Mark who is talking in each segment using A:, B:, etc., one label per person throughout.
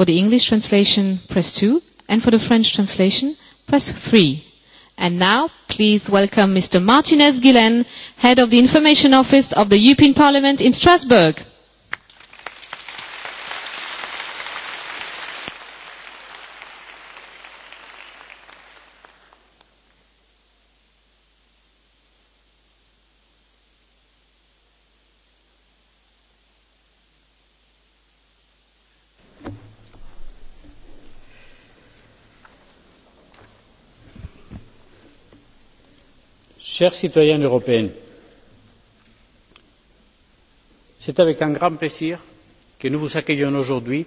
A: For the English translation, press 2, and for the French translation, press 3. And now, please welcome Mr. Martinez Guillen, Head of the Information Office of the European Parliament in Strasbourg.
B: chères citoyennes européennes c'est avec un grand plaisir que nous vous accueillons aujourd'hui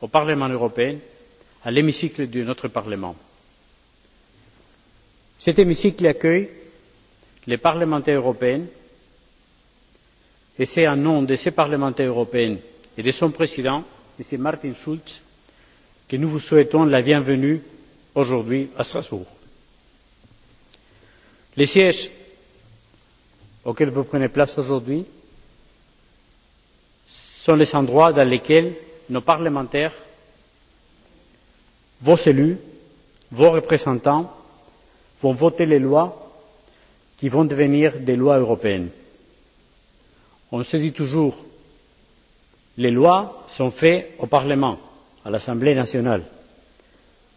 B: au parlement européen dans l'hémicycle de notre parlement. cet hémicycle accueille les parlementaires européens et c'est au nom de ces parlementaires européens et de son président m. martin schulz que nous vous souhaitons la bienvenue aujourd'hui à strasbourg les sièges auxquels vous prenez place aujourd'hui sont les endroits dans lesquels nos parlementaires vos élus vos représentants vont voter les lois qui vont devenir des lois européennes. on se dit toujours les lois sont faites au parlement à l'assemblée nationale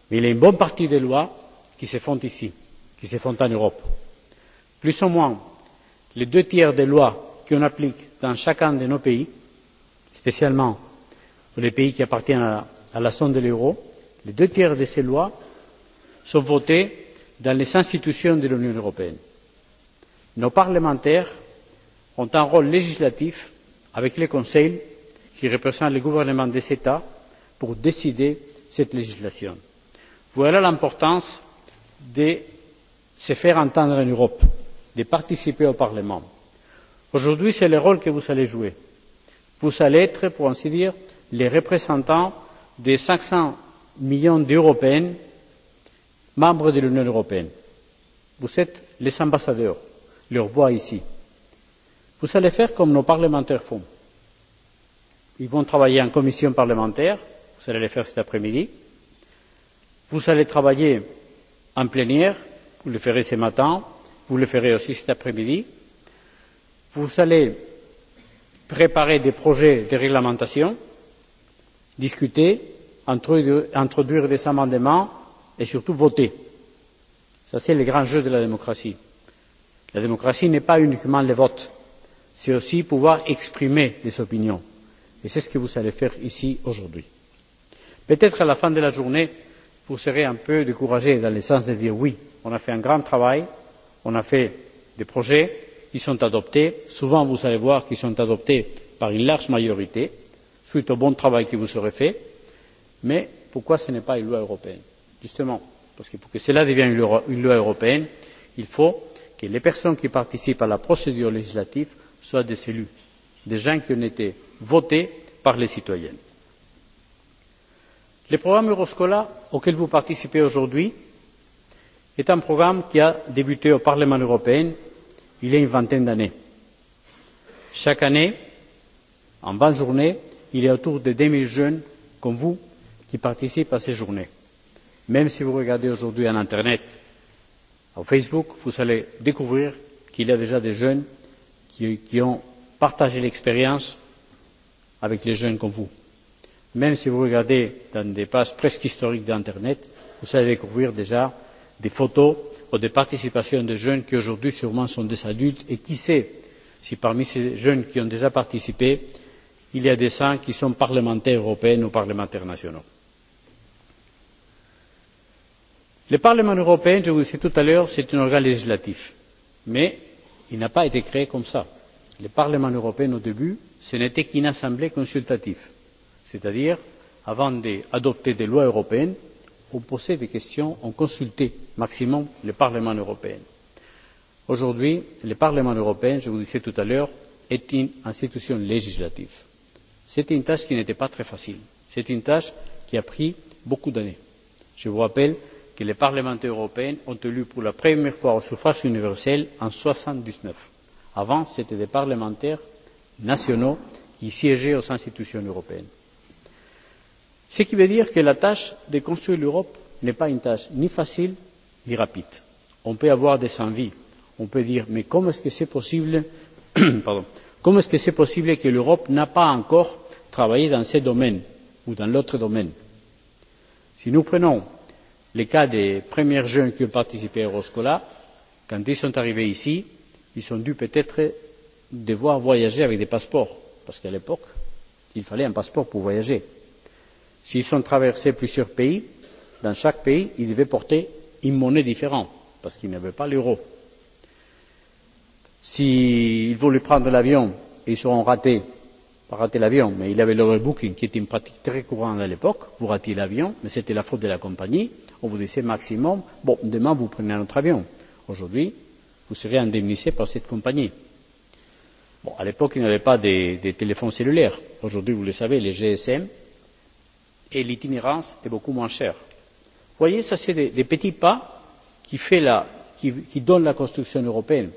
B: mais il y a une bonne partie des lois qui se font ici qui se font en europe plus ou moins les deux tiers des lois qu'on applique dans chacun de nos pays spécialement les pays qui appartiennent à la zone de l'euro les deux tiers de ces lois sont votées dans les institutions de l'union européenne. nos parlementaires ont un rôle législatif avec le conseil qui représente les gouvernements des états pour décider cette législation. voilà l'importance de se faire entendre en europe de participer au parlement. aujourd'hui c'est le rôle que vous allez jouer. vous allez être pour ainsi dire les représentants des cinq cents millions d'européens membres de l'union européenne. vous êtes les ambassadeurs leur voix ici. vous allez faire comme nos parlementaires font. ils vont travailler en commission parlementaire vous allez le faire cet après midi. vous allez travailler en plénière vous le ferez ce matin vous le ferez aussi cet après midi vous allez préparer des projets de réglementation discuter introduire des amendements et surtout voter. c'est le grand jeu de la démocratie. la démocratie n'est pas uniquement le vote c'est aussi pouvoir exprimer des opinions et c'est ce que vous allez faire ici aujourd'hui. peut être à la fin de la journée vous serez un peu découragé dans le sens de dire oui on a fait un grand travail on a fait des projets qui sont adoptés souvent vous allez voir qu'ils sont adoptés par une large majorité suite au bon travail qui vous sera fait mais pourquoi ce n'est pas une loi européenne? justement parce que pour que cela devienne une loi européenne il faut que les personnes qui participent à la procédure législative soient des élus des gens qui ont été votés par les citoyens. le programme euroscola auquel vous participez aujourd'hui est un programme qui a débuté au parlement européen il y a une vingtaine d'années. chaque année en bonne journée il y a autour de deux zéro jeunes comme vous qui participent à ces journées. même si vous regardez aujourd'hui internet ou facebook vous allez découvrir qu'il y a déjà des jeunes qui ont partagé l'expérience avec des jeunes comme vous. même si vous regardez dans des pages presque historiques d'internet vous allez découvrir des photos ou des participations de jeunes qui aujourd'hui sûrement sont des adultes et qui sait si parmi ces jeunes qui ont déjà participé il y a des uns qui sont parlementaires européens ou parlementaires nationaux. le parlement européen je vous l'ai dit tout à l'heure est un organe législatif mais il n'a pas été créé comme cela. le parlement européen au début n'était qu'une assemblée consultative c'est à dire qu'avant d'adopter des lois européennes on posait des questions on consultait maximum le parlement européen. aujourd'hui le parlement européen je vous le disais tout à l'heure est une institution législative. c'est une tâche qui n'était pas très facile c'est une tâche qui a pris beaucoup d'années. je vous rappelle que les parlementaires européens ont été élus pour la première fois au suffrage universel en. mille neuf cent soixante dix neuf avant c'étaient des parlementaires nationaux qui siégeaient aux institutions européennes. ce qui veut dire que la tâche de construire l'europe n'est pas une tâche ni facile vie rapide. On peut avoir des envies, on peut dire mais comment est-ce que c'est possible, pardon, comment est-ce que c'est possible que l'Europe n'a pas encore travaillé dans ce domaine ou dans l'autre domaine Si nous prenons le cas des premiers jeunes qui ont participé à Euroscola, quand ils sont arrivés ici, ils ont dû peut-être devoir voyager avec des passeports, parce qu'à l'époque, il fallait un passeport pour voyager. S'ils ont traversé plusieurs pays, dans chaque pays, ils devaient porter une monnaie différente parce qu'ils n'avaient pas l'euro. S'ils voulaient prendre l'avion, ils seront ratés, pas ratés l'avion, mais il avait l'overbooking qui était une pratique très courante à l'époque. Vous ratiez l'avion, mais c'était la faute de la compagnie. On vous disait maximum, bon, demain vous prenez un autre avion. Aujourd'hui, vous serez indemnisé par cette compagnie. Bon, à l'époque, il n'y avait pas de, de téléphones cellulaires. Aujourd'hui, vous le savez, les GSM. Et l'itinérance est beaucoup moins chère voyez ce sont des petits pas qui, qui donnent la construction européenne.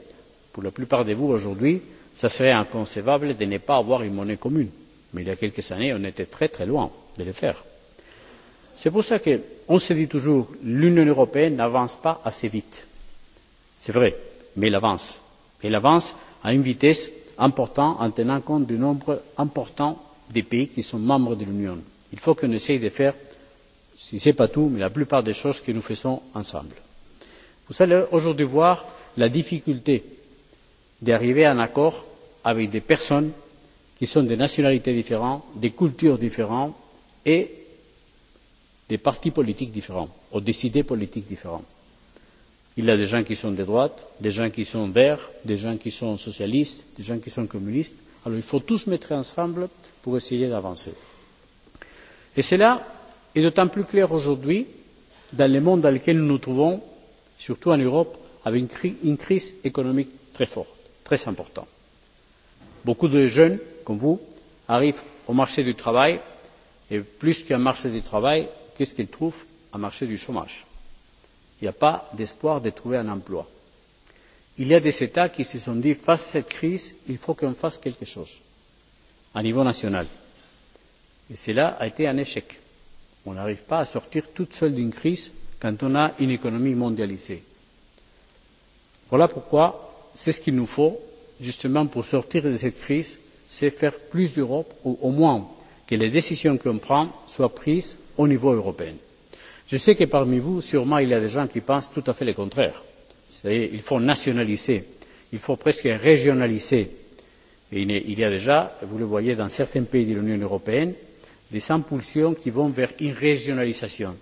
B: pour la plupart d'entre vous aujourd'hui il serait inconcevable de ne pas avoir une monnaie commune mais il y a quelques années on était très loin de le faire. c'est pour cela qu'on se dit toujours l'union européenne n'avance pas assez vite. c'est vrai mais elle avance et elle avance à une vitesse importante en tenant compte du nombre important de pays qui sont membres de l'union. il faut qu'on essaie de faire si ce n'est pas tout, mais la plupart des choses que nous faisons ensemble. Vous allez aujourd'hui voir la difficulté d'arriver à un accord avec des personnes qui sont de nationalités différentes, des cultures différentes et des partis politiques différents ou des idées politiques différentes. Il y a des gens qui sont de droite, des gens qui sont verts, des gens qui sont socialistes, des gens qui sont communistes. Alors il faut tous mettre ensemble pour essayer d'avancer. Et c'est là est d'autant plus claire aujourd'hui dans le monde dans lequel nous nous trouvons surtout en europe avec une crise économique très forte très importante. beaucoup de jeunes comme vous arrivent au marché du travail et plus qu'un marché du travail qu'est ce qu'ils trouvent? un marché du chômage. il n'y a pas d'espoir de trouver un emploi. il y a des états qui se sont dit face à cette crise il faut qu'on fasse quelque chose au niveau national. et cela a été un échec. On n'arrive pas à sortir toute seule d'une crise quand on a une économie mondialisée. Voilà pourquoi c'est ce qu'il nous faut justement pour sortir de cette crise, c'est faire plus d'Europe ou au moins que les décisions que l'on prend soient prises au niveau européen. Je sais que parmi vous, sûrement, il y a des gens qui pensent tout à fait le contraire. C'est-à-dire qu'il faut nationaliser, il faut presque régionaliser. Et il y a déjà, vous le voyez dans certains pays de l'Union européenne, des impulsions qui vont vers une régionalisation,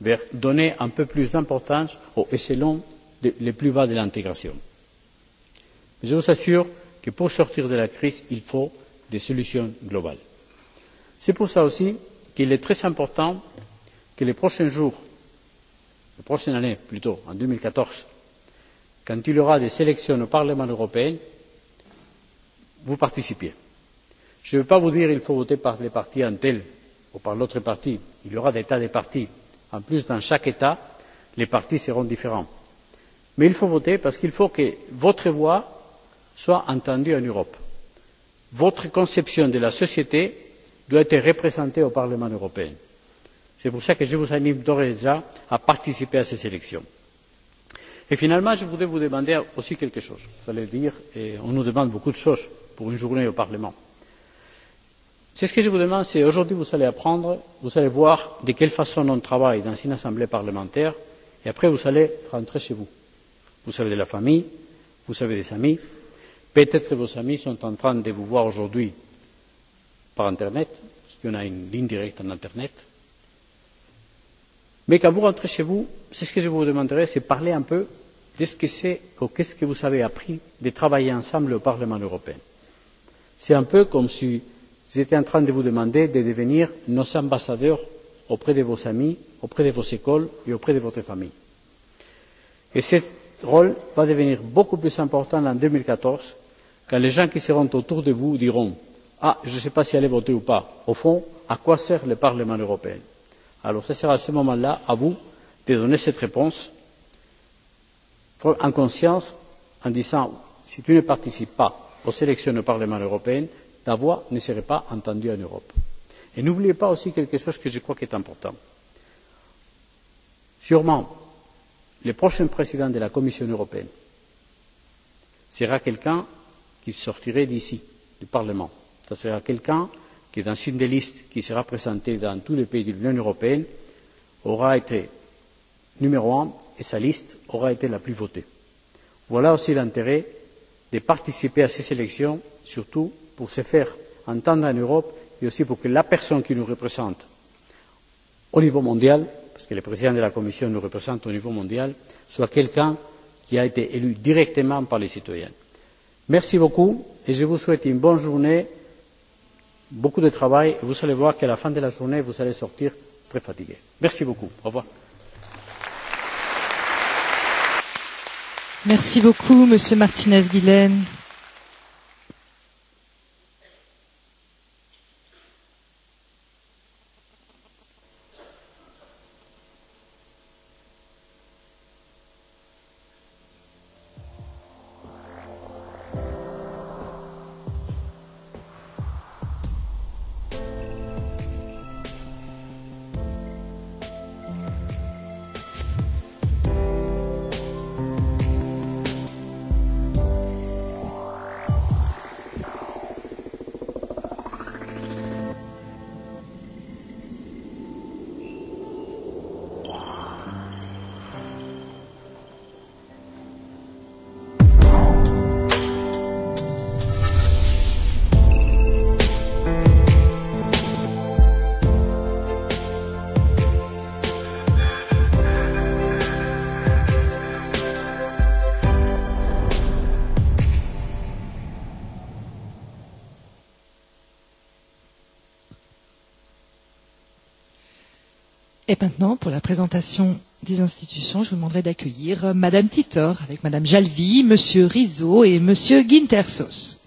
B: vers donner un peu plus d'importance aux échelons de, les plus bas de l'intégration. Je vous assure que pour sortir de la crise, il faut des solutions globales. C'est pour ça aussi qu'il est très important que les prochains jours, la prochaine année plutôt, en 2014, quand il y aura des élections au Parlement européen, vous participiez je ne veux pas vous dire qu'il faut voter par le parti tel ou par l'autre parti il y aura des tas de partis. en plus dans chaque état les partis seront différents. mais il faut voter parce qu'il faut que votre voix soit entendue en europe. votre conception de la société doit être représentée au parlement européen. c'est pour cela que je vous invite d'ores et déjà à participer à ces élections. et finalement je voudrais vous demander aussi quelque chose. vous allez dire on nous demande beaucoup de choses pour une journée au parlement c'est ce que je vous demande c'est aujourd'hui vous allez apprendre vous allez voir de quelle façon on travaille dans une assemblée parlementaire et après vous allez rentrer chez vous. vous avez de la famille vous avez des amis peut être vos amis sont en train de vous voir aujourd'hui par internet parce qu'on a une ligne directe en internet mais quand vous rentrez chez vous c'est ce que je vous demanderai c'est de parler un peu de ce que c'est ou qu'est ce que vous avez appris de travailler ensemble au parlement européen. c'est un peu comme vous étiez en train de vous demander de devenir nos ambassadeurs auprès de vos amis auprès de vos écoles et auprès de votre famille. ce rôle va devenir beaucoup plus important en deux mille quatorze quand les gens qui seront autour de vous diront ah je ne sais pas si aller voter ou pas au fond à quoi sert le parlement européen? alors ce sera à ce moment là à vous de donner cette réponse en conscience en disant si tu ne participes pas aux élections au parlement européen la voix ne serait pas entendue en Europe. Et n'oubliez pas aussi quelque chose que je crois qui est important. Sûrement, le prochain président de la Commission européenne sera quelqu'un qui sortirait d'ici, du Parlement. Ce sera quelqu'un qui, dans une des listes qui sera présentée dans tous les pays de l'Union européenne, aura été numéro un et sa liste aura été la plus votée. Voilà aussi l'intérêt de participer à ces élections, surtout pour se faire entendre en Europe et aussi pour que la personne qui nous représente au niveau mondial, parce que le président de la Commission nous représente au niveau mondial, soit quelqu'un qui a été élu directement par les citoyens. Merci beaucoup et je vous souhaite une bonne journée, beaucoup de travail. Vous allez voir qu'à la fin de la journée, vous allez sortir très fatigué. Merci beaucoup. Au revoir.
C: Merci beaucoup, Monsieur Martinez-Guilaine. présentation des institutions, je vous demanderai d'accueillir Madame Titor avec Madame Jalvi, Monsieur Rizzo et Monsieur Guintersos.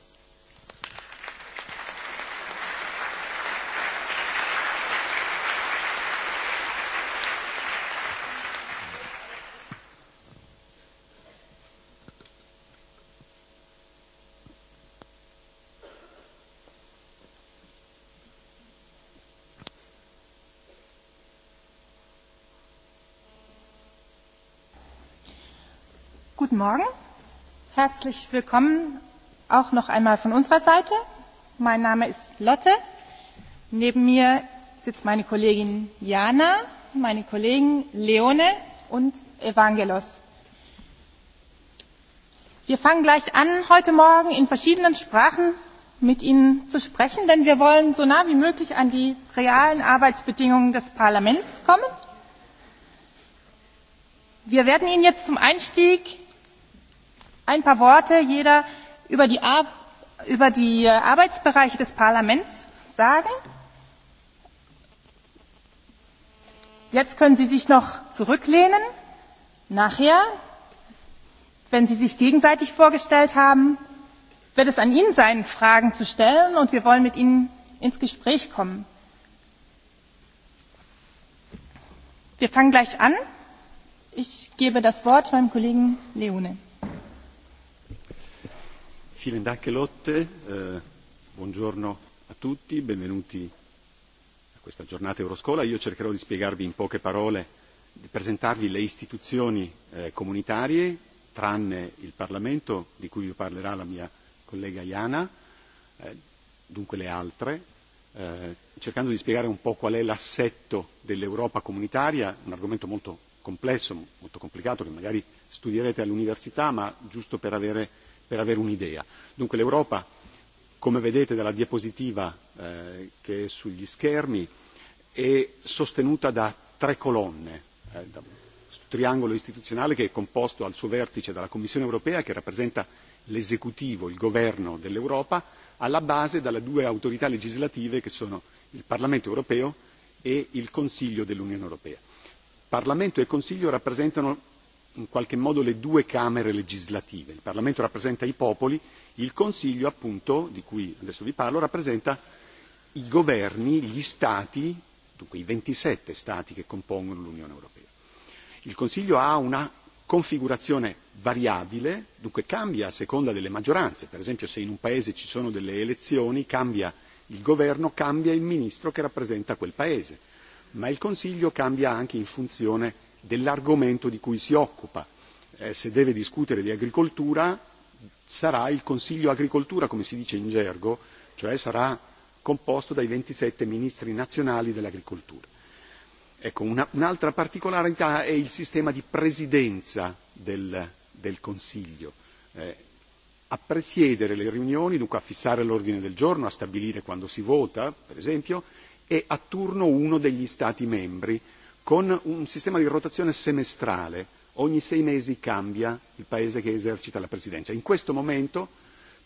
D: herzlich willkommen auch noch einmal von unserer seite. mein name ist lotte. neben mir sitzt meine kollegin jana meine kollegen leone und evangelos. wir fangen gleich an heute morgen in verschiedenen sprachen mit ihnen zu sprechen denn wir wollen so nah wie möglich an die realen arbeitsbedingungen des parlaments kommen. wir werden ihnen jetzt zum einstieg ein paar worte jeder über die äh, arbeitsbereiche des parlaments sagen. jetzt können sie sich noch zurücklehnen. nachher wenn sie sich gegenseitig vorgestellt haben wird es an ihnen sein fragen zu stellen und wir wollen mit ihnen ins gespräch kommen. wir fangen gleich an. ich gebe das wort meinem kollegen leone.
E: Vielen Dank, Lotte. Eh, buongiorno a tutti, benvenuti a questa giornata Euroscola. Io cercherò di spiegarvi in poche parole, di presentarvi le istituzioni eh, comunitarie, tranne il Parlamento, di cui vi parlerà la mia collega Iana, eh, dunque le altre, eh, cercando di spiegare un po' qual è l'assetto dell'Europa comunitaria, un argomento molto complesso, molto complicato, che magari studierete all'università, ma giusto per avere per avere un'idea. Dunque l'Europa, come vedete dalla diapositiva eh, che è sugli schermi, è sostenuta da tre colonne, eh, da un triangolo istituzionale che è composto al suo vertice dalla Commissione europea che rappresenta l'esecutivo, il governo dell'Europa, alla base dalle due autorità legislative che sono il Parlamento europeo e il Consiglio dell'Unione europea. Parlamento e Consiglio rappresentano in qualche modo le due Camere legislative. Il Parlamento rappresenta i popoli, il Consiglio, appunto, di cui adesso vi parlo, rappresenta i governi, gli Stati, dunque i 27 Stati che compongono l'Unione Europea. Il Consiglio ha una configurazione variabile, dunque cambia a seconda delle maggioranze. Per esempio, se in un Paese ci sono delle elezioni, cambia il governo, cambia il ministro che rappresenta quel Paese. Ma il Consiglio cambia anche in funzione dell'argomento di cui si occupa. Eh, se deve discutere di agricoltura sarà il Consiglio agricoltura, come si dice in gergo, cioè sarà composto dai 27 ministri nazionali dell'agricoltura. Ecco, una, un'altra particolarità è il sistema di presidenza del, del Consiglio. Eh, a presiedere le riunioni, dunque a fissare l'ordine del giorno, a stabilire quando si vota, per esempio, e a turno uno degli Stati membri con un sistema di rotazione semestrale. Ogni sei mesi cambia il paese che esercita la presidenza. In questo momento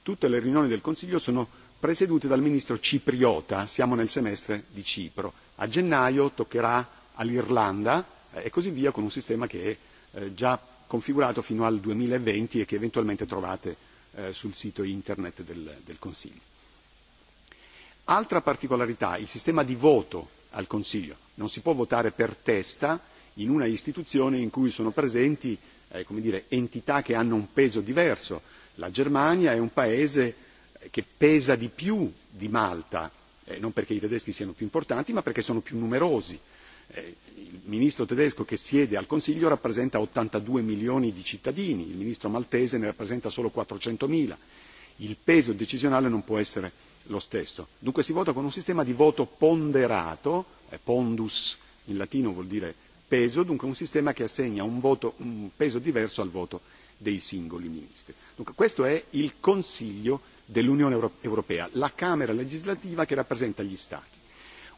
E: tutte le riunioni del Consiglio sono presiedute dal ministro cipriota, siamo nel semestre di Cipro. A gennaio toccherà all'Irlanda eh, e così via con un sistema che è eh, già configurato fino al 2020 e che eventualmente trovate eh, sul sito internet del, del Consiglio. Altra particolarità, il sistema di voto al Consiglio non si può votare per testa in una istituzione in cui sono presenti eh, come dire, entità che hanno un peso diverso. La Germania è un paese eh, che pesa di più di Malta, eh, non perché i tedeschi siano più importanti, ma perché sono più numerosi. Eh, il ministro tedesco che siede al Consiglio rappresenta 82 milioni di cittadini, il ministro maltese ne rappresenta solo 400 mila. Il peso decisionale non può essere lo stesso. Dunque si vota con un sistema di voto ponderato, eh, pondus in latino vuol dire peso, dunque un sistema che assegna un, voto, un peso diverso al voto dei singoli ministri. Dunque questo è il Consiglio dell'Unione Europea, la Camera legislativa che rappresenta gli Stati.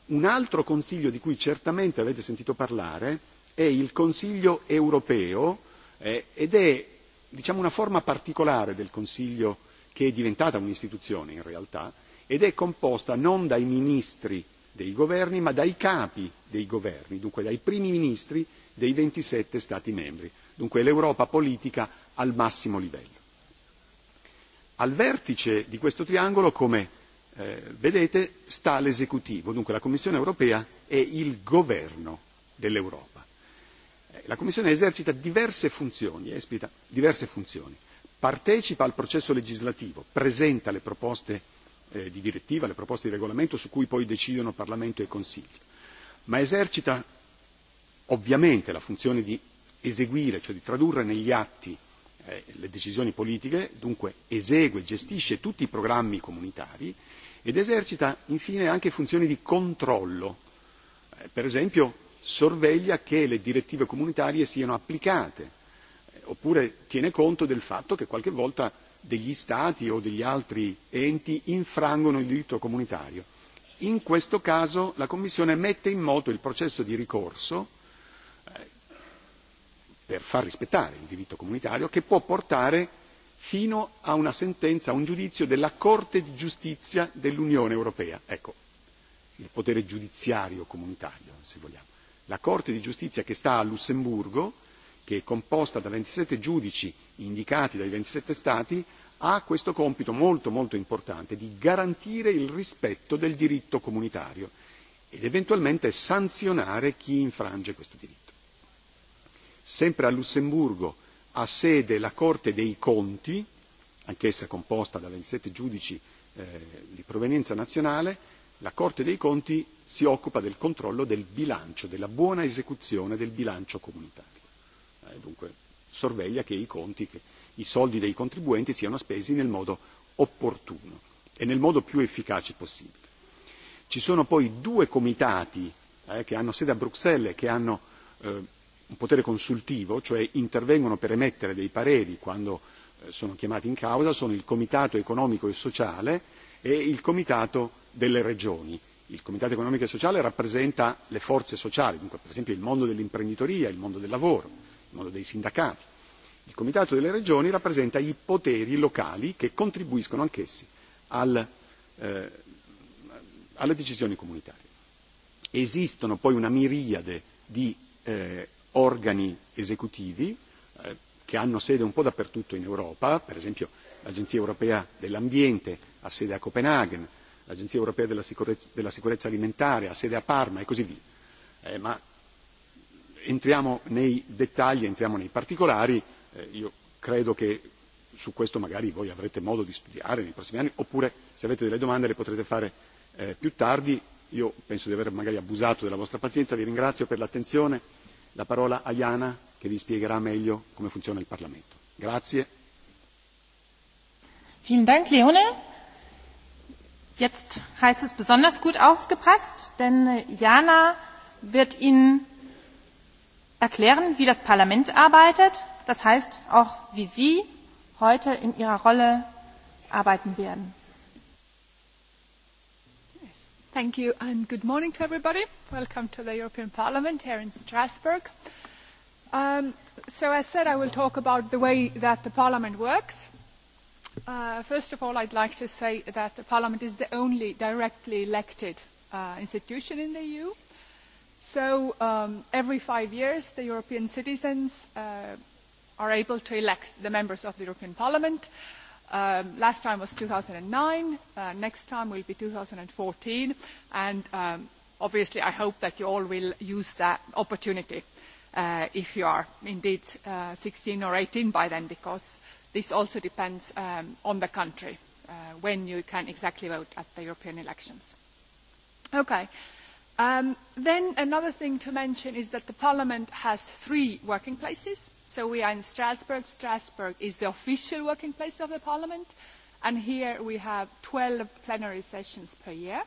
E: Un altro Consiglio di cui certamente avete sentito parlare è il Consiglio europeo eh, ed è diciamo, una forma particolare del Consiglio che è diventata un'istituzione in realtà, ed è composta non dai ministri dei governi ma dai capi dei governi dunque dai primi ministri dei ventisette stati membri dunque l'europa politica al massimo livello. al vertice di questo triangolo come eh, vedete sta l'esecutivo dunque la commissione europea è e il governo dell'europa. Eh, la commissione esercita diverse funzioni esplita diverse funzioni partecipa al processo legislativo presenta le proposte eh, di direttiva, le proposte di regolamento su cui poi decidono Parlamento e Consiglio, ma esercita ovviamente la funzione di eseguire, cioè di tradurre negli atti eh, le decisioni politiche, dunque esegue, gestisce tutti i programmi comunitari ed esercita infine anche funzioni di controllo, eh, per esempio sorveglia che le direttive comunitarie siano applicate, eh, oppure tiene conto del fatto che qualche volta degli Stati o degli altri enti infrangono il diritto comunitario. In questo caso la Commissione mette in moto il processo di ricorso eh, per far rispettare il diritto comunitario che può portare fino a una sentenza, a un giudizio della Corte di giustizia dell'Unione europea. Ecco, il potere giudiziario comunitario, se vogliamo. La Corte di giustizia che sta a Lussemburgo che è composta da ventisette giudici indicati dai ventisette stati ha questo compito molto molto importante di garantire il rispetto del diritto comunitario ed eventualmente sanzionare chi infrange questo diritto. Sempre a Lussemburgo ha sede la Corte dei Conti, anch'essa composta da 27 giudici eh, di provenienza nazionale, la Corte dei Conti si occupa del controllo del bilancio, della buona esecuzione del bilancio comunitario e dunque sorveglia che i conti, che i soldi dei contribuenti siano spesi nel modo opportuno e nel modo più efficace possibile. Ci sono poi due comitati eh, che hanno sede a Bruxelles e che hanno eh, un potere consultivo, cioè intervengono per emettere dei pareri quando eh, sono chiamati in causa, sono il Comitato economico e sociale e il Comitato delle regioni. Il Comitato economico e sociale rappresenta le forze sociali, dunque per esempio il mondo dell'imprenditoria, il mondo del lavoro, modo dei sindacati. Il Comitato delle Regioni rappresenta i poteri locali che contribuiscono anch'essi al, eh, alle decisioni comunitarie. Esistono poi una miriade di eh, organi esecutivi eh, che hanno sede un po' dappertutto in Europa, per esempio l'Agenzia europea dell'ambiente ha sede a Copenaghen, l'Agenzia europea della sicurezza, della sicurezza alimentare ha sede a Parma e così via. Eh, ma entriamo nei dettagli, entriamo nei particolari, eh, io credo che su questo magari voi avrete modo di studiare nei prossimi anni, oppure se avete delle domande le potrete fare eh, più tardi. Io penso di aver magari abusato della vostra pazienza, vi ringrazio per l'attenzione, la parola a Iana che vi spiegherà meglio come funziona il Parlamento. Grazie.
D: Vielen Dank, Leone. Jetzt heißt es besonders gut aufgepasst, denn Jana äh, wird Ihnen erklären wie das parlament arbeitet das heißt auch wie
F: sie heute in ihrer rolle arbeiten werden. thank you and good morning to everybody. welcome to the european parliament here in strasbourg. Um, so as said i will talk about the way that the parliament works. Uh, first of all i'd like to say that the parliament is the only directly elected uh, institution in the eu So um, every five years, the European citizens uh, are able to elect the members of the European Parliament. Um, last time was 2009. Uh, next time will be 2014. And um, obviously, I hope that you all will use that opportunity uh, if you are indeed uh, 16 or 18 by then, because this also depends um, on the country uh, when you can exactly vote at the European elections. Okay. Uh, Um, then another thing to mention is that the Parliament has three working places. So we are in Strasbourg. Strasbourg is the official working place of the Parliament. And here we have 12 plenary sessions per year.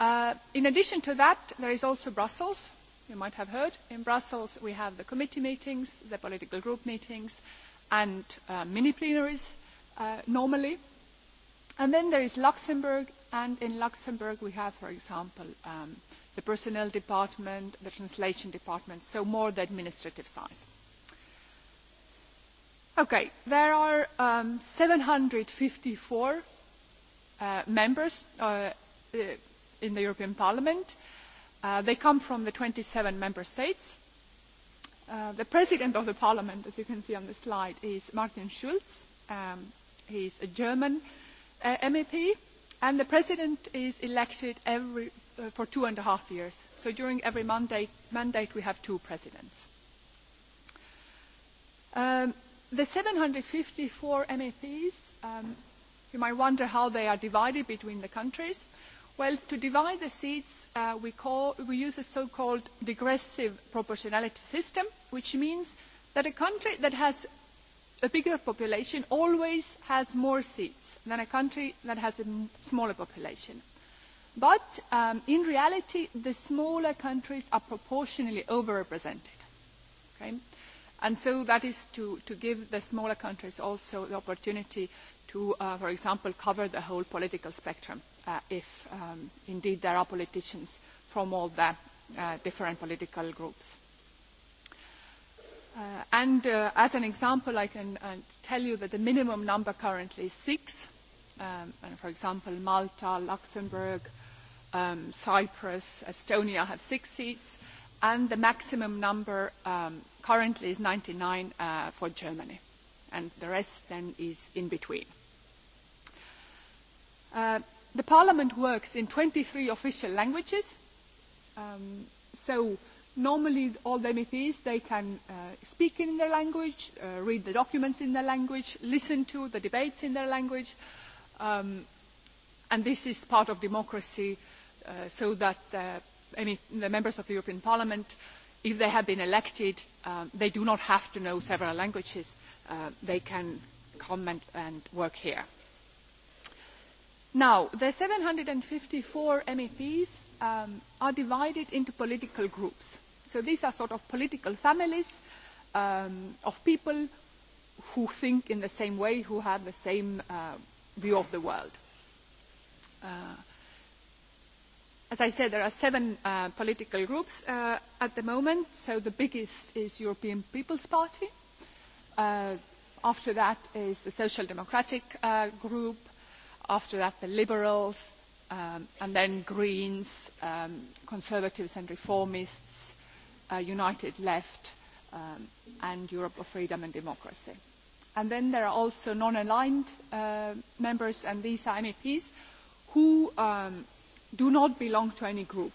F: Uh, in addition to that, there is also Brussels. You might have heard. In Brussels, we have the committee meetings, the political group meetings, and uh, mini plenaries uh, normally. And then there is Luxembourg And in Luxembourg, we have, for example, um, the personnel department, the translation department, so more the administrative size. Okay, there are um, 754 uh, members uh, uh, in the European Parliament. Uh, they come from the 27 member states. Uh, the president of the parliament, as you can see on the slide, is Martin Schulz. Um, he's a German uh, MEP And the president is elected every, uh, for two and a half years. So during every mandate, mandate we have two presidents. Um, the 754 MEPs, um, you might wonder how they are divided between the countries. Well, to divide the seats, uh, we, call, we use a so-called digressive proportionality system, which means that a country that has a bigger population always has more seats than a country that has a smaller population. But um, in reality, the smaller countries are proportionally overrepresented. Okay? And so that is to, to give the smaller countries also the opportunity to, uh, for example, cover the whole political spectrum uh, if um, indeed there are politicians from all the uh, different political groups. Uh, and uh, as an example, I can uh, tell you that the minimum number currently is six. Um, and for example, Malta, Luxembourg, um, Cyprus, Estonia have six seats, and the maximum number um, currently is 99 uh, for Germany, and the rest then is in between. Uh, the Parliament works in 23 official languages, um, so uh, normally all the MEPs, they can uh, speak in their language, uh, read the documents in their language, listen to the debates in their language. Um, and this is part of democracy uh, so that uh, any, the members of the European Parliament, if they have been elected, um, they do not have to know several languages. Uh, they can come and, and work here. Now, the 754 MEPs um, are divided into political groups So these are sort of political families um, of people who think in the same way, who have the same uh, view of the world. Uh, as I said, there are seven uh, political groups uh, at the moment. So the biggest is European People's Party. Uh, after that is the Social Democratic uh, group. After that, the Liberals, um, and then Greens, um, Conservatives and Reformists, uh, united left um, and Europe of freedom and democracy. And then there are also non-aligned uh, members, and these are MEPs who um, do not belong to any group.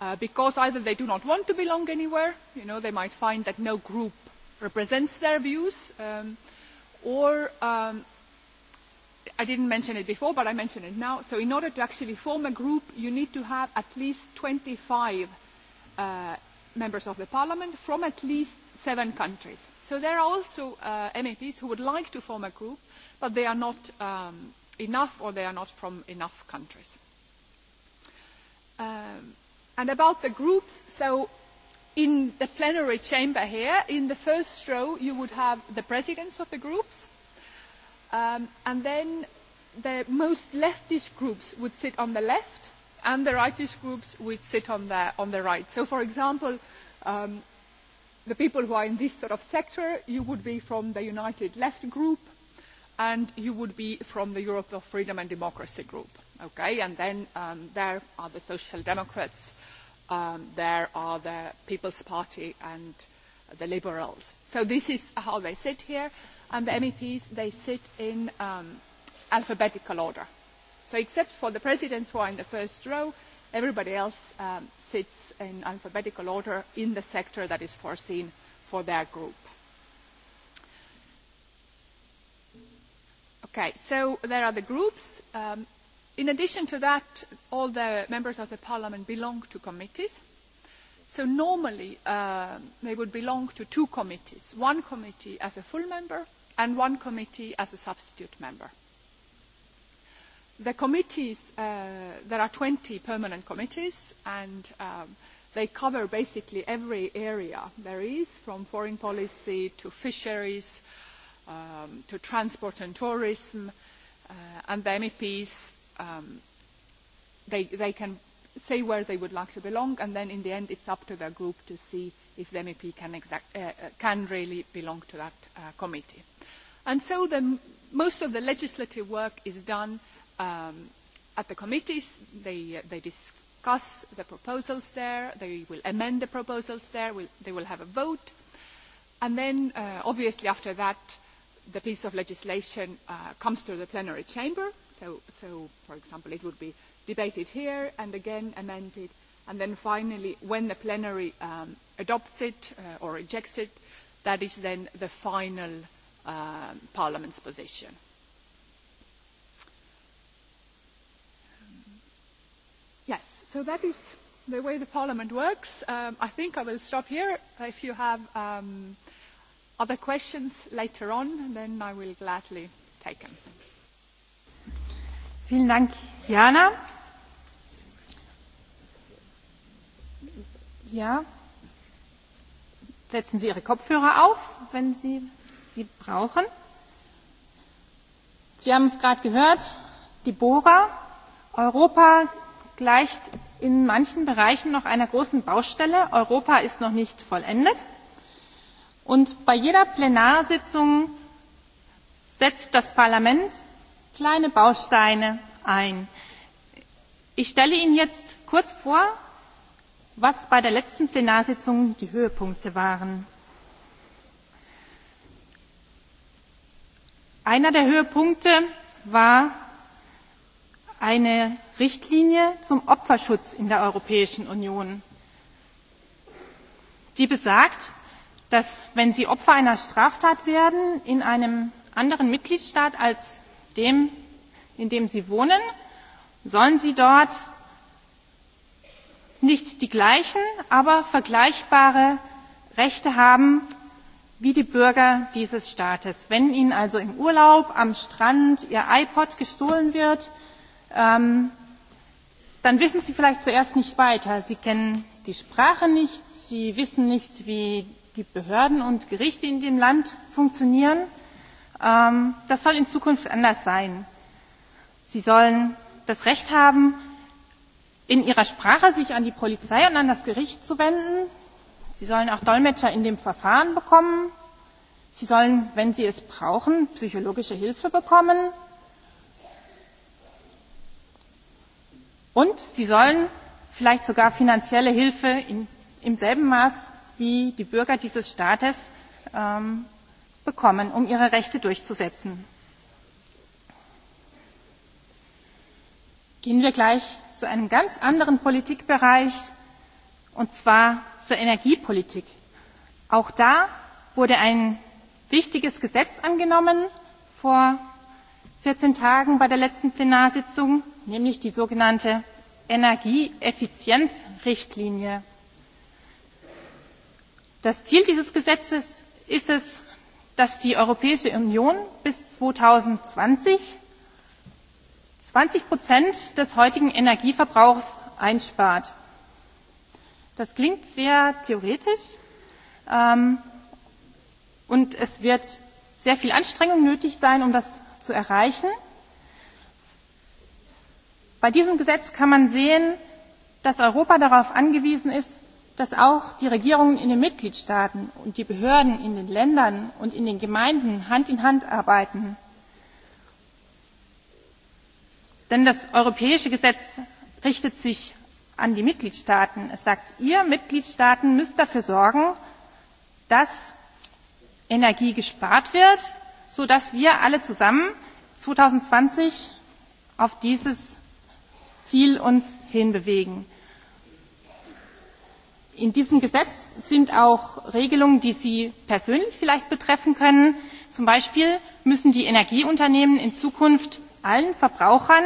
F: Uh, because either they do not want to belong anywhere, you know, they might find that no group represents their views, um, or um, I didn't mention it before, but I mention it now. So in order to actually form a group, you need to have at least 25 uh, members of the parliament from at least seven countries. So there are also uh, MEPs who would like to form a group, but they are not um, enough or they are not from enough countries. Um, and about the groups, so in the plenary chamber here, in the first row, you would have the presidents of the groups, um, and then the most leftist groups would sit on the left, and the rightist groups which sit on the, on the right. So, for example, um, the people who are in this sort of sector, you would be from the United Left group, and you would be from the Europe of Freedom and Democracy group. Okay, and then um, there are the Social Democrats, um, there are the People's Party and the Liberals. So this is how they sit here, and the MEPs, they sit in um, alphabetical order. So except for the presidents who are in the first row, everybody else um, sits in alphabetical order in the sector that is foreseen for their group. Okay, so there are the groups. Um, in addition to that, all the members of the parliament belong to committees. So normally uh, they would belong to two committees, one committee as a full member and one committee as a substitute member the committees, uh, there are 20 permanent committees, and um, they cover basically every area there is, from foreign policy to fisheries um, to transport and tourism, uh, and the MEPs, um, they, they can say where they would like to belong, and then in the end it's up to their group to see if the MEP can, exact, uh, uh can really belong to that uh, committee. And so the, most of the legislative work is done uh, um, at the committees. They, they discuss the proposals there. They will amend the proposals there. We'll, they will have a vote. And then, uh, obviously, after that, the piece of legislation uh, comes to the plenary chamber. So, so, for example, it would be debated here and again amended. And then finally, when the plenary um, adopts it uh, or rejects it, that is then the final um, parliament's position. So that is the way the Parliament works. Um, I think I will stop here. If you have um, other questions later on, then I will gladly take them. Thanks.
D: Vielen Dank, Jana. Ja, setzen Sie Ihre Kopfhörer auf, wenn Sie sie brauchen. Sie haben es gerade gehört, die Bora, Europa gleicht in manchen Bereichen noch einer großen Baustelle. Europa ist noch nicht vollendet. Und bei jeder Plenarsitzung setzt das Parlament kleine Bausteine ein. Ich stelle Ihnen jetzt kurz vor, was bei der letzten Plenarsitzung die Höhepunkte waren. Einer der Höhepunkte war eine richtlinie zum opferschutz in der europäischen union die besagt dass wenn sie opfer einer straftat werden in einem anderen mitgliedstaat als dem in dem sie wohnen sollen sie dort nicht die gleichen aber vergleichbare rechte haben wie die bürger dieses staates. wenn ihnen also im urlaub am strand ihr ipod gestohlen wird ähm, dann wissen sie vielleicht zuerst nicht weiter sie kennen die sprache nicht sie wissen nicht wie die behörden und gerichte in dem land funktionieren. Ähm, das soll in zukunft anders sein. sie sollen das recht haben in ihrer sprache sich an die polizei und an das gericht zu wenden. sie sollen auch dolmetscher in dem verfahren bekommen. sie sollen wenn sie es brauchen psychologische hilfe bekommen. und sie sollen vielleicht sogar finanzielle hilfe in, im selben maß wie die bürger dieses staates ähm, bekommen um ihre rechte durchzusetzen. gehen wir gleich zu einem ganz anderen politikbereich und zwar zur energiepolitik. auch da wurde ein wichtiges gesetz angenommen vor vierzehn tagen bei der letzten plenarsitzung nämlich die sogenannte Energieeffizienzrichtlinie. Das Ziel dieses Gesetzes ist es, dass die Europäische Union bis 2020 20 Prozent des heutigen Energieverbrauchs einspart. Das klingt sehr theoretisch ähm, und es wird sehr viel Anstrengung nötig sein, um das zu erreichen bei diesem gesetz kann man sehen dass europa darauf angewiesen ist dass auch die regierungen in den mitgliedstaaten und die behörden in den ländern und in den gemeinden hand in hand arbeiten. denn das europäische gesetz richtet sich an die mitgliedstaaten. es sagt ihr mitgliedstaaten müsst dafür sorgen dass energie gespart wird sodass wir alle zusammen zweitausendzwanzig auf dieses Ziel uns hinbewegen. In diesem Gesetz sind auch Regelungen, die Sie persönlich vielleicht betreffen können. Zum Beispiel müssen die Energieunternehmen in Zukunft allen Verbrauchern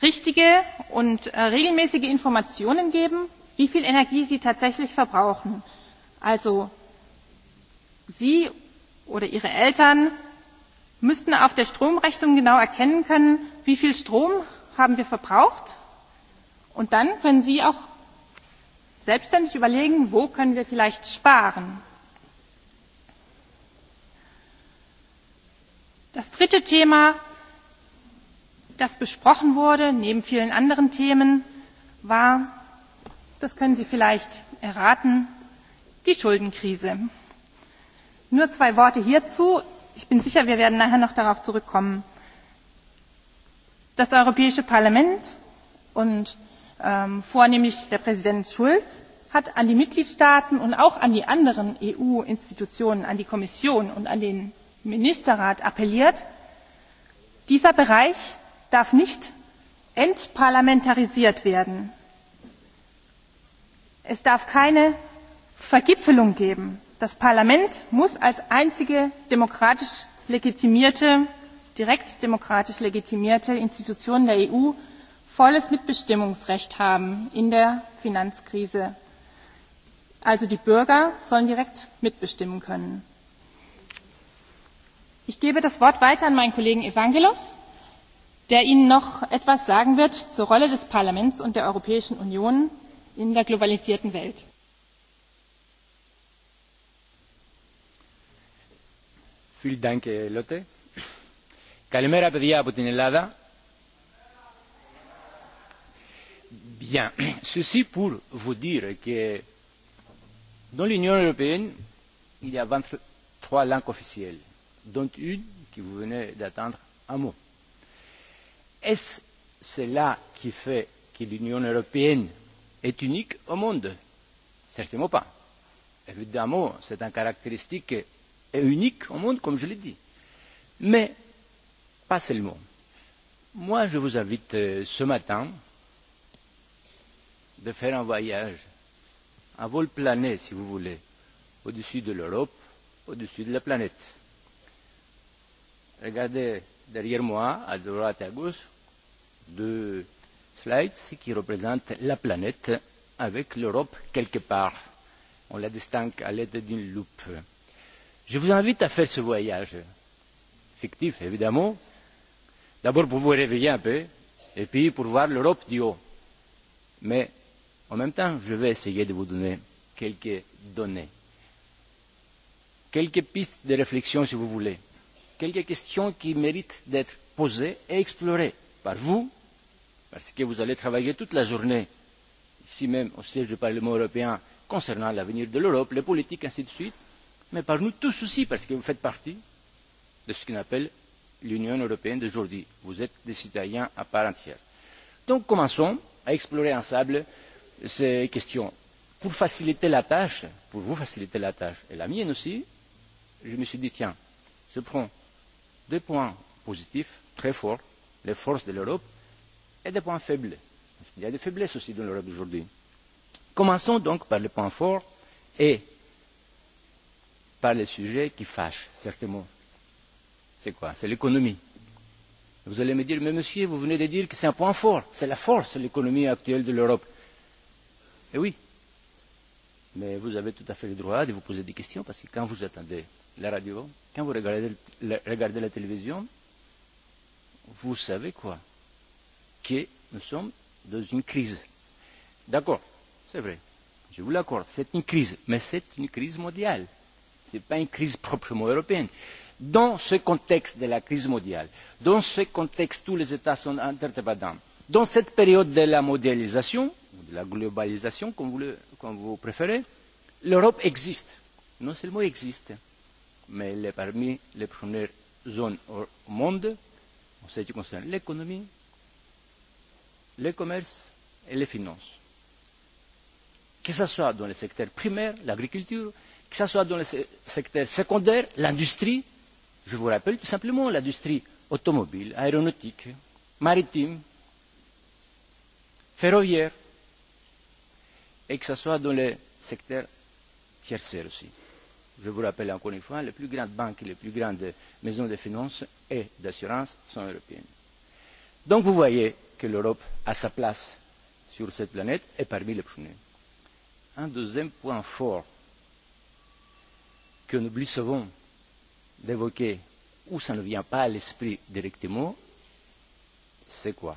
D: richtige und äh, regelmäßige Informationen geben, wie viel Energie sie tatsächlich verbrauchen. Also Sie oder Ihre Eltern müssten auf der Stromrechnung genau erkennen können, wie viel strom haben wir verbraucht und dann können sie auch selbständig überlegen wo können wir vielleicht sparen. das dritte thema das besprochen wurde neben vielen anderen themen war das können sie vielleicht erraten die schuldenkrise. nur zwei worte hierzu ich bin sicher wir werden nachher noch darauf zurückkommen das europäische parlament und ähm, vornehmlich der präsident schulz hat an die mitgliedstaaten und auch an die anderen eu institutionen an die kommission und an den ministerrat appelliert dieser bereich darf nicht entparlamentarisiert werden. es darf keine vergipfelung geben. das parlament muss als einzige demokratisch legitimierte direkt demokratisch legitimierte institutionen der eu volles mitbestimmungsrecht haben in der finanzkrise also die bürger sollen direkt mitbestimmen können. ich gebe das wort weiter an meinen kollegen evangelos der ihnen noch etwas sagen wird zur rolle des parlaments und der europäischen union in der globalisierten welt.
G: vielen dank lotte. Καλημέρα παιδιά από την Ελλάδα. Bien, ceci pour vous dire que dans l'Union européenne, il y a 23 langues officielles, dont une que vous venez d'attendre un mot. Est-ce cela qui fait que l'Union européenne est unique au monde Certainement pas. Évidemment, c'est une caractéristique unique au monde, comme je l'ai dit. Mais pas seulement. Moi, je vous invite euh, ce matin de faire un voyage, un vol plané, si vous voulez, au-dessus de l'Europe, au-dessus de la planète. Regardez derrière moi, à droite et à gauche, deux slides qui représentent la planète avec l'Europe quelque part. On la distingue à l'aide d'une loupe. Je vous invite à faire ce voyage, fictif évidemment, d'abord pour vous réveiller un peu et puis pour voir l'Europe du haut. Mais en même temps, je vais essayer de vous donner quelques données, quelques pistes de réflexion si vous voulez, quelques questions qui méritent d'être posées et explorées par vous, parce que vous allez travailler toute la journée ici même au siège du Parlement européen concernant l'avenir de l'Europe, les politiques, ainsi de suite, mais par nous tous aussi, parce que vous faites partie de ce qu'on appelle l'Union européenne d'aujourd'hui. Vous êtes des citoyens à part entière. Donc commençons à explorer ensemble ces questions. Pour faciliter la tâche, pour vous faciliter la tâche, et la mienne aussi, je me suis dit, tiens, je prends deux points positifs très forts, les forces de l'Europe, et des points faibles. Parce qu'il y a des faiblesses aussi dans l'Europe d'aujourd'hui. Commençons donc par les points forts et par les sujets qui fâchent, certainement C'est quoi C'est l'économie. Vous allez me dire, mais monsieur, vous venez de dire que c'est un point fort, c'est la force, l'économie actuelle de l'Europe. Eh oui. Mais vous avez tout à fait le droit de vous poser des questions, parce que quand vous attendez la radio, quand vous regardez, la, regardez la télévision, vous savez quoi Que nous sommes dans une crise. D'accord, c'est vrai, je vous l'accorde, c'est une crise, mais c'est une crise mondiale. Ce n'est pas une crise proprement européenne. Euh, dans ce contexte de la crise mondiale, dans ce contexte où les États sont interdépendants, dans cette période de la mondialisation, de la globalisation, comme vous, le, comme vous préférez, l'Europe existe. Non seulement existe, mais elle est parmi les premières zones au monde en ce qui concerne l'économie, le commerce et les finances. Que ce soit dans le secteur primaire, l'agriculture, que ce soit dans le secteur secondaire, l'industrie, je vous rappelle tout simplement l'industrie automobile aéronautique maritime ferroviaire et que ce soit dans le secteur tertiaire aussi. Je vous rappelle encore une fois, les plus grandes banques et les plus grandes maisons de finances et d'assurance sont européennes. Donc vous voyez que l'Europe a sa place sur cette planète et parmi les premiers. Un deuxième point fort que nous oublie souvent d'évoquer ou ça ne vient pas à l'esprit directement, c'est quoi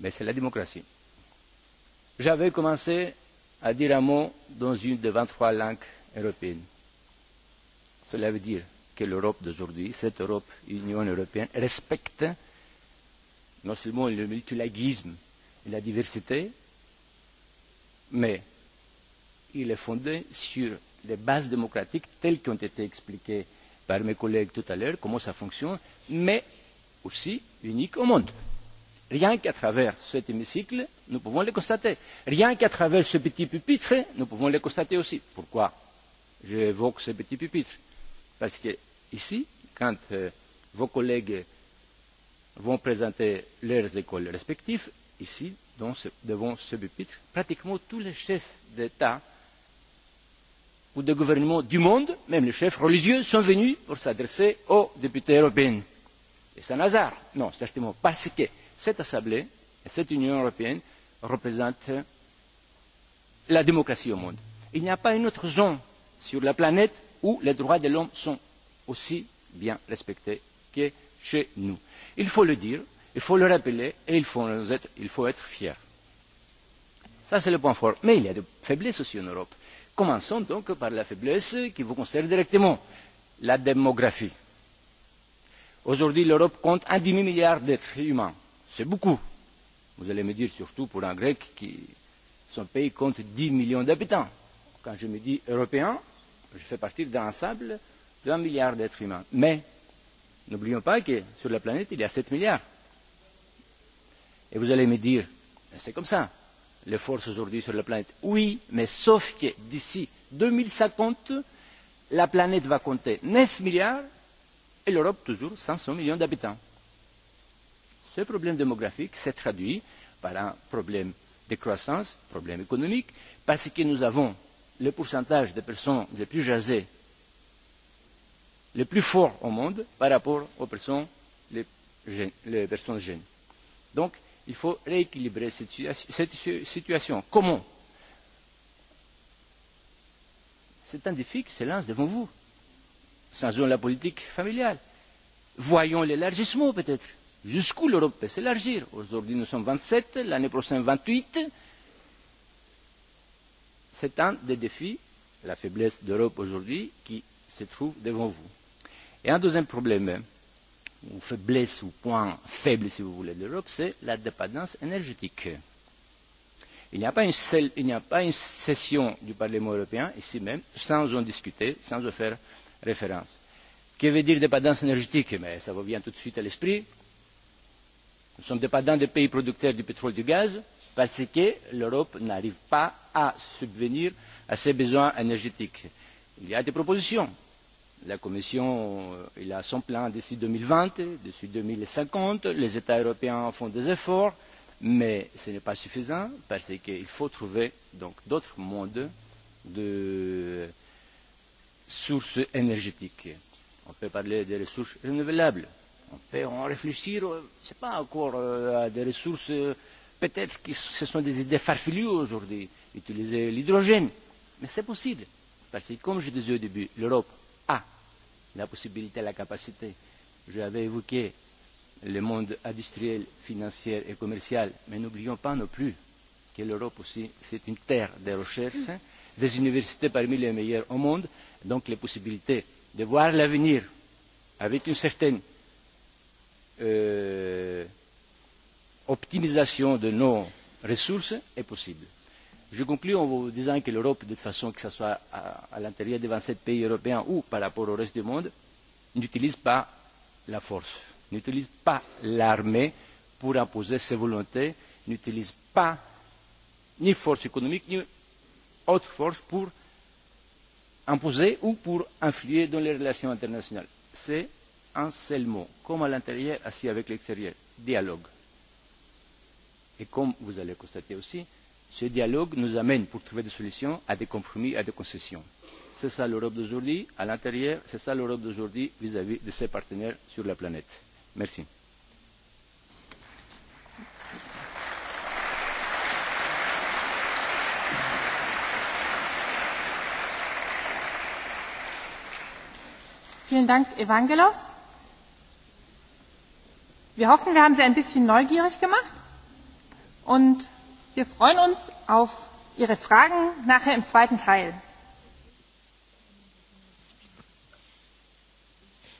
G: Mais c'est la démocratie. J'avais commencé à dire un mot dans une des 23 langues européennes. Cela veut dire que l'Europe d'aujourd'hui, cette Europe, Union européenne, respecte non seulement le multilinguisme et la diversité, mais il est fondé sur les bases démocratiques telles qu'ont été expliquées par mes collègues tout à l'heure, comment ça fonctionne, mais aussi unique au monde. Rien qu'à travers cet hémicycle, nous pouvons le constater. Rien qu'à travers ce petit pupitre, nous pouvons le constater aussi. Pourquoi j'évoque ce petit pupitre Parce que ici, quand euh, vos collègues vont présenter leurs écoles respectives, ici, dans ce, devant ce pupitre, pratiquement tous les chefs d'État ou des gouvernements du monde, même les chefs religieux, sont venus pour s'adresser aux députés européens. Et c'est un hasard Non, certainement, parce que cette Assemblée, cette Union européenne, représente la démocratie au monde. Il n'y a pas une autre zone sur la planète où les droits de l'homme sont aussi bien respectés que chez nous. Il faut le dire, il faut le rappeler et il faut, être, il faut être fier. Ça, c'est le point fort. Mais il y a des faiblesses aussi en Europe Commençons donc par la faiblesse qui vous concerne directement, la démographie. Aujourd'hui, l'Europe compte un demi-milliard d'êtres humains. C'est beaucoup. Vous allez me dire, surtout pour un Grec qui, son pays compte 10 millions d'habitants. Quand je me dis européen, je fais partie d'un ensemble d'un milliard d'êtres humains. Mais n'oublions pas que sur la planète, il y a 7 milliards. Et vous allez me dire, c'est comme ça les forces aujourd'hui sur la planète. Oui, mais sauf que d'ici 2050, la planète va compter 9 milliards et l'Europe toujours 500 millions d'habitants. Ce problème démographique s'est traduit par un problème de croissance, problème économique, parce que nous avons le pourcentage des personnes les plus jasées, les plus forts au monde par rapport aux personnes, les, les personnes jeunes. Donc, Il faut rééquilibrer cette, cette situation. Comment C'est un défi qui se lance devant vous. Changeons la politique familiale. Voyons l'élargissement peut-être. Jusqu'où l'Europe peut s'élargir Aujourd'hui nous sommes 27, l'année prochaine 28. C'est un des défis, la faiblesse d'Europe aujourd'hui, qui se trouve devant vous. Et un deuxième problème ou faiblesse ou point faible, si vous voulez, de l'Europe, c'est la dépendance énergétique. Il n'y a pas une seule, il n'y a pas une session du Parlement européen ici même sans en discuter, sans en faire référence. Que veut dire dépendance énergétique Mais ça revient tout de suite à l'esprit. Nous sommes dépendants des pays producteurs du pétrole et du gaz parce que l'Europe n'arrive pas à subvenir à ses besoins énergétiques. Il y a des propositions La Commission eh, il a son plan d'ici 2020, d'ici 2050. Les États européens font des efforts, mais ce n'est pas suffisant parce qu'il faut trouver donc d'autres modes de sources énergétiques. On peut parler des ressources renouvelables. On peut en réfléchir, euh, je sais pas encore, euh, à des ressources, euh, peut-être que ce sont des idées farfelues aujourd'hui, utiliser l'hydrogène. Mais c'est possible. Parce que, comme je disais au début, l'Europe la possibilité, la capacité. J'avais évoqué le monde industriel, financier et commercial, mais n'oublions pas non plus que l'Europe aussi, c'est une terre de recherche, des universités parmi les meilleures au monde, donc les possibilités de voir l'avenir avec une certaine euh, optimisation de nos ressources est possible je conclus en vous disant que l'europe de façon que ce soit à, à l'intérieur des vingt sept pays européens ou par rapport au reste du monde n'utilise pas la force n'utilise pas l'armée pour imposer ses volontés n'utilise pas ni force économique ni autre force pour imposer ou pour influer dans les relations internationales. c'est un seul mot comme à l'intérieur ainsi qu'avec l'extérieur dialogue. et comme vous allez le constater aussi Ce dialogue nous amène, pour trouver des solutions, à des compromis, à des concessions. C'est ça l'Europe d'aujourd'hui, à l'intérieur, c'est ça l'Europe d'aujourd'hui vis-à-vis de ses partenaires sur la planète. Merci.
D: Vielen Dank, Evangelos. Wir hoffen, wir haben Sie ein bisschen neugierig gemacht und wir freuen uns auf
H: ihre fragen nachher im zweiten teil.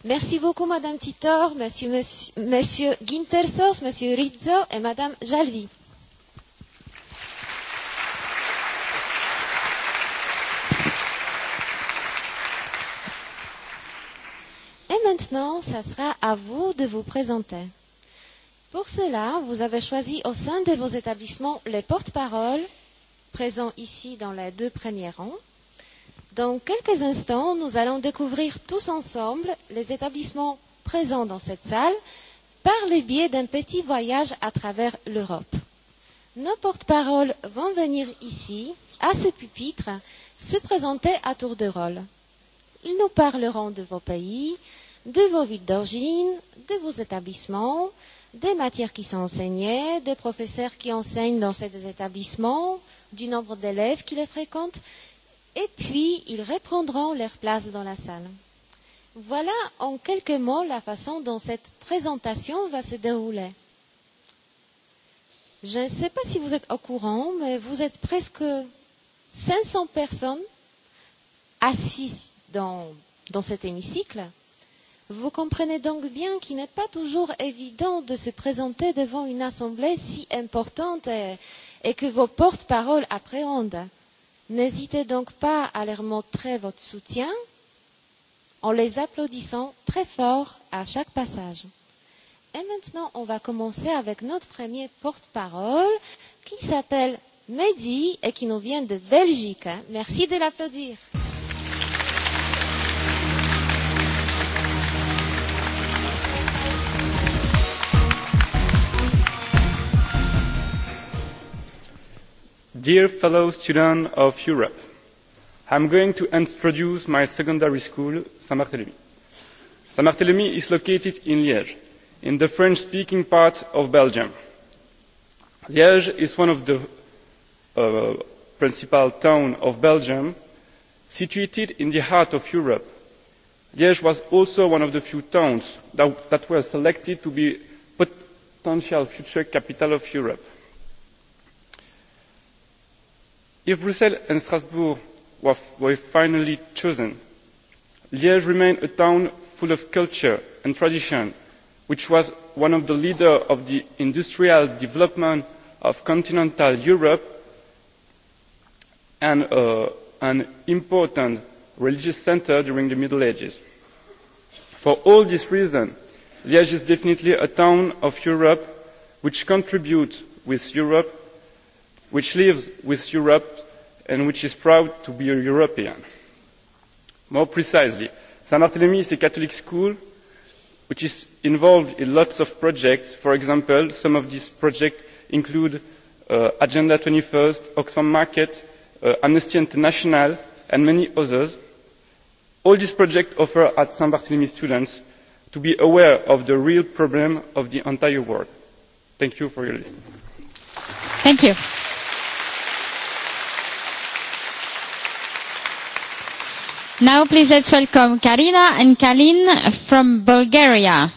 H: Merci beaucoup, Madame Titor, Monsieur, Monsieur, Monsieur Gintersos, Monsieur Rizzo et Madame Jalvi. Et maintenant, ça sera à vous de vous présenter. Pour cela, vous avez choisi au sein de vos établissements les porte-paroles présents ici dans les deux premiers rangs. Dans quelques instants, nous allons découvrir tous ensemble les établissements présents dans cette salle par le biais d'un petit voyage à travers l'Europe. Nos porte-paroles vont venir ici, à ce pupitre, se présenter à tour de rôle. Ils nous parleront de vos pays, de vos villes d'origine, de vos établissements, des matières qui sont enseignées, des professeurs qui enseignent dans ces établissements, du nombre d'élèves qui les fréquentent, et puis ils reprendront leur place dans la salle. Voilà en quelques mots la façon dont cette présentation va se dérouler. Je ne sais pas si vous êtes au courant, mais vous êtes presque 500 personnes assises dans, dans cet hémicycle Vous comprenez donc bien qu'il n'est pas toujours évident de se présenter devant une assemblée si importante et, et que vos porte-paroles appréhendent. N'hésitez donc pas à leur montrer votre soutien en les applaudissant très fort à chaque passage. Et maintenant, on va commencer avec notre premier porte-parole qui s'appelle Mehdi et qui nous vient de Belgique. Merci de l'applaudir. Applaudissements
I: dear fellow students of europe i am going to introduce my secondary school saint barthelemy. saint barthelemy is located in liege in the french speaking part of belgium. liege is one of the uh, principal towns of belgium situated in the heart of europe. liege was also one of the few towns that, that were selected to be potential future capital of europe if brussels and strasbourg were finally chosen liege remained a town full of culture and tradition which was one of the leaders of the industrial development of continental europe and uh, an important religious centre during the middle ages. for all these reasons liege is definitely a town of europe which contributes with europe which lives with europe and which is proud to be a european. more precisely saint barthelemy is a catholic school which is involved in lots of projects. for example some of these projects include uh, agenda twenty one oxfam market uh, amnesty international and many others. all these projects offer at saint barthelemy students to be aware of the real problem of the entire world. thank you for your listening.
J: thank you. Now please let's welcome Karina and Kalin from Bulgaria.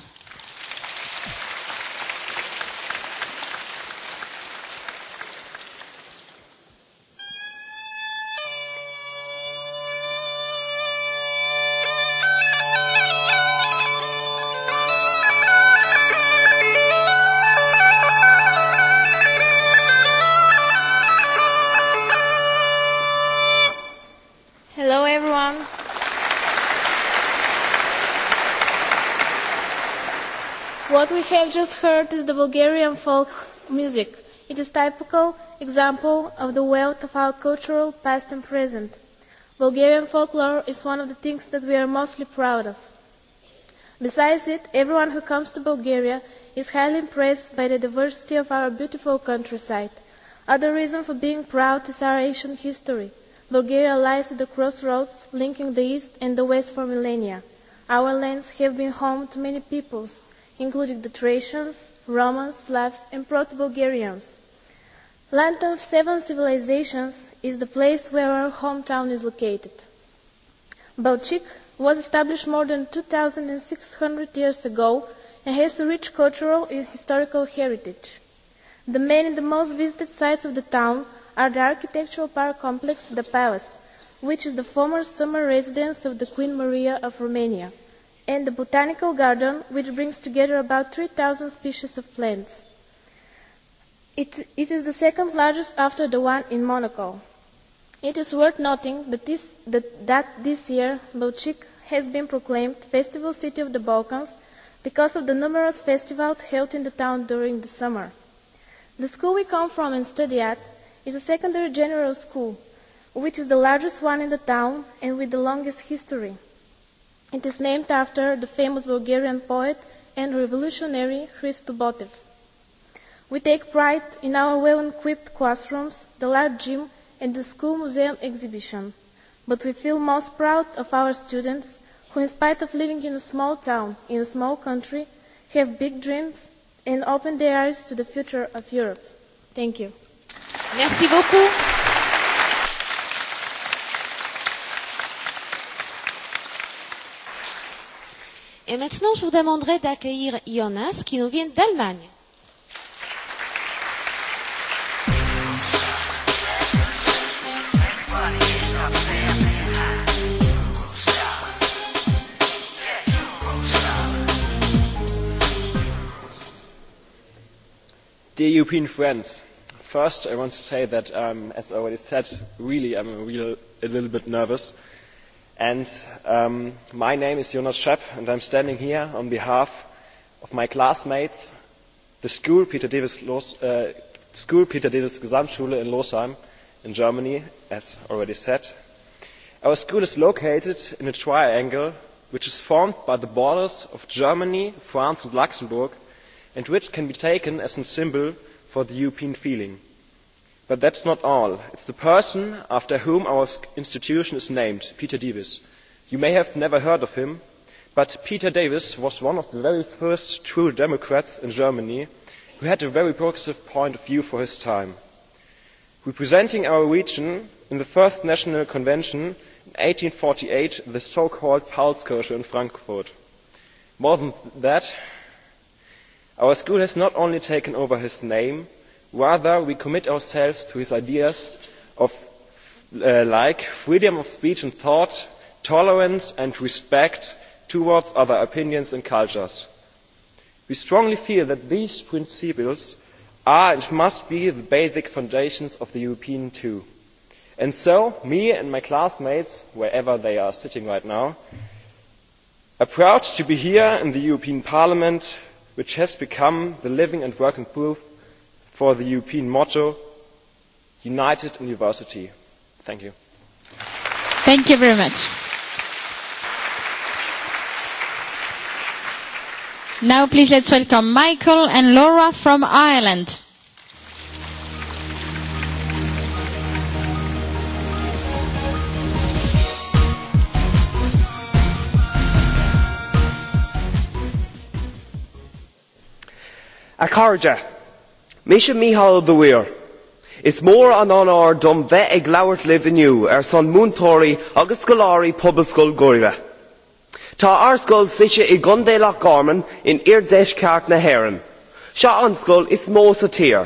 K: What we have just heard is the Bulgarian folk music. It is typical example of the wealth of our cultural past and present. Bulgarian folklore is one of the things that we are mostly proud of. Besides it, everyone who comes to Bulgaria is highly impressed by the diversity of our beautiful countryside. Other reason for being proud is our ancient history. Bulgaria lies at the crossroads linking the East and the West for millennia. Our lands have been home to many peoples, including the Thracians, Romans, Slavs, and Proto-Bulgarians. Land of Seven Civilizations is the place where our hometown is located. Balchik was established more than 2,600 years ago and has a rich cultural and historical heritage. The main and the most visited sites of the town are the architectural park complex The Palace, which is the former summer residence of the Queen Maria of Romania – and a botanical garden which brings together about 3,000 species of plants. It, it is the second largest after the one in Monaco. It is worth noting that this, that, that this year Balchik has been proclaimed Festival City of the Balkans because of the numerous festivals held in the town during the summer. The school we come from and study at is a secondary general school, which is the largest one in the town and with the longest history. It is named after the famous Bulgarian poet and revolutionary Hristo Botev. We take pride in our well-equipped classrooms, the large gym, and the school museum exhibition. But we feel most proud of our students who, in spite of living in a small town, in a small country, have big dreams and open their eyes to the future of Europe. Thank you. Merci beaucoup.
H: Et maintenant, je vous demanderai d'accueillir Jonas qui nous vient d'Allemagne.
L: Dear European friends, first I want to say that, um, as already said, really I'm a, real, a little bit nervous And um, my name is Jonas Schepp, and I'm standing here on behalf of my classmates, the school Peter Davis, Los, uh, school Peter Davis Gesamtschule in Losheim in Germany, as already said. Our school is located in a triangle which is formed by the borders of Germany, France and Luxembourg, and which can be taken as a symbol for the European feeling but that is not all it is the person after whom our institution is named peter davies. you may have never heard of him but peter davies was one of the very first true democrats in germany who had a very progressive point of view for his time. representing our region in the first national convention in one thousand eight hundred and forty eight the so called paulskirche in frankfurt. more than that our school has not only taken over his name rather we commit ourselves to his ideas of, uh, like freedom of speech and thought tolerance and respect towards other opinions and cultures. we strongly feel that these principles are and must be the basic foundations of the european too. and so me and my classmates wherever they are sitting right now are proud to be here in the european parliament which has become the living and working proof for the European motto United in Diversity. Thank you.
J: Thank you very much. Now please let's welcome Michael and Laura from Ireland.
M: A corridor Misha Mihal the Weir. Is mór an anár dom bheith ag labhairt libh inniu ar san múntóirí agus scoláirí pobl scoil goire. Tá arscoil suise i gondéach garman in irdeis ceart na hhéan. Seo anscoil is mó sa tír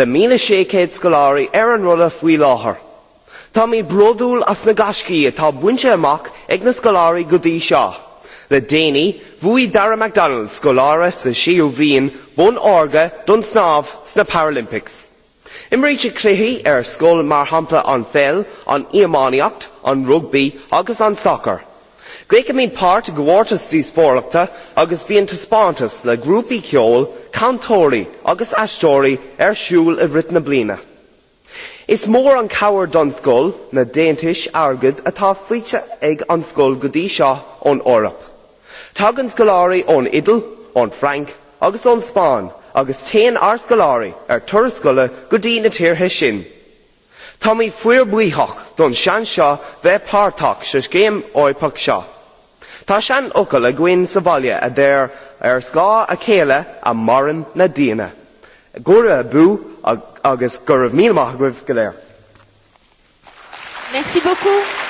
M: le míle sécéad scoláirí ar er an rula faoi láthair. Tá mí broúil as na gascií e atá buinte amach ag na scoláirí go dtí seo le déanaí bhuaigh dara mcdonald go leora sa seó bhliain bun orga don snámh sna paralympics. imreoidh sé cluichí ar er scoil mar shampla an bheil an íománaíocht an rugbaí agus an socair. ghlaicim mín páirt go bhfuarthas tí spóireachta agus bíonn taispeántas le grúpaí ceol cantóirí agus aistóirí ar er siúl e i bhfoireann na bliana. Is mór an cabhair don scoil na dtéantais airgid atá faighte ag an scoil go dtí seo ón Eorp. Tugann scoláirí ón Idal, ón Frainc agus ón Spáinn agus téann airscoláirí ar tuarascoile go dtí na tíortha sin. Tá mí fuorbuíthach don sean seo bheith pártach sa céim óipach seo. Tá sean ocail a gcuin sa bhaile a dtéir ar scá a chéile a maran na daine. Gura a bú agus gur bh míach go léir.
H: Merci beaucoup.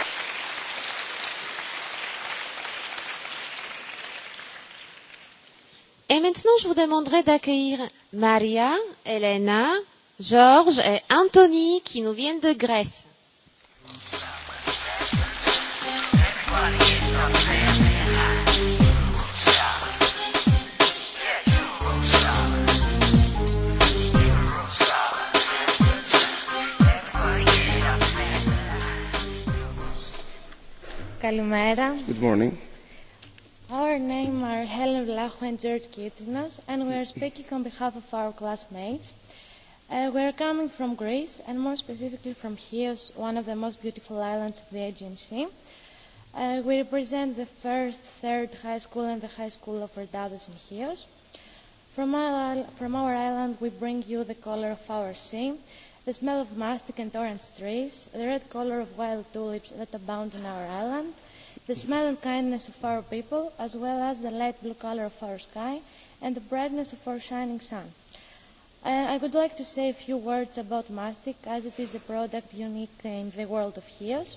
H: Et maintenant, je vous demanderai d'accueillir Maria, Elena, Georges et Anthony qui nous viennent de Grèce.
N: Καλημέρα. Good morning. Our name are Helen Vlacho and George Kitrinos, and we are speaking on behalf of our classmates. Uh, we are coming from Greece, and more specifically from Chios, one of the most beautiful islands of the Aegean Sea. Uh, we represent the first, third high school and the high school of Rhodados in Chios. From our, from our island, we bring you the color of our sea, the smell of mastic and orange trees, the red color of wild tulips that abound on our island, the smell and kindness of our people, as well as the light blue color of our sky and the brightness of our shining sun. I would like to say a few words about mastic, as it is a product unique in the world of HEOS.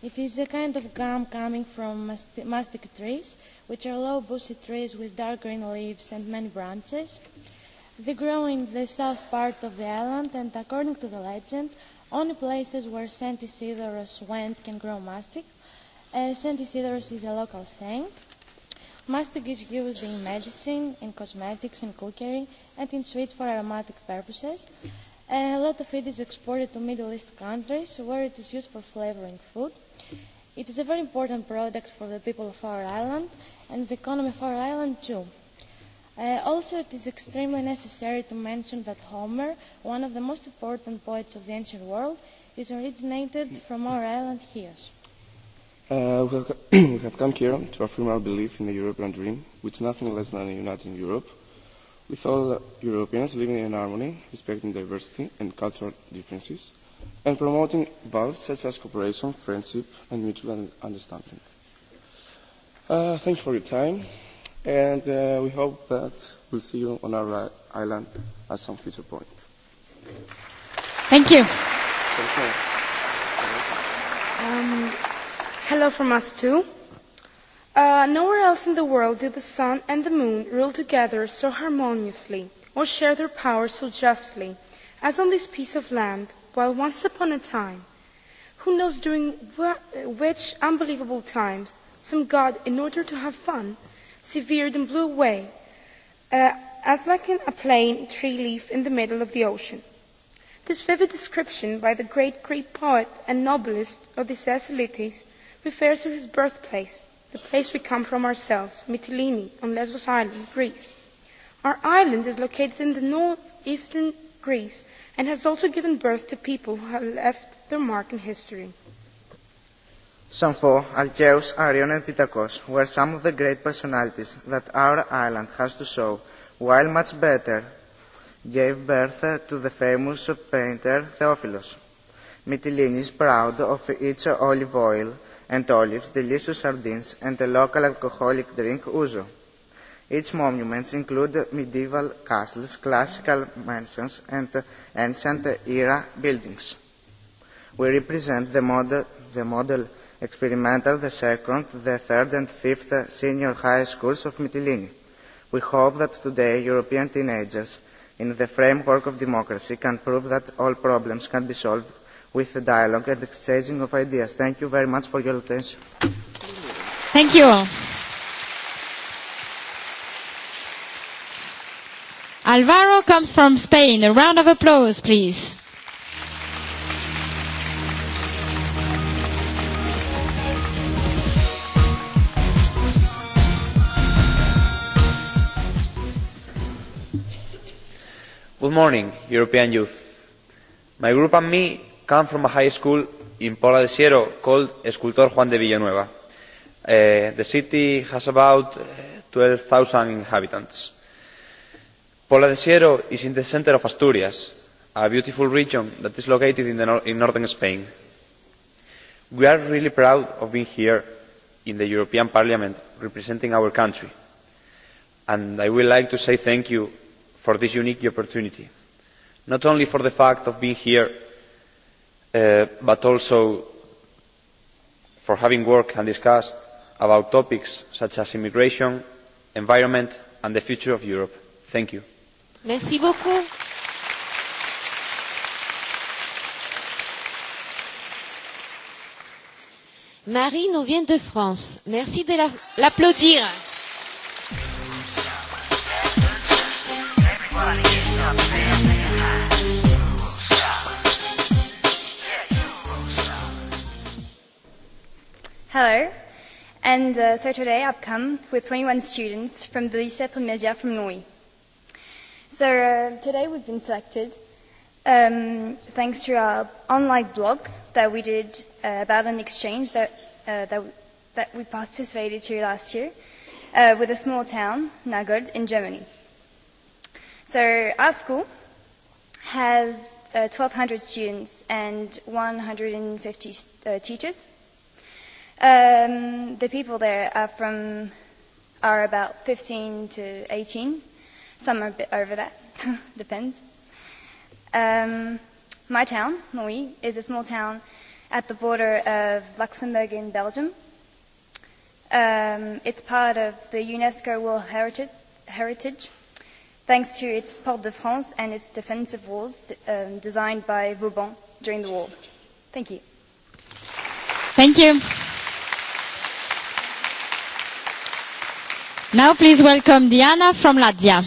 N: It is a kind of gum coming from mastic trees, which are low, bushy trees with dark green leaves and many branches. They grow in the south part of the island, and according to the legend, only places where scent is either a swant can grow mastic, Uh, St. Isidro's is a local saint. Mastic is used in medicine, in cosmetics, in cookery, and in sweets for aromatic purposes. Uh, a lot of it is exported to Middle East countries, where it is used for flavoring food. It is a very important product for the people of our island and the economy of our island too. Uh, also, it is extremely necessary to mention that Homer, one of the most important poets of the ancient world, is originated from our island Chios.
M: Uh, we, have, we have come here
I: to affirm our belief in the European dream, which is nothing less than a uniting Europe, with all
M: Europeans living in harmony, respecting diversity and cultural differences, and promoting values such as cooperation, friendship, and mutual understanding.
I: Uh, thank you for your time, and uh, we hope that we'll see you on our island at some future point. Thank you. Thank you.
O: Um, Hello from us too. Uh, nowhere else in the world do the sun and the moon rule together so harmoniously, or share their power so justly, as on this piece of land, while once upon a time, who knows during wh- which unbelievable times, some god, in order to have fun, severed and blew away, uh, as like in a plain tree leaf in the middle of the ocean. This vivid description by the great Greek poet and novelist Odysseus Elitis refers to his birthplace, the place we come from ourselves, Mytilene, on Lesbos Island, Greece. Our island is located in the northeastern Greece and has also given birth to people who have left their mark in history.
N: Sampho, Archeus, Arion and Pitakos were some of the great personalities that our island has to show, while much better gave birth to the famous painter Theophilus. Mytilene is proud of its olive oil and olives, delicious sardines, and a local alcoholic drink, ouzo. Its monuments include medieval castles, classical mansions, and ancient-era buildings. We represent the model, the model experimental, the second, the third, and fifth senior high schools of Mytilene. We hope that today European teenagers, in the framework of democracy, can prove that all problems can be solved with the dialogue and exchanging of ideas. Thank you very much for your attention.
J: Thank you all. Alvaro comes from Spain. A round of applause, please.
M: Good morning, European youth. My group and me come from a high school in Pola de Siero called Escultor Juan de Villanueva. Uh, the city has about 12,000 eh, inhabitants. Pola de Siero is in the center of Asturias, a beautiful region that is located in, the nor in northern Spain. We are really proud of being here in the European Parliament representing our country. And I would like to say thank you for this unique opportunity, not only for the fact of being here Uh, but also for having worked and discussed about topics such as immigration environment and the future of europe. thank you.
H: Merci beaucoup. Marie nous vient de France. Merci de l'applaudir. La, Everybody,
P: Hello. And uh, so today I've come with 21 students from the Lycée Plumesia from Norway. So uh, today we've been selected um, thanks to our online blog that we did uh, about an exchange that, uh, that, that we participated to last year uh, with a small town, Nagold, in Germany. So our school has uh, 1,200 students and 150 uh, teachers Um, the people there are from are about 15 to 18. Some are a bit over that, depends. Um, my town, Moui, is a small town at the border of Luxembourg and Belgium. Um, it's part of the UNESCO World Heritage, Heritage thanks to its Porte de France and its defensive walls um, designed by Vauban during the war. Thank you.
J: Thank you. Now please welcome Diana from Latvia.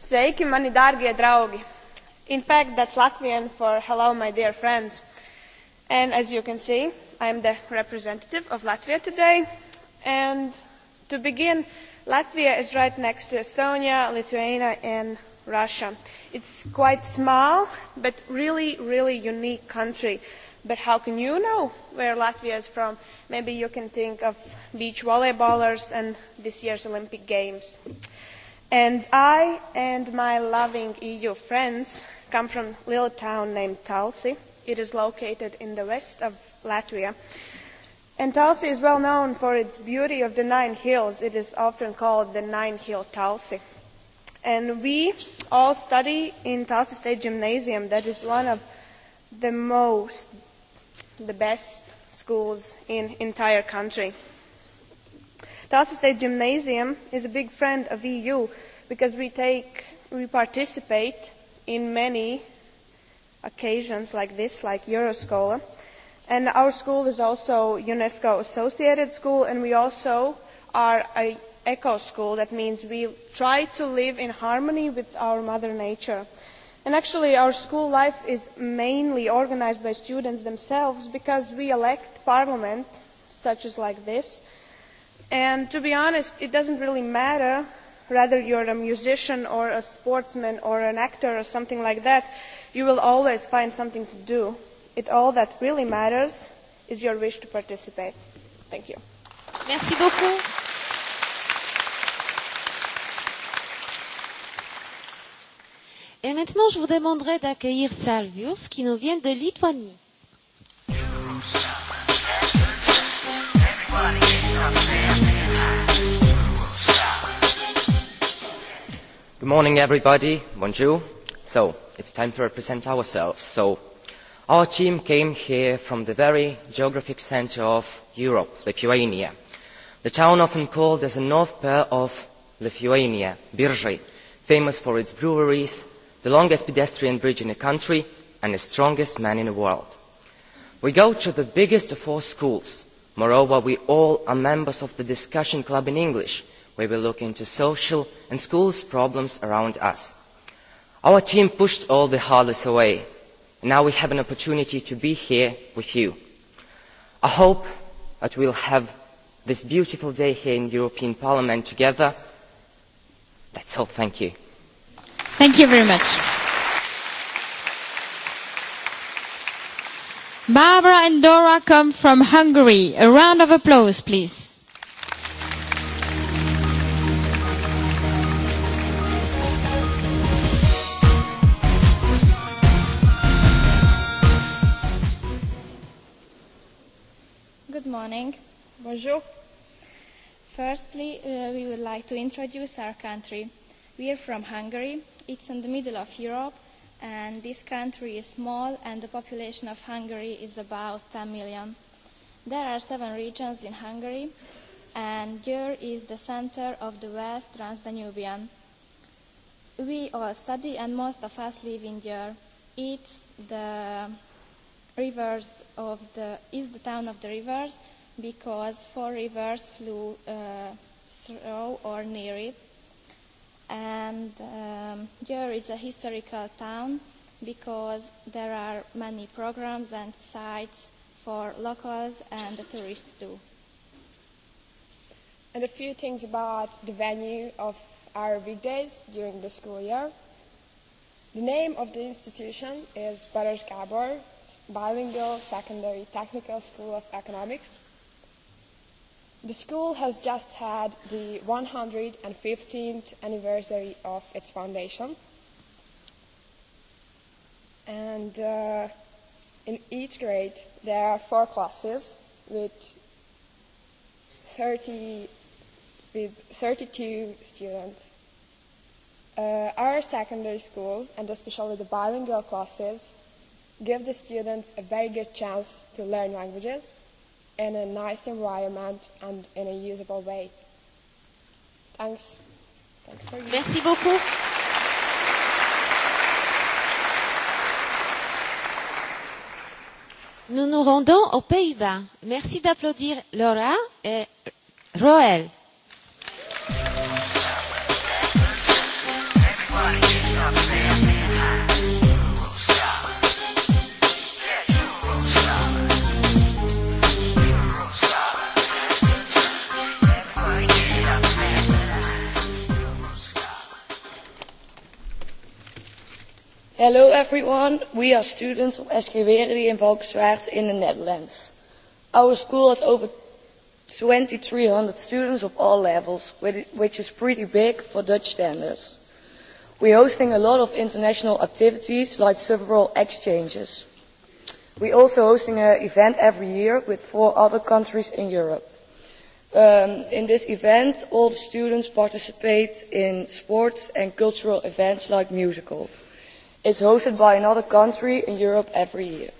Q: Sveiki, mani dārgie draugi! In fact, that's Latvian for hello, my dear friends. And as you can see, I'm the representative of Latvia today. And to begin, Latvia is right next to Estonia, Lithuania, and russia. it is quite a small but really really unique country but how can you know where latvia is from? maybe you can think of beach volleyballers and this year's olympic games. and i and my loving eu friends come from a little town named talsi. it is located in the west of latvia. And Talsi is well known for its beauty of the nine hills. It is often called the nine hill Talsi and we all study in Tallinn State Gymnasium. That is one of the most, the best schools in entire country. Tallinn State Gymnasium is a big friend of EU because we take, we participate in many occasions like this, like Euroscola. And our school is also UNESCO associated school, and we also are a eco school that means we try to live in harmony with our mother nature and actually our school life is mainly organised by students themselves because we elect parliament such as like this and to be honest it doesn't really matter whether you're a musician or a sportsman or an actor or something like that you will always find something to do it all that really matters is your wish to participate thank you merci beaucoup
H: Et maintenant, je vous demanderai d'accueillir Salvius, qui nous vient de Lituanie.
M: Good morning, everybody. Bonjour. So, it's time to represent ourselves. So, our team came here from the very geographic center of Europe, Lithuania. The town often called as the North Pearl of Lithuania, Birzhai, famous for its breweries, the longest pedestrian bridge in the country and the strongest man in the world. we go to the biggest of all schools. moreover we all are members of the discussion club in english where we look into social and school problems around us. our team pushed all the hurdles away and now we have an opportunity to be here with you. i hope that we will have this beautiful day here in the european parliament together. that's all. thank you. Thank you very much.
J: Barbara and Dora come from Hungary. A round of applause, please.
K: Good morning. Bonjour. Firstly, uh, we would like to introduce our country. We are from Hungary it's in the middle of Europe, and this country is small, and the population of Hungary is about 10 million. There are seven regions in Hungary, and Győr is the center of the West Transdanubian. We all study, and most of us live in Győr. It's the rivers of the is the town of the rivers because four rivers flew uh, through or near it and um, Gyor is a historical town because there are many programs and sites for locals and the tourists too. And a few things
Q: about the venue of our weekdays during the school year. The name of the institution is Baros Gábor Bilingual Secondary Technical School of Economics The school has just had the 115th anniversary of its foundation. And uh, in each grade, there are four classes with 30 with 32 students. Uh, our secondary school, and especially the bilingual classes, give the students a very good chance to learn languages in a nice environment and in a usable way. Thanks. Thanks for you.
J: Merci beaucoup.
H: Nous nous rendons aux Pays-Bas. Merci d'applaudir Laura et Roel.
R: Hello everyone, we are students of Esquiveri in Valkenswaard in the Netherlands. Our school has over 2,300 students of all levels, which is pretty big for Dutch standards. We're hosting a lot of international activities like several exchanges. We're also hosting an event every year with four other countries in Europe. Um, in this event, all the students participate in sports and cultural events like musicals is hosted by another country in Europe every year.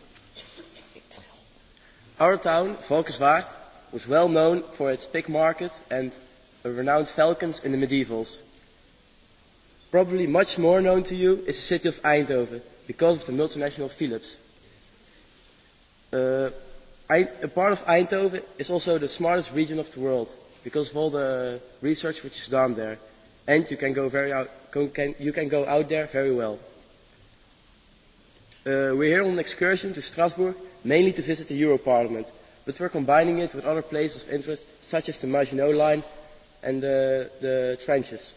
M: Our town, Valkenswaard, was well known for its pig market and renowned falcons in the medievals. Probably much more known to you is the city of Eindhoven because of the multinational Philips. Uh, a part of Eindhoven is also the smartest region of the world because of all the research which is done there. And you can go, very out, can, you can go out there very well. Uh, eh, we're here on an excursion to Strasbourg, mainly to visit the Euro Parliament, but we're combining it with other places of interest, such as the Maginot Line and the, the trenches.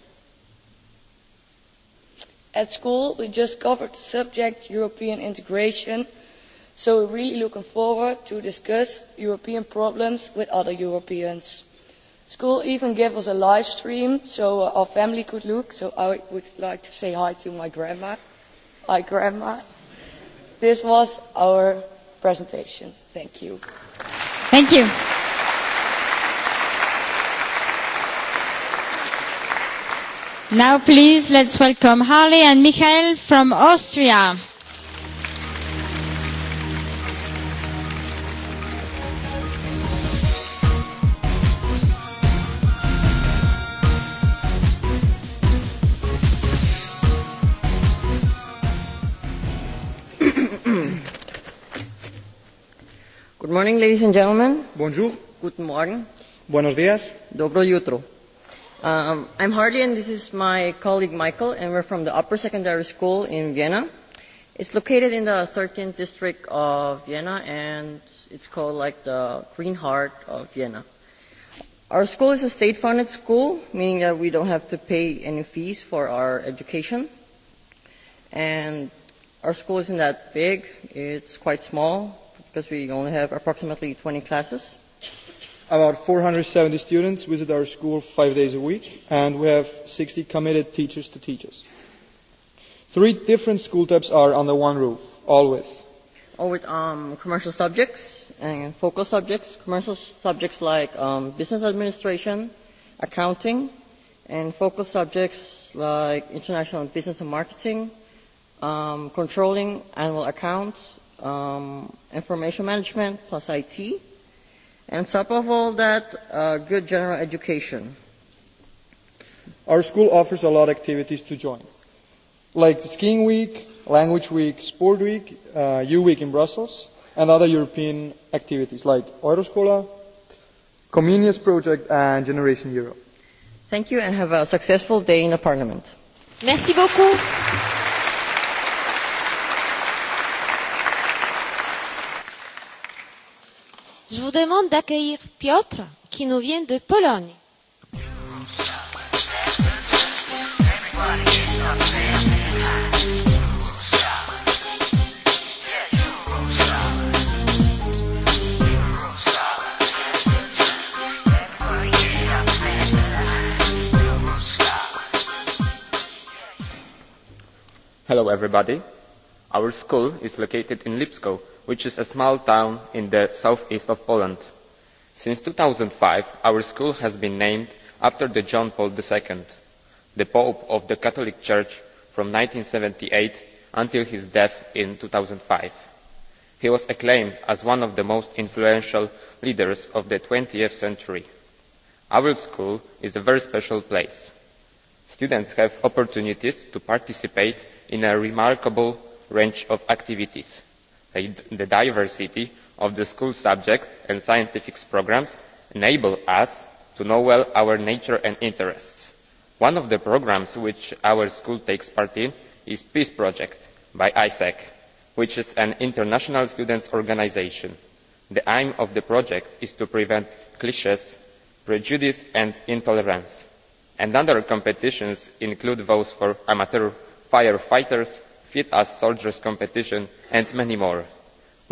R: At school, we just covered the subject European integration, so we're really looking forward to discuss European problems with other Europeans. School even gave us a live stream so our family could look, so I would like to say hi to my grandma. Hi, grandma this was our presentation. Thank you. Thank you.
J: Now please let's welcome Harley and Michael from Austria.
S: morning, ladies and gentlemen. Bonjour. Good morning. Buenos días. Dobro jutro. Um, I'm Harley, and this is my colleague Michael, and we're from the Upper Secondary School in Vienna. It's located in the 13th district of Vienna, and it's called like the Green Heart of Vienna. Our school is a state-funded school, meaning that we don't have to pay any fees for our education. And our school isn't that big. It's quite small because we only have approximately 20 classes.
I: About 470 students visit our school five days a week, and we have 60 committed teachers to teach us. Three different school types are under one roof, all with.
S: All with um, commercial subjects and focal subjects. Commercial subjects like um, business administration, accounting, and focal subjects like international business and marketing, um, controlling annual accounts, um, information management plus IT, and top of all that, uh, good general education.
I: Our school offers a lot of activities to join, like skiing week, language week, sport week, uh, U week in Brussels, and other European activities like Euroscola, Comenius Project, and Generation Europe.
S: Thank you and have a successful day in the Parliament. Merci beaucoup.
H: vous demande d'accueillir Piotr qui nous vient de Pologne.
T: Hello everybody our school is located in lipsko which is a small town in the south east of poland. since two thousand and five our school has been named after john paul ii the pope of the catholic church from one thousand nine hundred and seventy eight until his death in. two thousand and five he was acclaimed as one of the most influential leaders of the twentieth century. our school is a very special place. students have opportunities to participate in a remarkable range of activities the diversity of the school subjects and scientific programmes enable us to know well our nature and interests. one of the programmes in which our school takes part is the peace project by isaac e which is an international students' organisation. the aim of the project is to prevent cliches prejudice and intolerance and other competitions include those for amateur firefighters fit as soldiers' competition and many more.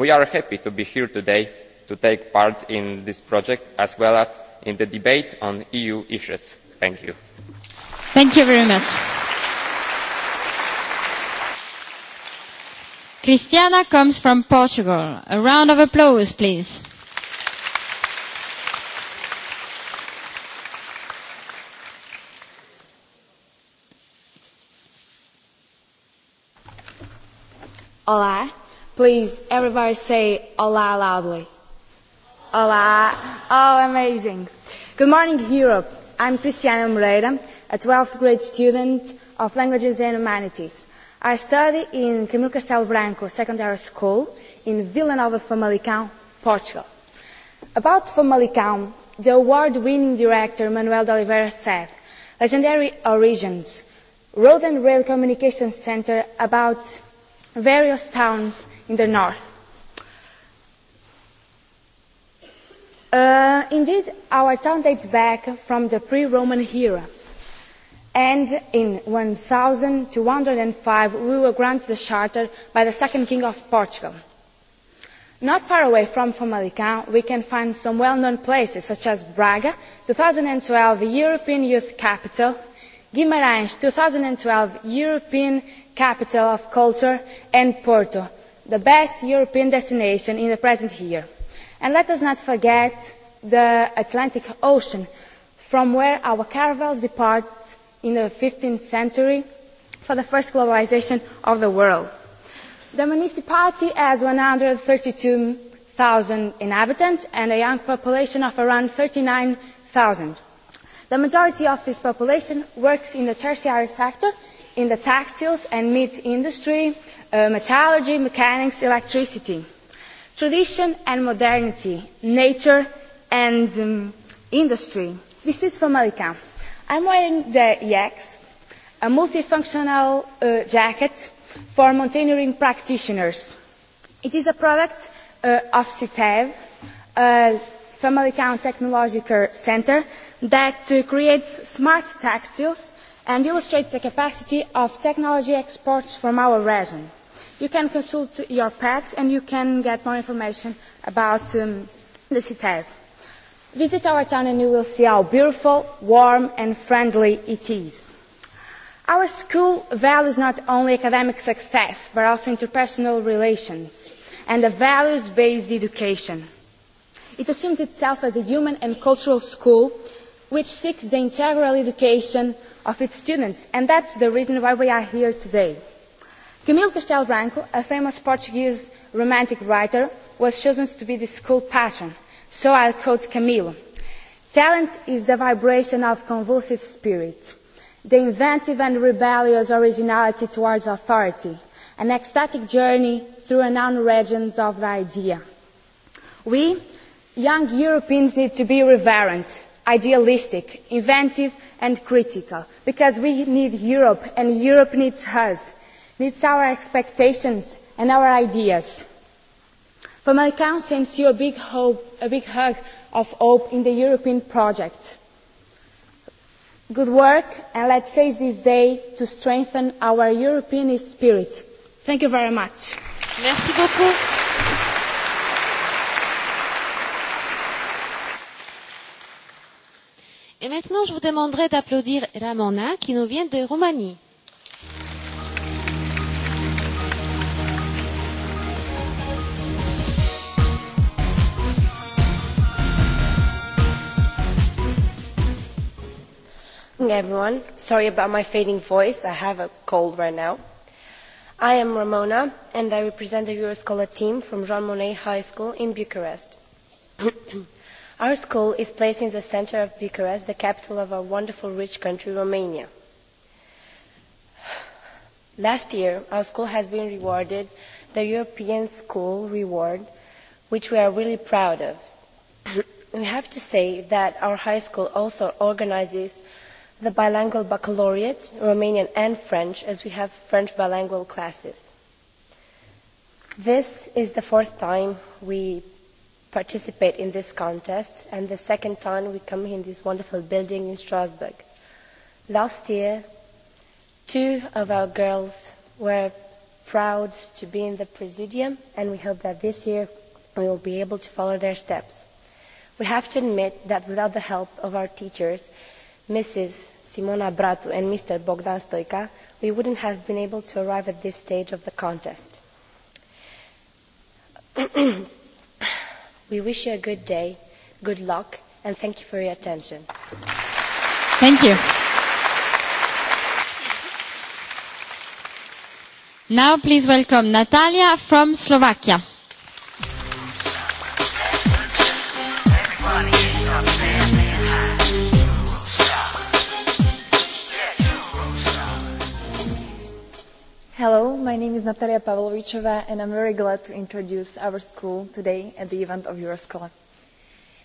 T: we are happy to be here today to take part in this project as well as in the debate on eu issues. thank you.
J: thank you very much. Cristiana comes from Portugal. A round of applause, please.
U: Olá. Please, everybody say Olá loudly. Olá. Oh, amazing. Good morning, Europe. I'm Cristiana Moreira, a 12th grade student of Languages and Humanities. I study in Camilo Castelo Branco Secondary School in Vila Nova de Famalicão, Portugal. About Famalicão, the award-winning director Manuel de Oliveira said, legendary origins, road and rail communication center about various towns in the north. Uh, indeed, our town dates back from the pre-Roman era. And in 1205, we were granted the charter by the second king of Portugal. Not far away from Famalicão, we can find some well-known places such as Braga, 2012 European Youth Capital, Guimarães, 2012 European capital of culture and porto the best european destination in the present year. and let us not forget the atlantic ocean from where our caravels depart in the fifteenth century for the first globalisation of the world. the municipality has one hundred and thirty two zero inhabitants and a young population of around thirty nine zero. the majority of this population works in the tertiary sector in the textiles and meat industry, uh, metallurgy, mechanics, electricity. Tradition and modernity, nature and um, industry. This is from Malika. I'm wearing the EX, a multifunctional uh, jacket for mountaineering practitioners. It is a product uh, of CITEV, uh, Famalicão Technological Center, that uh, creates smart textiles and illustrate the capacity of technology exports from our region. You can consult your PACs and you can get more information about um, the CITEV. Visit our town and you will see how beautiful, warm and friendly it is. Our school values not only academic success, but also interpersonal relations and a values-based education. It assumes itself as a human and cultural school which seeks the integral education of its students, and that's the reason why we are here today. Camilo Castelo Branco, a famous Portuguese romantic writer, was chosen to be the school patron, so I'll quote Camilo. Talent is the vibration of convulsive spirit, the inventive and rebellious originality towards authority, an ecstatic journey through a unknown regions of the idea. We, young Europeans, need to be reverent, idealistic, inventive, and critical because we need Europe and Europe needs us, needs our expectations and our ideas. From my account sends you a big, hope, a big hug of hope in the European project. Good work and let's seize this day to strengthen our European spirit. Thank you very much.
H: Merci beaucoup. Et maintenant, je vous demanderai d'applaudir Ramona, qui nous vient de Roumanie.
V: Hey everyone, sorry about my fading voice. I have a cold right now. I am Ramona, and I represent the Euroscola team from Jean Monnet High School in Bucharest. Our school is placed in the center of Bucharest, the capital of our wonderful rich country, Romania. Last year, our school has been rewarded the European School Reward, which we are really proud of. we have to say that our high school also organizes the bilingual baccalaureate, Romanian and French, as we have French bilingual classes. This is the fourth time we participate in this contest and the second time we come in this wonderful building in Strasbourg. Last year, two of our girls were proud to be in the presidium and we hope that this year we will be able to follow their steps. We have to admit that without the help of our teachers, Mrs. Simona Bratu and Mr. Bogdan Stoica, we wouldn't have been able to arrive at this stage of the contest. We wish you a good day, good luck, and thank you for your attention.
J: Thank you. Now please welcome Natalia from Slovakia.
W: My name is Natalia Pavlovichova and I'm very glad to introduce our school today at the event of Euroscholar.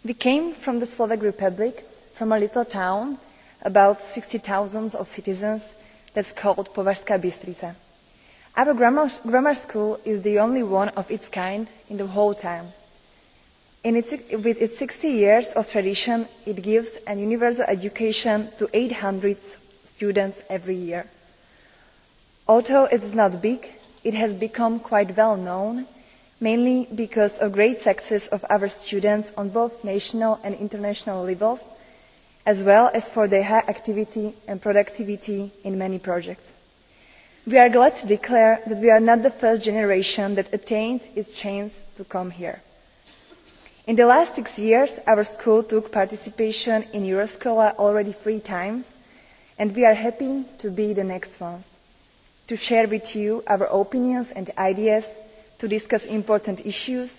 W: We came from the Slovak Republic, from a little town, about 60,000 of citizens, that's called Považská Bystrica. Our grammar, grammar school is the only one of its kind in the whole town. In its, with its 60 years of tradition, it gives an universal education to 800 students every year although it is not big it has become quite well known mainly because of great success of our students on both national and international levels as well as for their high activity and productivity in many projects. We are glad to declare that we are not the first generation that attained its chance to come here. In the last six years, our school took participation in Euroscola already three times, and we are happy to be the next ones to share with you our opinions and ideas, to discuss important issues,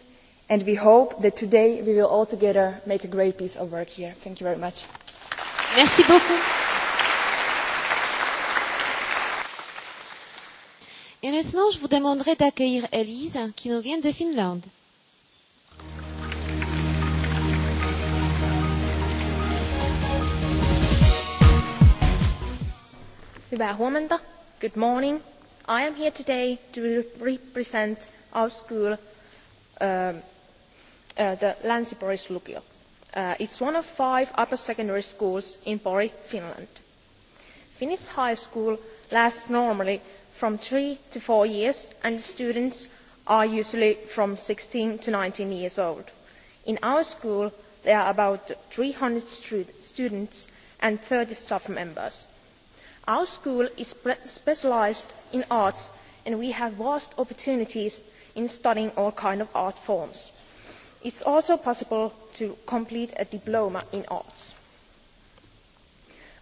W: and we hope that today we will all together make a great piece of work here. Thank you very much. Merci beaucoup. Et maintenant,
H: je vous demanderai d'accueillir Elise, qui nous vient de Finlande.
X: Hyvää huomenta. Good morning. I am here today to represent our school, um, uh, the Länsi-Boris Lukio. Uh, it's one of five upper secondary schools in Pori, Finland. Finnish high school lasts normally from three to four years and students are usually from 16 to 19 years old. In our school, there are about 300 stu- students and 30 staff members our school is specialised in arts and we have vast opportunities in studying all kinds of art forms. it is also possible to complete a diploma in arts.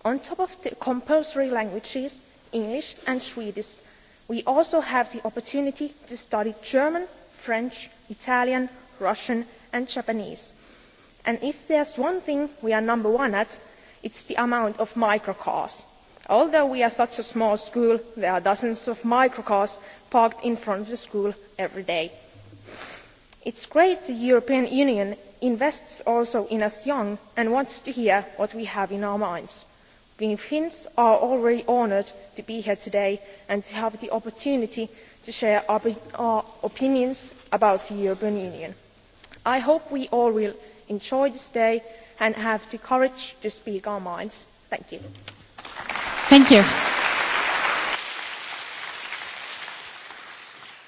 X: on top of the compulsory languages english and swedish we also have the opportunity to study german french italian russian and japanese and if there is one thing we are number one at it is the amount of microcars although we are such a small school there are dozens of microcars parked in front of the school every day. it is great that the european union invests also in us young people and wants to hear what we have in our minds. we finns are already honoured to be here today and to have the opportunity to share our opinions about the european union. i hope we all will enjoy this day and have the courage to speak our minds. thank you.
J: Thank you.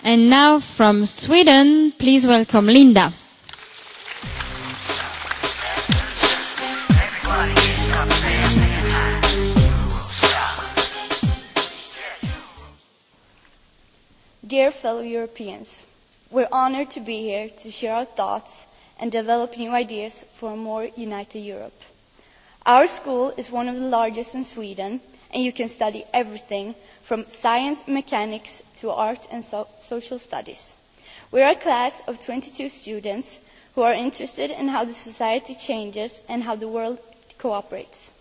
J: And now from Sweden, please welcome Linda.
K: Dear fellow Europeans, we're honored to be here to share our thoughts and develop new ideas for a more united Europe. Our school is one of the largest in Sweden and you can study everything from science mechanics to art and so- social studies. We are a class of 22 students who are interested in how the society changes and how the world cooperates.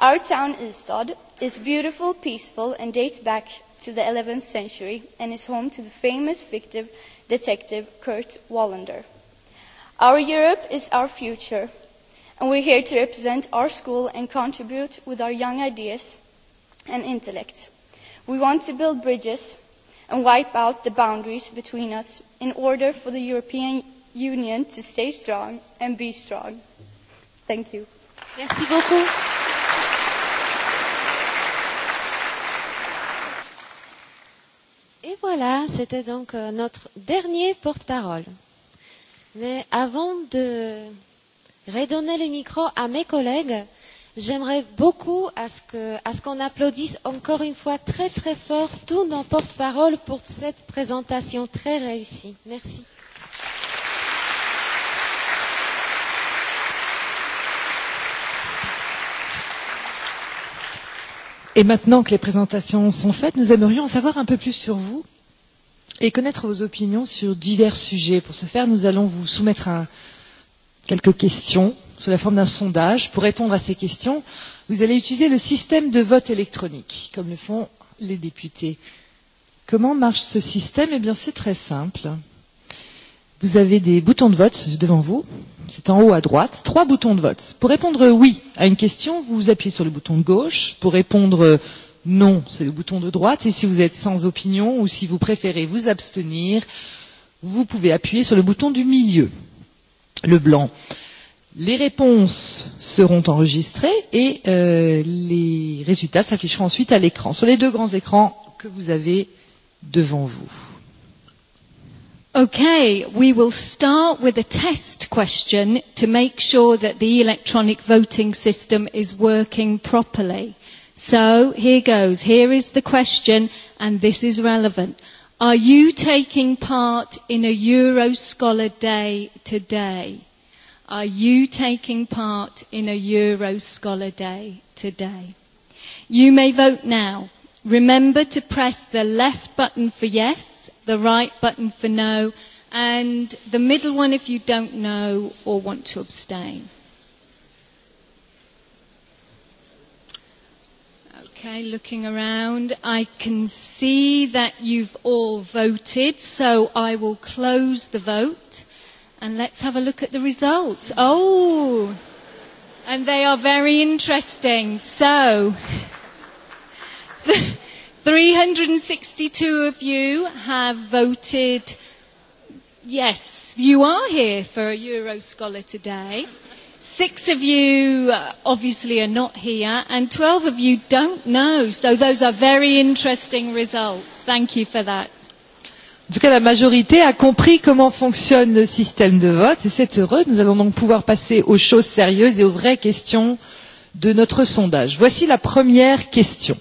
K: Our town, Ystad, is beautiful, peaceful, and dates back to the 11th century and is home to the famous fictive detective Kurt Wallander. Our Europe is our future, and we're here to represent our school and contribute with our young ideas and intellect. We want to build bridges and wipe out the boundaries between us in order for the European Union to stay strong and be strong. Thank you. Merci beaucoup.
H: Et voilà, c'était donc euh, notre dernier porte-parole. Mais avant de redonner le micro à mes collègues, J'aimerais beaucoup à ce, que, à ce qu'on applaudisse encore une fois très très fort tous nos porte-paroles pour cette présentation très réussie. Merci.
C: Et maintenant que les présentations sont faites, nous aimerions en savoir un peu plus sur vous et connaître vos opinions sur divers sujets. Pour ce faire, nous allons vous soumettre à quelques questions sous la forme d'un sondage. Pour répondre à ces questions, vous allez utiliser le système de vote électronique, comme le font les députés. Comment marche ce système Eh bien, c'est très simple. Vous avez des boutons de vote devant vous. C'est en haut à droite. Trois boutons de vote. Pour répondre oui à une question, vous appuyez sur le bouton de gauche. Pour répondre non, c'est le bouton de droite. Et si vous êtes sans opinion ou si vous préférez vous abstenir, vous pouvez appuyer sur le bouton du milieu, le blanc. Euh, Les réponses seront enregistrées et euh, les résultats s'afficheront ensuite à l'écran, sur les deux grands écrans que vous avez devant vous.
Y: Okay, we will start with a test question to make sure that the electronic voting system is working properly. So here goes. Here is the question, and this is relevant. Are you taking part in a Euroscholar Day today? Are you taking part in a Euro Scholar Day today? You may vote now. Remember to press the left button for yes, the right button for no, and the middle one if you don't know or want to abstain. Okay, looking around, I can see that you've all voted, so I will close the vote. And let's have a look at the results. Oh, and they are very interesting. So, 362 of you have voted yes, you are here for a Euroscholar today. Six of you uh, obviously are not here, and 12 of you don't know. So, those are very interesting results. Thank you for that.
C: En tout cas, la majorité a compris comment fonctionne le système de vote et c'est heureux. Nous allons donc pouvoir passer aux choses sérieuses et aux vraies questions de notre sondage. Voici la première question.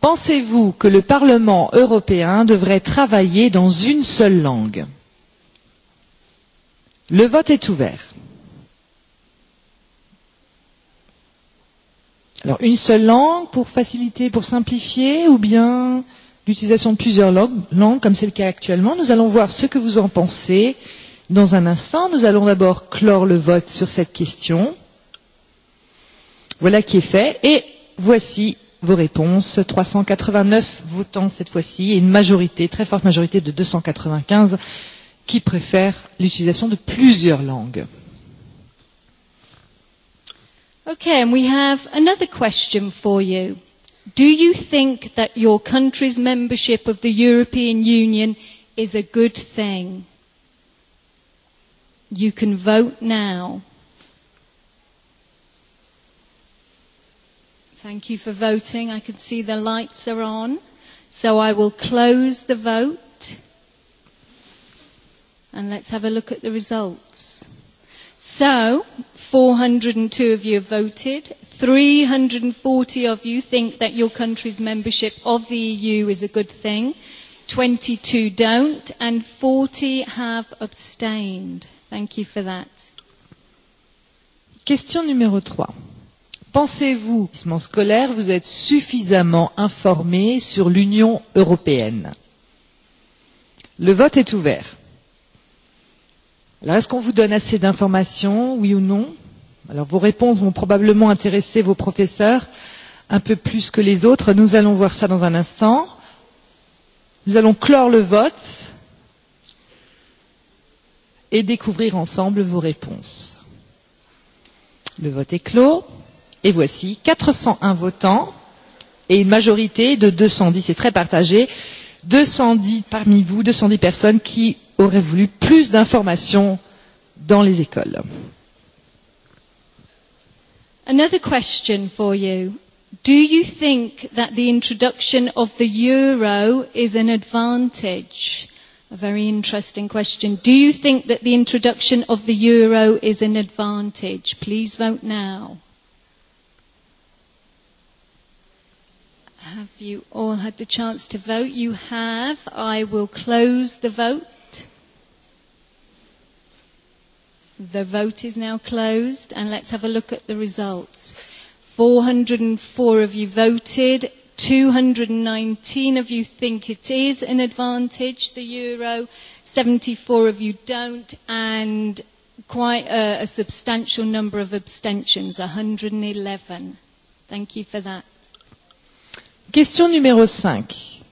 C: Pensez-vous que le Parlement européen devrait travailler dans une seule langue Le vote est ouvert. Alors, une seule langue pour faciliter, pour simplifier, ou bien euh, l'utilisation de plusieurs langues, comme c'est le cas actuellement. Nous allons voir ce que vous en pensez dans un instant. Nous allons d'abord clore le vote sur cette question. Voilà qui est fait. Et voici vos réponses. 389 votants cette fois-ci et une majorité, très forte majorité de 295 qui préfèrent l'utilisation de plusieurs langues.
Y: Okay, and we have another question for you do you think that your country's membership of the European Union is a good thing? You can vote now. Thank you for voting. I can see the lights are on. So I will close the vote. And let's have a look at the results. So, 402 of you have voted. 340 of you think that your country's membership of the EU is a good thing. 22 don't, and 40 have abstained. Thank you for that.
C: Question numéro 3. Pensez-vous, établissement scolaire, vous êtes suffisamment informé sur l'Union européenne Le vote est ouvert. Alors, est-ce qu'on vous donne assez d'informations, oui ou non Alors vos réponses vont probablement intéresser vos professeurs un peu plus que les autres. Nous allons voir ça dans un instant. Nous allons clore le vote et découvrir ensemble vos réponses. Le vote est clos et voici 401 votants et une majorité de 210, c'est très partagé, 210 parmi vous, 210 personnes qui auraient voulu plus d'informations dans les écoles.
Y: Another question for you. Do you think that the introduction of the euro is an advantage? A very interesting question. Do you think that the introduction of the euro is an advantage? Please vote now. Have you all had the chance to vote? You have. I will close the vote. The vote is now closed, and let's have a look at the results. 404 of you voted, 219 of you think it is an advantage, the euro, 74 of you don't, and quite a, a substantial number of abstentions, 111. Thank you for that.
C: Question numéro 5.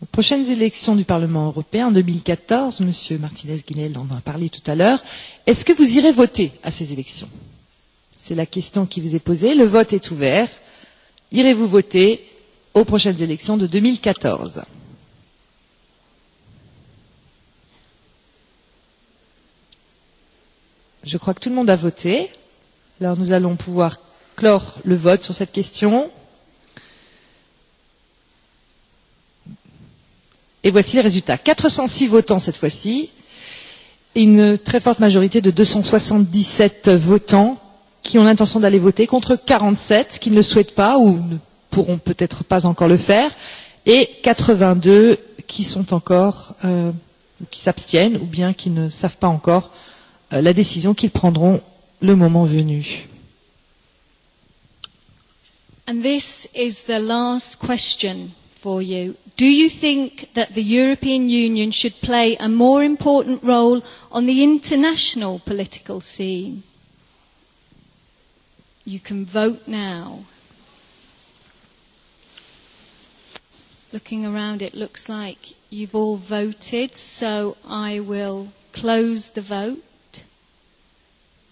C: Aux prochaines élections du Parlement européen en 2014, Monsieur Martinez-Guinel en a parlé tout à l'heure, est-ce que vous irez voter à ces élections C'est la question qui vous est posée. Le vote est ouvert. Irez-vous voter aux prochaines élections de 2014 Je crois que tout le monde a voté. Alors nous allons pouvoir clore le vote sur cette question. Et voici les résultats. 406 votants cette fois-ci, une très forte majorité de 277 votants qui ont l'intention d'aller voter contre 47 qui ne le souhaitent pas ou ne pourront peut-être pas encore le faire et 82 qui sont encore euh, qui s'abstiennent ou bien qui ne savent pas encore euh, la décision qu'ils prendront le moment venu.
Y: And this is the last question for you Do you think that the European Union should play a more important role on the international political scene? You can vote now. Looking around, it looks like you've all voted, so I will close the vote.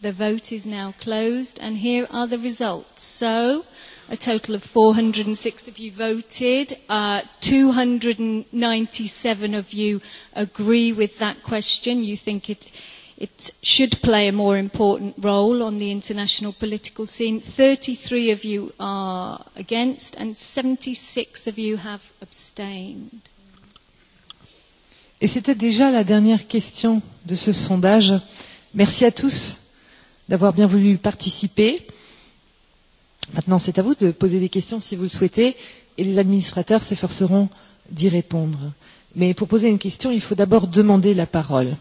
Y: The vote is now closed, and here are the results. So, A total of 406 of you voted. Uh, 297 of you agree with that question. You think it, it should play a more important role on the international political scene. 33 of you are against, and 76 of you have abstained.
C: Et c'était déjà la dernière question de ce sondage. Merci à tous d'avoir bien voulu participer. Maintenant, c'est à vous de poser des questions si vous le souhaitez et les administrateurs s'efforceront d'y répondre. Mais pour poser une question, il faut d'abord demander la parole.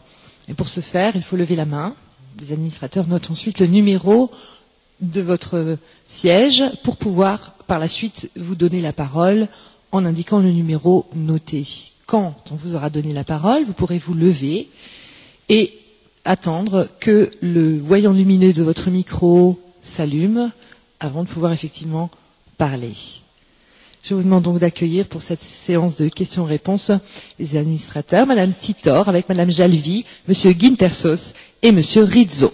C: Et pour ce faire, il faut lever la main. Les administrateurs notent ensuite le numéro de votre siège pour pouvoir par la suite vous donner la parole en indiquant le numéro noté. Quand on vous aura donné la parole, vous pourrez vous lever et attendre que le voyant lumineux de votre micro s'allume avant de pouvoir effectivement parler. Je vous demande donc d'accueillir pour cette séance de questions-réponses les administrateurs, Madame Titor avec Madame Jalvi, Monsieur Guintersos et Monsieur Rizzo.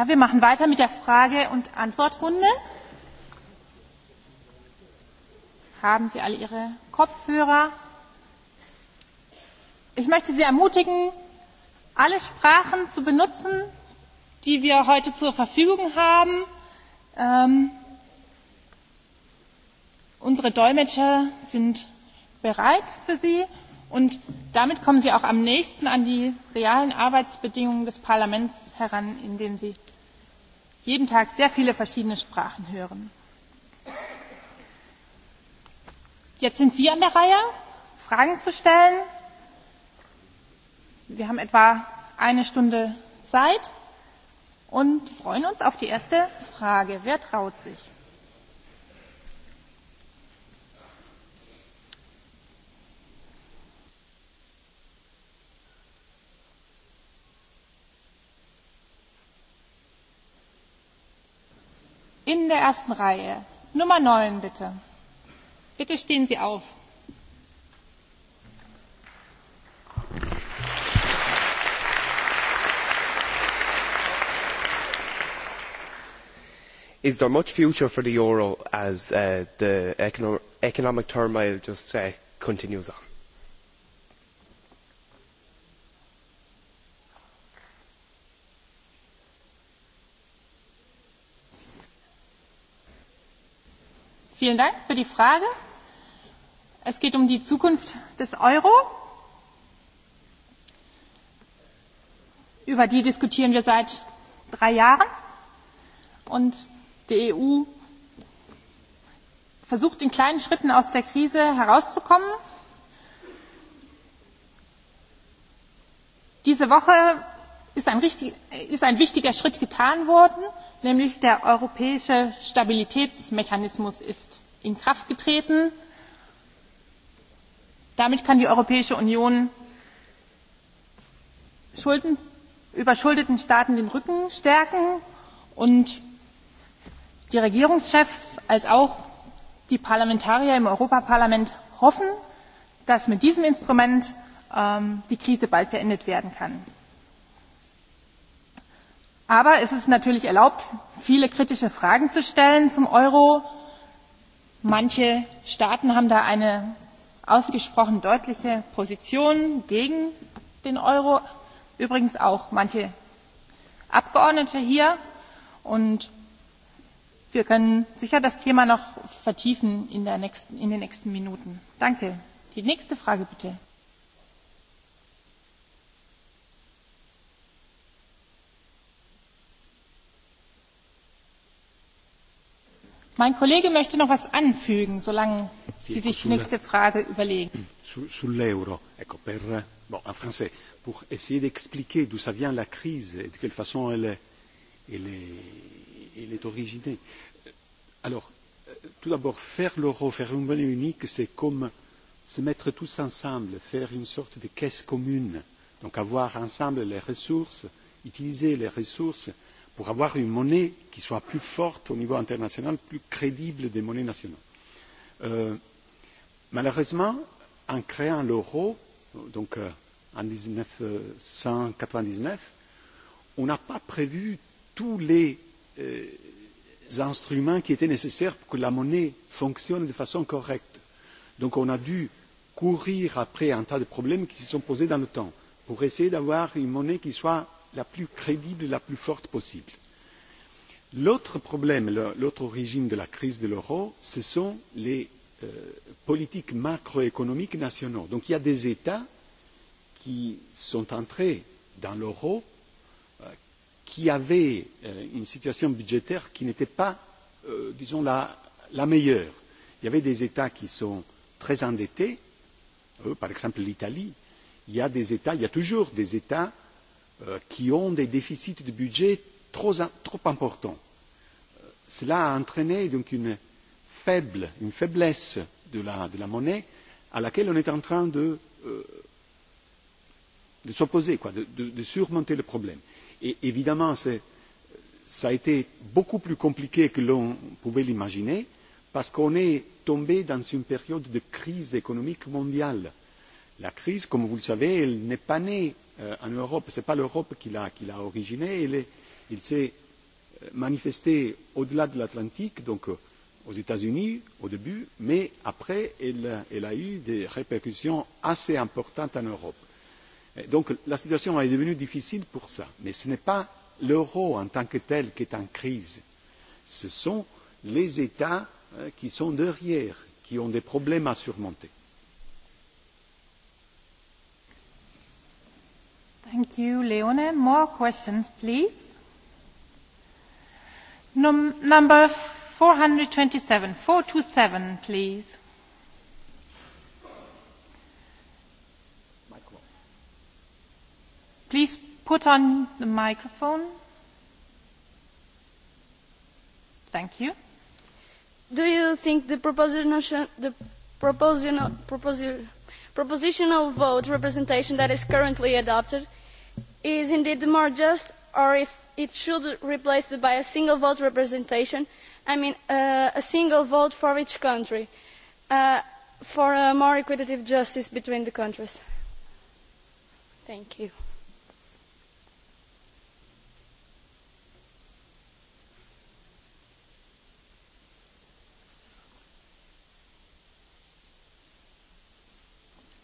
D: Ja, wir machen weiter mit der Frage- und Antwortrunde. Haben Sie alle Ihre Kopfhörer? Ich möchte Sie ermutigen, alle Sprachen zu benutzen, die wir heute zur Verfügung haben. Ähm, unsere Dolmetscher sind bereit für Sie und damit kommen sie auch am nächsten an die realen arbeitsbedingungen des parlaments heran indem sie jeden Tag sehr viele verschiedene Sprachen hören. Jetzt sind Sie an der Reihe, Fragen zu stellen. Wir haben etwa eine Stunde Zeit und freuen uns auf die erste Frage. Wer traut sich? der ersten reihe nummer neun bitte. bitte stehen sie auf.
M: is there much future for the euro as uh, the economic, economic turmoil just uh, continues on?
D: Vielen Dank für die Frage. Es geht um die Zukunft des Euro. Über die diskutieren wir seit drei Jahren. Und die EU versucht in kleinen Schritten aus der Krise herauszukommen. Diese Woche ist ein wichtiger schritt getan worden nämlich der europäische stabilitätsmechanismus ist in kraft getreten. damit kann die europäische union überschuldeten staaten den rücken stärken und die regierungschefs als auch die parlamentarier im europäischen parlament hoffen dass mit diesem instrument ähm, die krise bald beendet werden kann aber es ist natürlich erlaubt viele kritische fragen zu stellen zum euro. manche staaten haben da eine ausgesprochen deutliche position gegen den euro übrigens auch manche abgeordnete hier und wir können sicher das thema noch vertiefen in den nächsten minuten. danke! die nächste frage bitte. Mein Kollege möchte noch was anfügen, solange
E: sì, Sie sich die nächste
D: Frage überlegen.
E: Su, sull'euro, ecco, per, bon, en français, pour essayer d'expliquer d'où ça vient la crise et de quelle façon elle est, elle est, elle est originée. Alors, tout d'abord, faire l'euro, faire une monnaie unique, c'est comme se mettre tous ensemble, faire une sorte de caisse commune. Donc avoir ensemble les ressources, utiliser les ressources pour avoir une monnaie qui soit plus forte au niveau international, plus crédible des monnaies nationales. Euh, malheureusement, en créant l'euro, donc euh, en 1999, on n'a pas prévu tous les euh, instruments qui étaient nécessaires pour que la monnaie fonctionne de façon correcte. Donc on a dû courir après un tas de problèmes qui se sont posés dans le temps pour essayer d'avoir une monnaie qui soit la plus crédible et la plus forte possible. L'autre problème, l'autre origine de la crise de l'euro, ce sont les euh, politiques macroéconomiques nationaux. Donc il y a des États qui sont entrés dans l'euro euh, qui avaient euh, une situation budgétaire qui n'était pas, euh, disons, la, la meilleure. Il y avait des États qui sont très endettés, euh, par exemple l'Italie. Il y a des États, il y a toujours des États Euh, qui ont des déficits de budget trop, trop importants. Euh, cela a entraîné donc une faible, une faiblesse de la, de la monnaie à laquelle on est en train de, euh, de s'opposer, quoi, de, de, de surmonter le problème. Et évidemment, c'est, ça a été beaucoup plus compliqué que l'on pouvait l'imaginer parce qu'on est tombé dans une période de crise économique mondiale. La crise, comme vous le savez, elle n'est pas née euh, en Europe. Ce n'est pas l'Europe qui l'a, qui l'a originé. Il, est, il s'est euh, manifesté au-delà de l'Atlantique, donc euh, aux États-Unis au début, mais après, elle, elle a eu des répercussions assez importantes en Europe. Et donc la situation est devenue difficile pour ça. Mais ce n'est pas l'euro en tant que tel qui est en crise. Ce sont les États euh, qui sont derrière, qui ont des problèmes à surmonter.
D: Thank you, Leone. More questions, please. Num number 427, 427, please. Please put on the microphone.
K: Thank you. Do you think the proposition, the propositional, propositional, propositional vote representation that is currently adopted is indeed more just or if it should be replaced by a single vote representation i mean uh, a single vote for each country uh, for a more equitable justice between the countries. Thank you.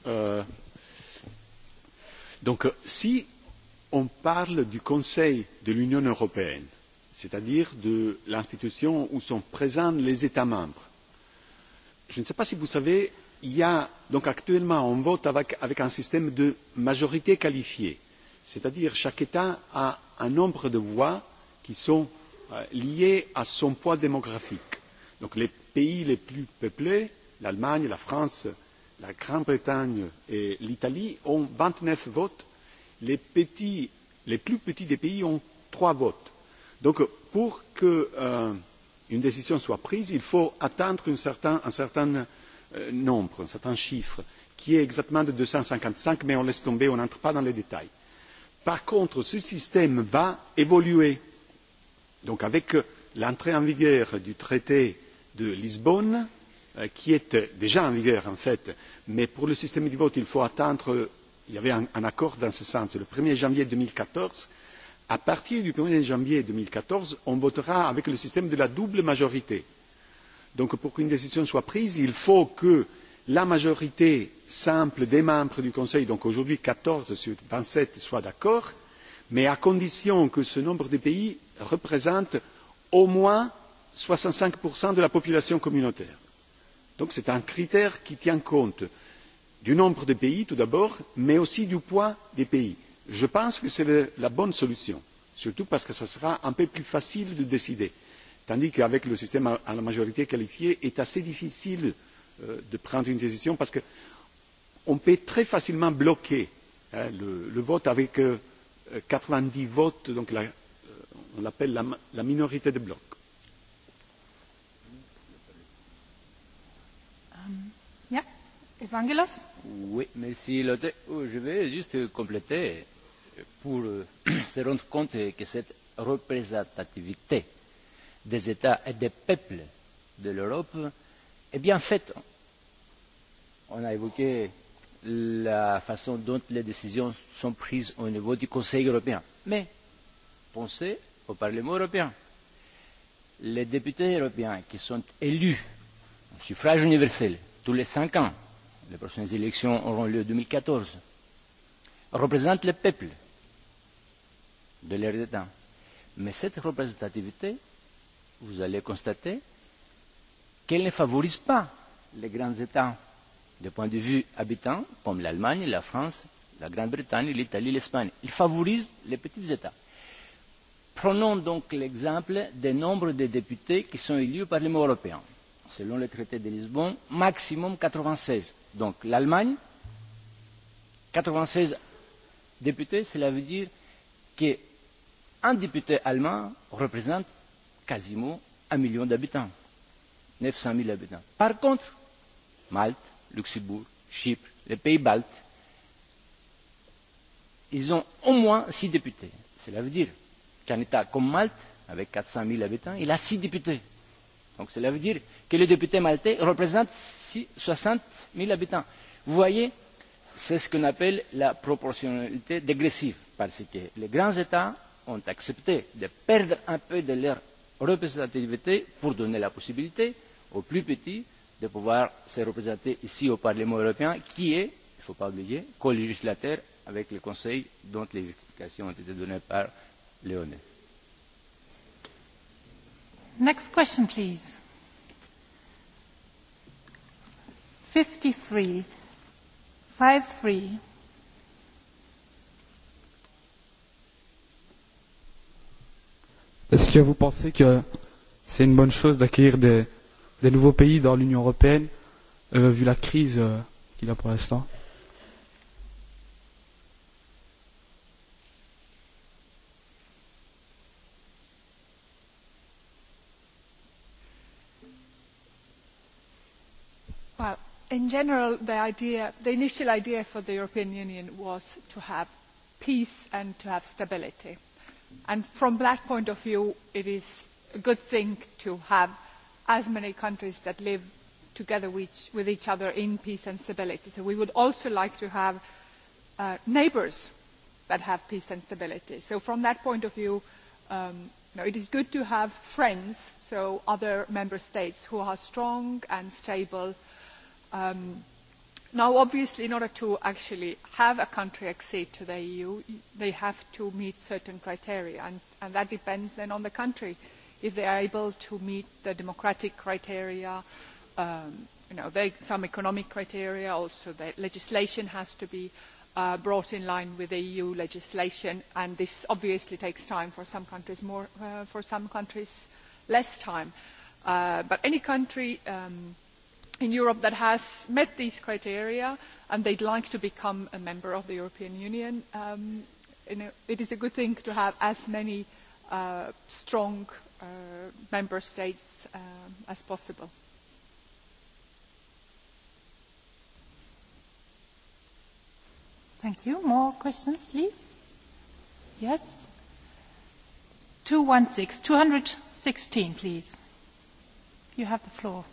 E: Euh, donc euh, si on parle du Conseil de l'Union européenne, c'est-à-dire de l'institution où sont présents les États membres. Je ne sais pas si vous savez, il y a donc actuellement on vote avec, avec un système de majorité qualifiée, c'est-à-dire chaque État a un nombre de voix qui sont euh, liées à son poids démographique. Donc les pays les plus peuplés, l'Allemagne, la France, la Grande-Bretagne et l'Italie ont 29 votes les, petits, les plus petits des pays ont trois votes. Donc, pour que euh, une décision soit prise, il faut atteindre une certain, un certain euh, nombre, un certain chiffre, qui est exactement de 255, mais on laisse tomber, on n'entre pas dans les détails. Par contre, ce système va évoluer. Donc, avec euh, l'entrée en vigueur du traité de Lisbonne, euh, qui est déjà en vigueur en fait, mais pour le système de vote, il faut attendre euh, il y avait un, un accord dans ce sens. Le 1er janvier 2014, à partir du 1er janvier 2014, on votera avec le système de la double majorité. Donc pour qu'une décision soit prise, il faut que la majorité simple des membres du Conseil, donc aujourd'hui 14 sur 27, soit d'accord, mais à condition que ce nombre de pays représente au moins 65% de la population communautaire. Donc c'est un critère qui tient compte euh, du nombre de pays tout d'abord mais aussi du poids des pays. je pense que c'est la bonne solution surtout parce que ce sera un peu plus facile de décider tandis qu'avec le système à la majorité qualifiée il est assez difficile euh, de prendre une décision parce qu'on peut très facilement bloquer le, le vote avec euh, quatre vingt dix votes donc la, euh, on l'appelle la, la minorité de bloc. Um,
D: yeah. Evangelos?
G: Oui, merci Lotte. Oh, je vais juste compléter pour euh, se rendre compte que cette représentativité des États et des peuples de l'Europe est bien faite. On a évoqué la façon dont les décisions sont prises au niveau du Conseil européen. Mais pensez au Parlement européen. Les députés européens qui sont élus au suffrage universel tous les cinq ans les prochaines élections auront lieu en deux mille quatorze représente le peuple de l'État. Mais cette représentativité, vous allez constater qu'elle ne favorise pas les grands États du point de vue habitant, comme l'Allemagne, la France, la Grande-Bretagne, l'Italie, l'Espagne. Il favorise les petits États. Prenons donc l'exemple des nombres de députés qui sont élus au Parlement européen. Selon le traité de Lisbonne, maximum 96 donc l'Allemagne, 96 députés, cela veut dire qu'un député allemand représente quasiment un million d'habitants, 900 000 habitants. Par contre, Malte, Luxembourg, Chypre, les pays baltes, ils ont au moins six députés. Cela veut dire qu'un État comme Malte, avec 400 000 habitants, il a six députés. Donc cela veut dire que le député maltais représente 60 000 habitants. Vous voyez, c'est ce qu'on appelle la proportionnalité dégressive, parce que les grands États ont accepté de perdre un peu de leur représentativité pour donner la possibilité aux plus petits de pouvoir se représenter ici au Parlement européen, qui est, il ne faut pas oublier, colégislateur avec le Conseil, dont les explications ont été données par Léonet.
D: Next question, please. 53. 53.
T: Est-ce que vous pensez
I: que c'est une bonne chose d'accueillir des, des nouveaux pays dans l'Union européenne, euh, vu la crise euh, qu'il y a pour l'instant euh,
F: in general, the, idea, the initial idea for the European Union was to have peace and to have stability. And from that point of view, it is a good thing to have as many countries that live together with, with each other in peace and stability. So we would also like to have uh, neighbours that have peace and stability. So from that point of view, um, you know, it is good to have friends, so other member states who are strong and stable Um, now, obviously, in order to actually have a country accede to the EU, they have to meet certain criteria, and, and that depends then on the country. If they are able to meet the democratic criteria, um, you know, they, some economic criteria, also the legislation has to be uh, brought in line with the EU legislation, and this obviously takes time for some countries more, uh, for some countries less time. Uh, but any country um, in Europe that has met these criteria and they'd like to become a member of the European Union. Um, you know, it is a good thing to have as many uh, strong uh, member states um, as possible.
D: Thank you. More questions, please? Yes. 216, 216, please. You have the floor.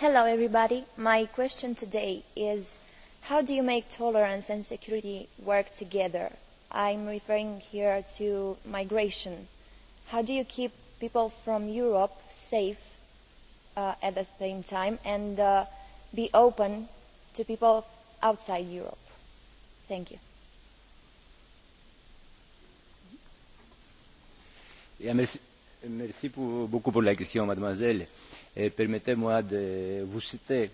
P: Hello, everybody. My question today is how do you make tolerance and security work together? I'm referring here to migration. How do you keep people from Europe safe uh, at the same time and uh, be open to people outside Europe? Thank you.
G: Yeah, Merci pour, beaucoup pour la question, mademoiselle. Et permettez-moi de vous citer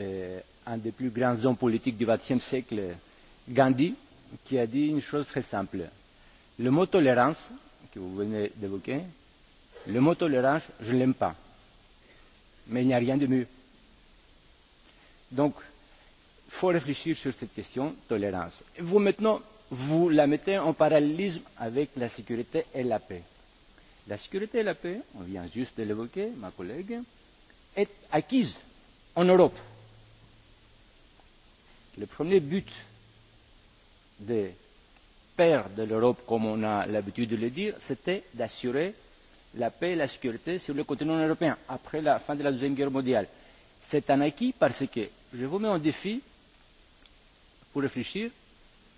G: euh, un des plus grands hommes politiques du XXe siècle, Gandhi, qui a dit une chose très simple. Le mot tolérance, que vous venez d'évoquer, le mot tolérance, je ne l'aime pas. Mais il n'y a rien de mieux. Donc, il faut réfléchir sur cette question, tolérance. Vous, maintenant, vous la mettez en parallélisme avec la sécurité et la paix La sécurité et la paix, on vient juste de l'évoquer, ma collègue, est acquise en Europe. Le premier but des pères de l'Europe, comme on a l'habitude de le dire, c'était d'assurer la paix et la sécurité sur le continent européen après la fin de la Deuxième Guerre mondiale. C'est un acquis parce que je vous mets en défi pour réfléchir,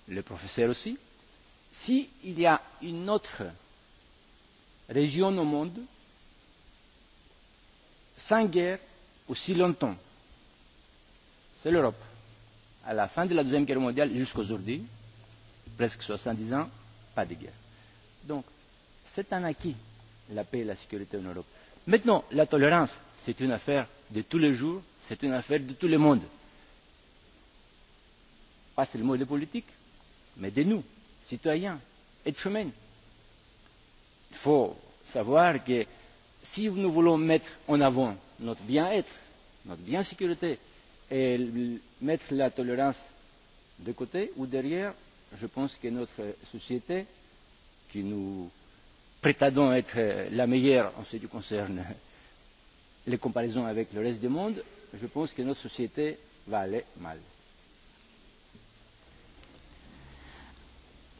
G: le professeur aussi, s'il y a une autre région au monde sans guerre aussi longtemps. C'est l'Europe. À la fin de la Deuxième Guerre mondiale jusqu'à aujourd'hui, presque 70 ans, pas de guerre. Donc, c'est un acquis, la paix et la sécurité en Europe. Maintenant, la tolérance, c'est une affaire de tous les jours, c'est une affaire de tout le monde. Pas seulement des politiques, mais de nous, citoyens, êtres humains. Il faut savoir que si nous voulons mettre en avant notre bien-être, notre bien-sécurité, et mettre la tolérance de côté ou derrière, je pense que notre société, qui nous prétendons être la meilleure en ce qui concerne les comparaisons avec le reste du monde, je pense que notre société va aller mal.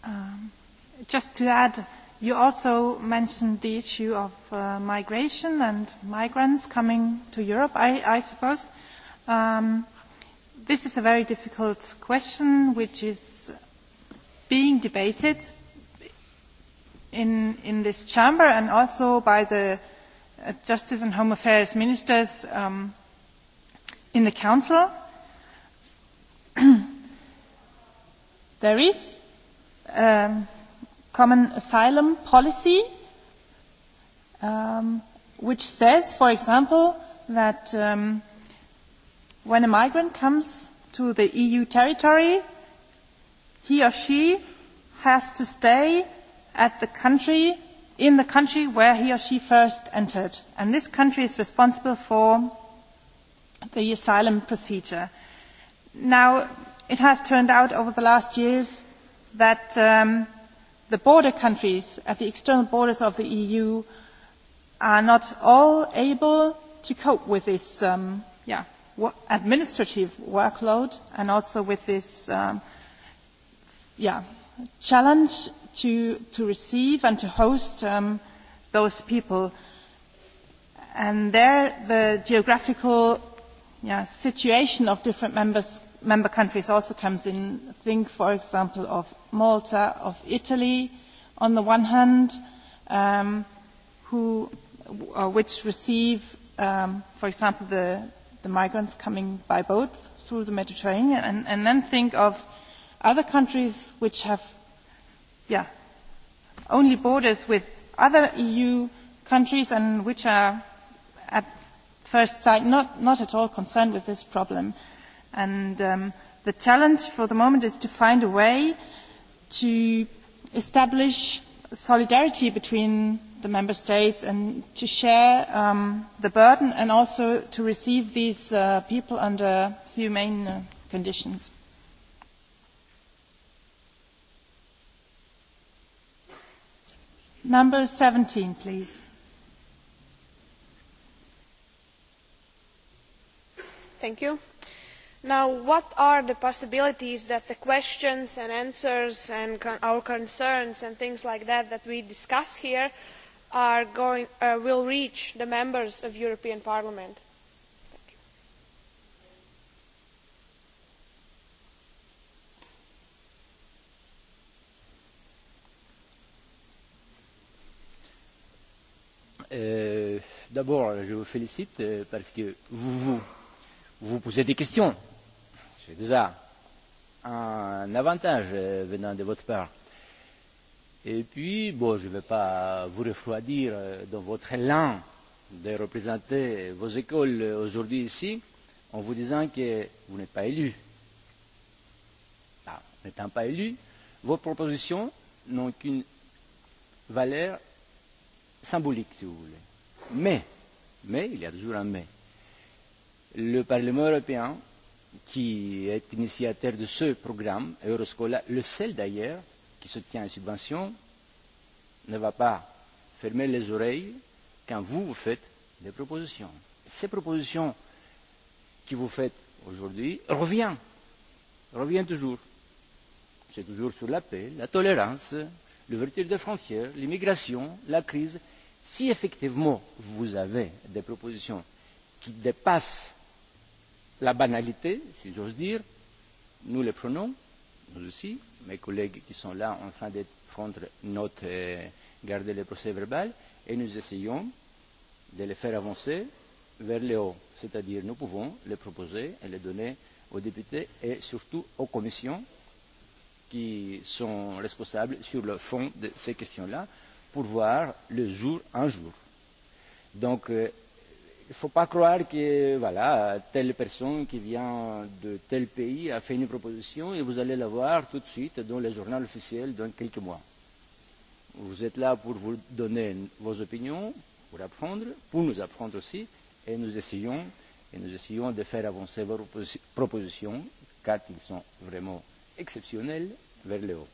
D: Um, just to add, You also mentioned the issue of uh, migration and migrants coming to Europe, I, I suppose. Um, this is a very difficult question which is being debated in, in this chamber and also by the uh, Justice and Home Affairs ministers um, in the Council. there is um, common asylum policy, um, which says, for example, that um, when a migrant comes to the EU territory, he or she has to stay at the country, in the country where he or she first entered. And this country is responsible for the asylum procedure. Now, it has turned out over the last years that um, the border countries at the external borders of the eu are not all able to cope with this um, yeah, administrative workload and also with this um, yeah, challenge to, to receive and to host um, those people. And there, the geographical yeah, situation of different members member countries also comes in. Think, for example, of Malta, of Italy, on the one hand, um, who, uh, which receive, um, for example, the, the migrants coming by boat through the Mediterranean, and, and then think of other countries which have, yeah, only borders with other EU countries and which are at first sight not, not at all concerned with this problem. Uh, And um, the challenge for the moment is to find a way to establish solidarity between the member states and to share um, the burden and also to receive these uh, people under humane uh, conditions. Number 17, please.
Q: Thank you now what are the possibilities that the questions and answers and our concerns and things like that that we discuss here uh, will reach the members of the european parliament?
G: Euh, d'abord je vous félicite euh, parce que vous vous posez des questions c'est déjà un avantage euh, venant de votre part. Et puis, bon, je ne vais pas vous refroidir euh, dans votre élan de représenter vos écoles euh, aujourd'hui ici en vous disant que vous n'êtes pas élu. Ah, N'étant pas élu, vos propositions n'ont qu'une valeur symbolique, si vous voulez. Mais, mais, il y a toujours un mais, le Parlement européen qui est initiateur de ce programme, Euroscola, le seul d'ailleurs qui se tient à subvention, ne va pas fermer les oreilles quand vous, vous faites des propositions. Ces propositions que vous faites aujourd'hui reviennent, reviennent toujours. C'est toujours sur la paix, la tolérance, l'ouverture des frontières, l'immigration, la crise. Si effectivement vous avez des propositions qui dépassent la banalité si j'ose dire nous le prenons nous aussi mes collègues qui sont là en train de prendre note et garder le procès verbal et nous essayons de le faire avancer vers le haut c'est à dire nous pouvons le proposer et le donner aux députés et surtout aux commissions qui sont responsables sur le fond de ces questions là pour voir le jour un jour. donc euh, il ne faut pas croire que voilà, telle personne qui vient de tel pays a fait une proposition et vous allez la voir tout de suite dans le journal officiel dans quelques mois. Vous êtes là pour vous donner vos opinions, pour apprendre, pour nous apprendre aussi, et nous essayons, et nous essayons de faire avancer vos propositions, car ils sont vraiment exceptionnels, vers le haut.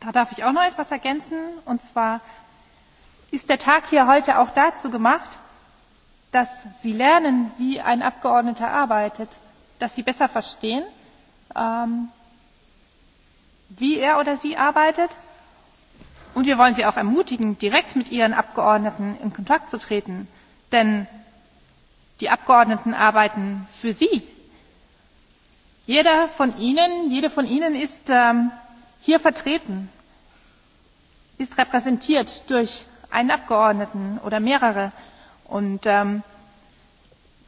D: Da darf ich auch noch etwas ergänzen, und zwar ist der Tag hier heute auch dazu gemacht, dass sie lernen wie ein abgeordneter arbeitet dass sie besser verstehen ähm, wie er oder sie arbeitet und wir wollen sie auch ermutigen direkt mit ihren abgeordneten in kontakt zu treten denn die abgeordneten arbeiten für sie. jeder von ihnen jede von ihnen ist ähm, hier vertreten ist repräsentiert durch einen abgeordneten oder mehrere. Und ähm,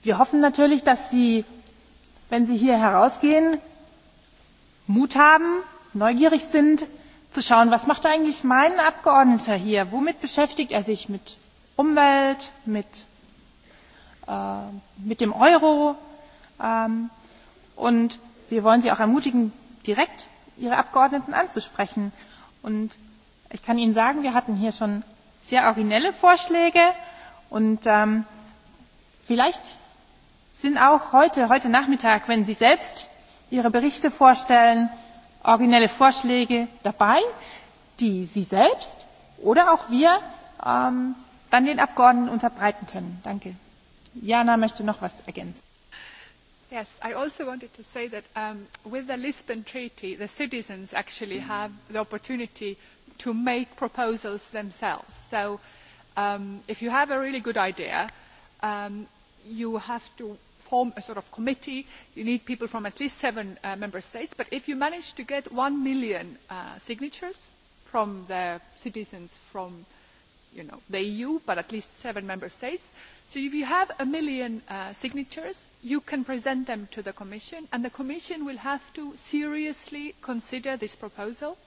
D: wir hoffen natürlich, dass Sie, wenn Sie hier herausgehen, Mut haben, neugierig sind, zu schauen, was macht eigentlich mein Abgeordneter hier? Womit beschäftigt er sich? Mit Umwelt, mit, äh, mit dem Euro? Ähm, und wir wollen Sie auch ermutigen, direkt Ihre Abgeordneten anzusprechen. Und ich kann Ihnen sagen, wir hatten hier schon sehr originelle Vorschläge. Und ähm, vielleicht sind auch heute, heute Nachmittag, wenn Sie selbst Ihre Berichte vorstellen, originelle Vorschläge dabei, die Sie selbst oder auch wir ähm, dann den Abgeordneten unterbreiten können. Danke. Jana möchte noch was ergänzen.
F: Yes, I also wanted to say that um, with the Lisbon Treaty, the citizens actually have the opportunity to make proposals themselves. So um, if you have a really good idea, um, you have to form a sort of committee. You need people from at least seven uh, member states. But if you manage to get one million uh, signatures from the citizens from you know, the EU, but at least seven member states. So if you have a million uh, signatures, you can present them to the Commission, and the Commission will have to seriously consider this proposal.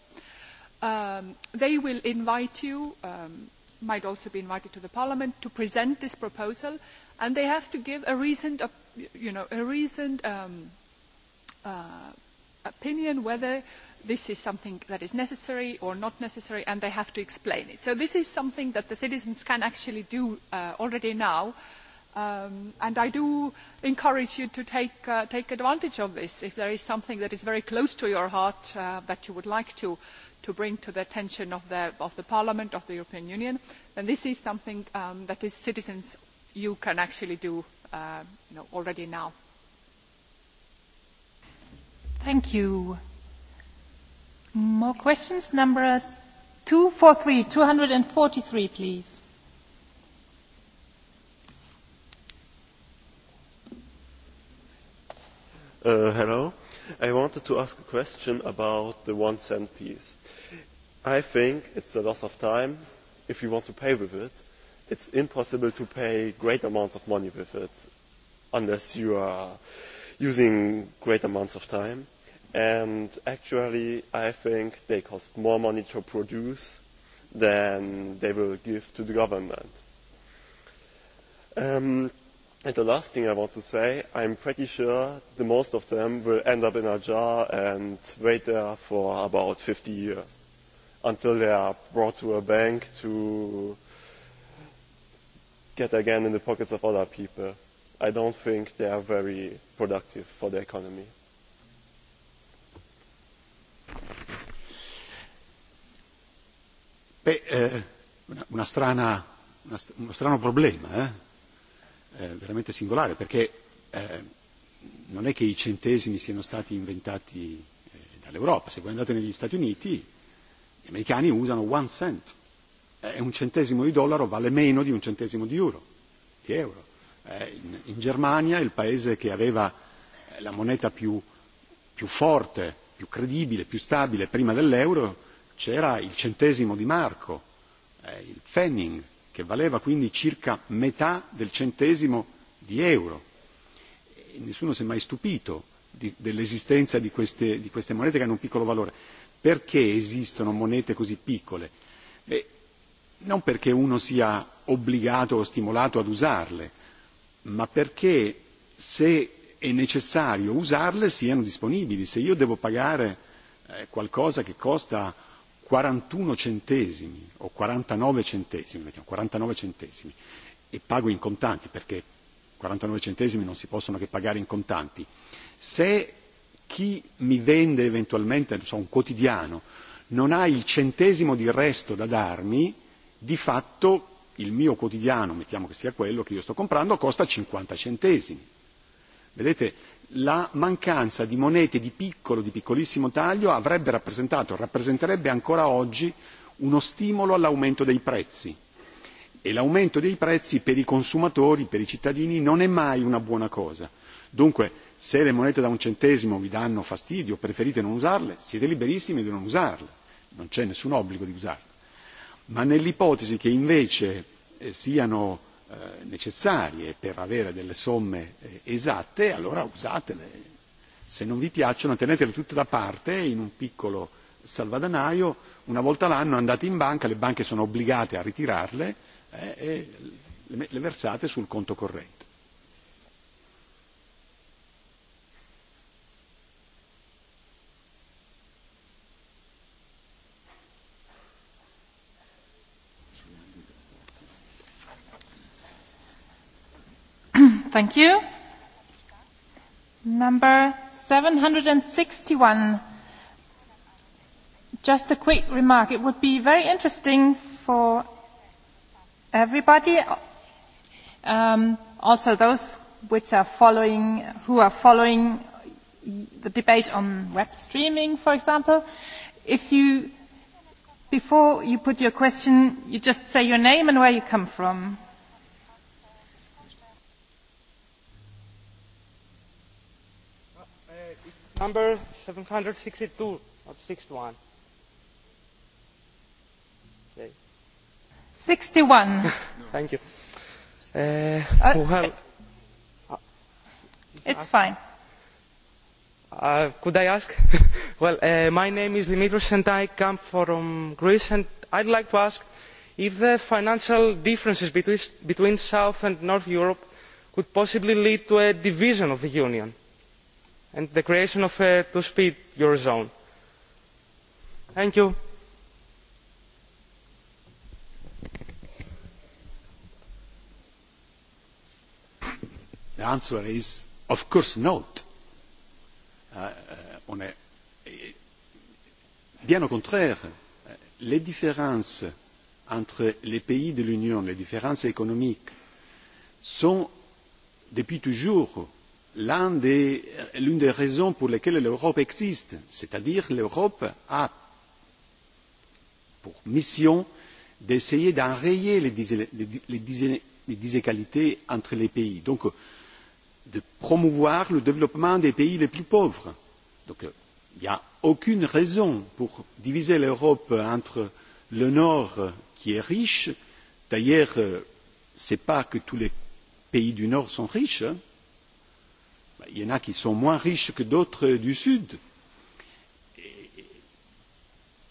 F: Um, they will invite you um, might also be invited to the parliament to present this proposal and they have to give a recent uh, you know a recent um, uh, opinion whether this is something that is necessary or not necessary and they have to explain it so this is something that the citizens can actually do uh, already now um, and I do encourage you to take, uh, take advantage of this if there is something that is very close to your heart uh, that you would like to uh, to bring to the attention of the, of the Parliament, of the European Union, then this is something um, that as citizens you can actually do uh, you know, already now.
D: Thank you. More questions? Number 243, 243, please.
E: Uh, hello. I wanted to ask a question about the one cent piece. I think it's a loss of time if you want to pay with it. It's impossible to pay great amounts of money with it unless you are using great amounts of time. And actually, I think they cost more money to produce than they will give to the government. Um, And the last thing I want to say, I'm pretty sure the most of them will end up in a jar and wait there for about 50 years until they are brought to a bank to get again in the pockets of other people. I don't think they are very productive for the economy. Beh, eh, una, una strana, una, uno strano problema, eh? eh, veramente singolare perché eh, non è che i centesimi siano stati inventati eh, dall'Europa. Se voi andate negli Stati Uniti, gli americani usano one cent. Eh, e un centesimo di dollaro vale meno di un centesimo di euro. Di euro. Eh, in, in Germania, il paese che aveva eh, la moneta più, più forte, più credibile, più stabile prima dell'euro, c'era il centesimo di marco, eh, il Pfennig, che valeva quindi circa metà del centesimo di euro. E nessuno si è mai stupito di, dell'esistenza di queste, di queste monete che hanno un piccolo valore. Perché esistono monete così piccole? Beh, non perché uno sia obbligato o stimolato ad usarle, ma perché se è necessario usarle siano disponibili. Se io devo pagare eh, qualcosa che costa 41 centesimi o 49 centesimi, mettiamo 49 centesimi, e pago in contanti perché 49 centesimi non si possono che pagare in contanti, se chi mi vende eventualmente non so, un quotidiano non ha il centesimo di resto da darmi, di fatto il mio quotidiano, mettiamo che sia quello che io sto comprando, costa 50 centesimi. Vedete, la mancanza di monete di piccolo di piccolissimo taglio avrebbe rappresentato rappresenterebbe ancora oggi uno stimolo all'aumento dei prezzi e l'aumento dei prezzi per i consumatori per i cittadini non è mai una buona cosa dunque se le monete da un centesimo vi danno fastidio preferite non usarle siete liberissimi di non usarle non c'è nessun obbligo di usarle ma nell'ipotesi che invece eh, siano eh, necessarie per avere delle somme eh, esatte, allora usatele. Se non vi piacciono tenetele tutte da parte in un piccolo salvadanaio, una volta l'anno andate in banca, le banche sono obbligate a ritirarle eh, e le, le versate sul conto corrente
D: Thank you. Number 761. Just a quick remark. It would be very interesting for everybody, um, also those which are following, who are following the debate on web streaming, for example, if you, before you put your question, you just say your name and where you come from
T: number seven hundred and sixty two sixty one thank you uh, uh well, uh, it's fine uh, could i ask well uh, my name is dimitris and i come from greece and i'd like to ask if the financial differences between, between south and north europe could possibly lead to a division of the union and the creation of a two speed eurozone. thank you.
E: the answer is of course not. Uh, uh on est eh, bien au contraire eh, les différences entre les pays de l'union les différences économiques sont depuis toujours l'une des, des raisons pour lesquelles l'europe existe c'est à dire que l'europe a pour mission d'essayer d'enrayer les inégalités entre les pays donc de promouvoir le développement des pays les plus pauvres.
T: donc il
E: n'y a aucune raison pour diviser l'europe entre le nord qui est riche d'ailleurs ce n'est pas que tous les pays du nord sont riches il y en a qui sont moins riches que d'autres du Sud.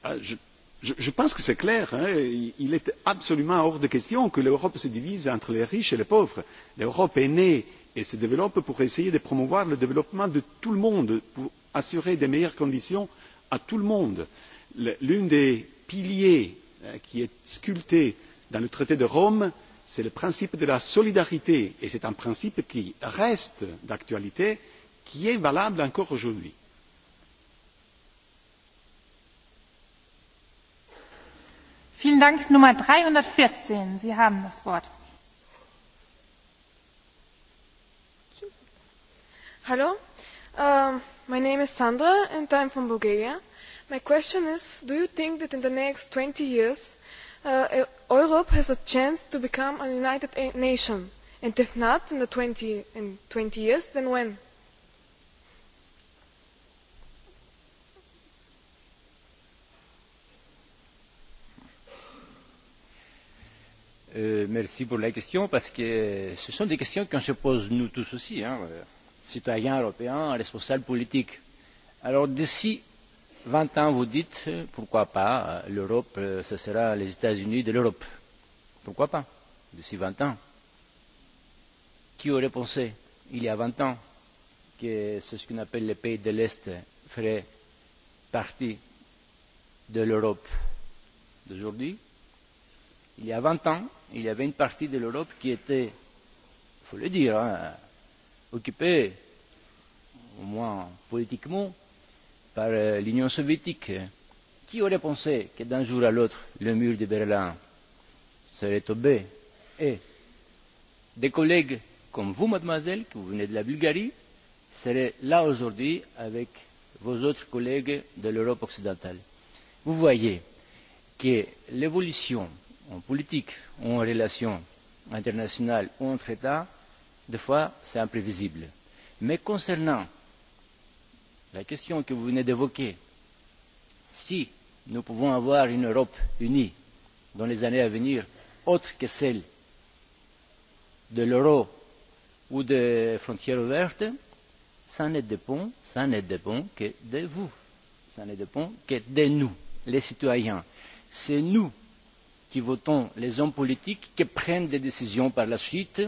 E: Ah, je, je, je pense que c'est clair. Hein. Il est absolument hors de question que l'Europe se divise entre les riches et les pauvres. L'Europe est née et se développe pour essayer de promouvoir le développement de tout le monde, pour assurer des meilleures conditions à tout le monde. L'un des piliers qui est sculpté dans le traité de Rome, euh, c'est le principe de la solidarité et c'est un principe qui reste d'actualité qui est valable encore aujourd'hui. Vielen
D: Dank. Nummer 314. Sie haben das Wort.
Q: Hello, uh, my name is Sandra and I'm from Bulgaria. My question is, do you think that in the next 20 years uh, Europe has a chance to become a united nation. And if not in the 20, in 20 years, then when?
G: Euh, merci pour la question parce que ce sont des questions qu'on se pose nous tous aussi, hein, euh, citoyens européens, responsables politiques. Alors d'ici vingt ans vous dites pourquoi pas l'europe euh, ce sera les états unis de l'europe. pourquoi pas d'ici vingt ans? qui aurait pensé il y a vingt ans que ce qu'on appelle les pays de l'est ferait partie de l'europe d'aujourd'hui? il y a vingt ans il y avait une partie de l'europe qui était il faut le dire hein, occupée au moins politiquement par euh, l'union soviétique. qui aurait pensé que d'un jour à l'autre le mur de berlin serait tombé et des collègues comme vous mademoiselle qui venez de la bulgarie seraient là aujourd'hui avec vos autres collègues de l'europe occidentale. vous voyez que l'évolution en politique ou en relations internationales ou entre états des fois c'est imprévisible. mais concernant la question que vous venez d'évoquer si nous pouvons avoir une europe unie dans les années à venir autre que celle de l'euro ou des frontières ouvertes cela ne dépend que de vous cela ne dépend que de nous les citoyens. c'est nous qui votons les hommes politiques qui prennent des décisions par la suite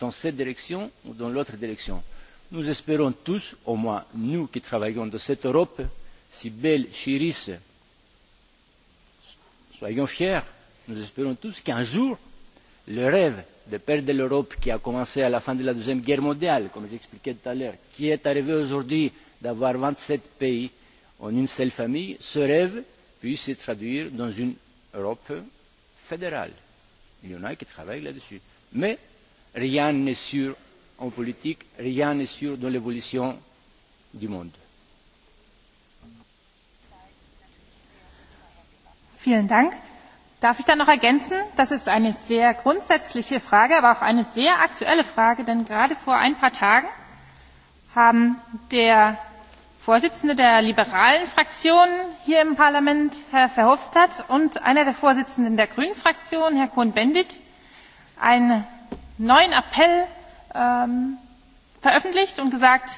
G: dans cette direction ou dans l'autre direction nous espérons tous au moins nous qui travaillons dans cette europe si belle chérisse soyons fiers nous espérons tous qu'un jour le rêve de père de l'europe qui a commencé à la fin de la deuxième guerre mondiale comme j'expliquais tout à l'heure qui est arrivé aujourd'hui d'avoir vingt sept pays en une seule famille ce rêve puisse se traduire dans une europe fédérale. il y en a qui travaillent là dessus mais rien n'est sûr en politique, rien n'est sûr dans l'évolution du monde.
D: Vielen Dank. Darf ich da noch ergänzen? Das ist eine sehr grundsätzliche Frage, aber auch eine sehr aktuelle Frage, denn gerade vor ein paar Tagen haben der Vorsitzende der liberalen Fraktion hier im Parlament, Herr Verhofstadt, und einer der Vorsitzenden der Grünen Fraktion, Herr Cohn-Bendit, einen neuen Appell ähm, veröffentlicht und gesagt,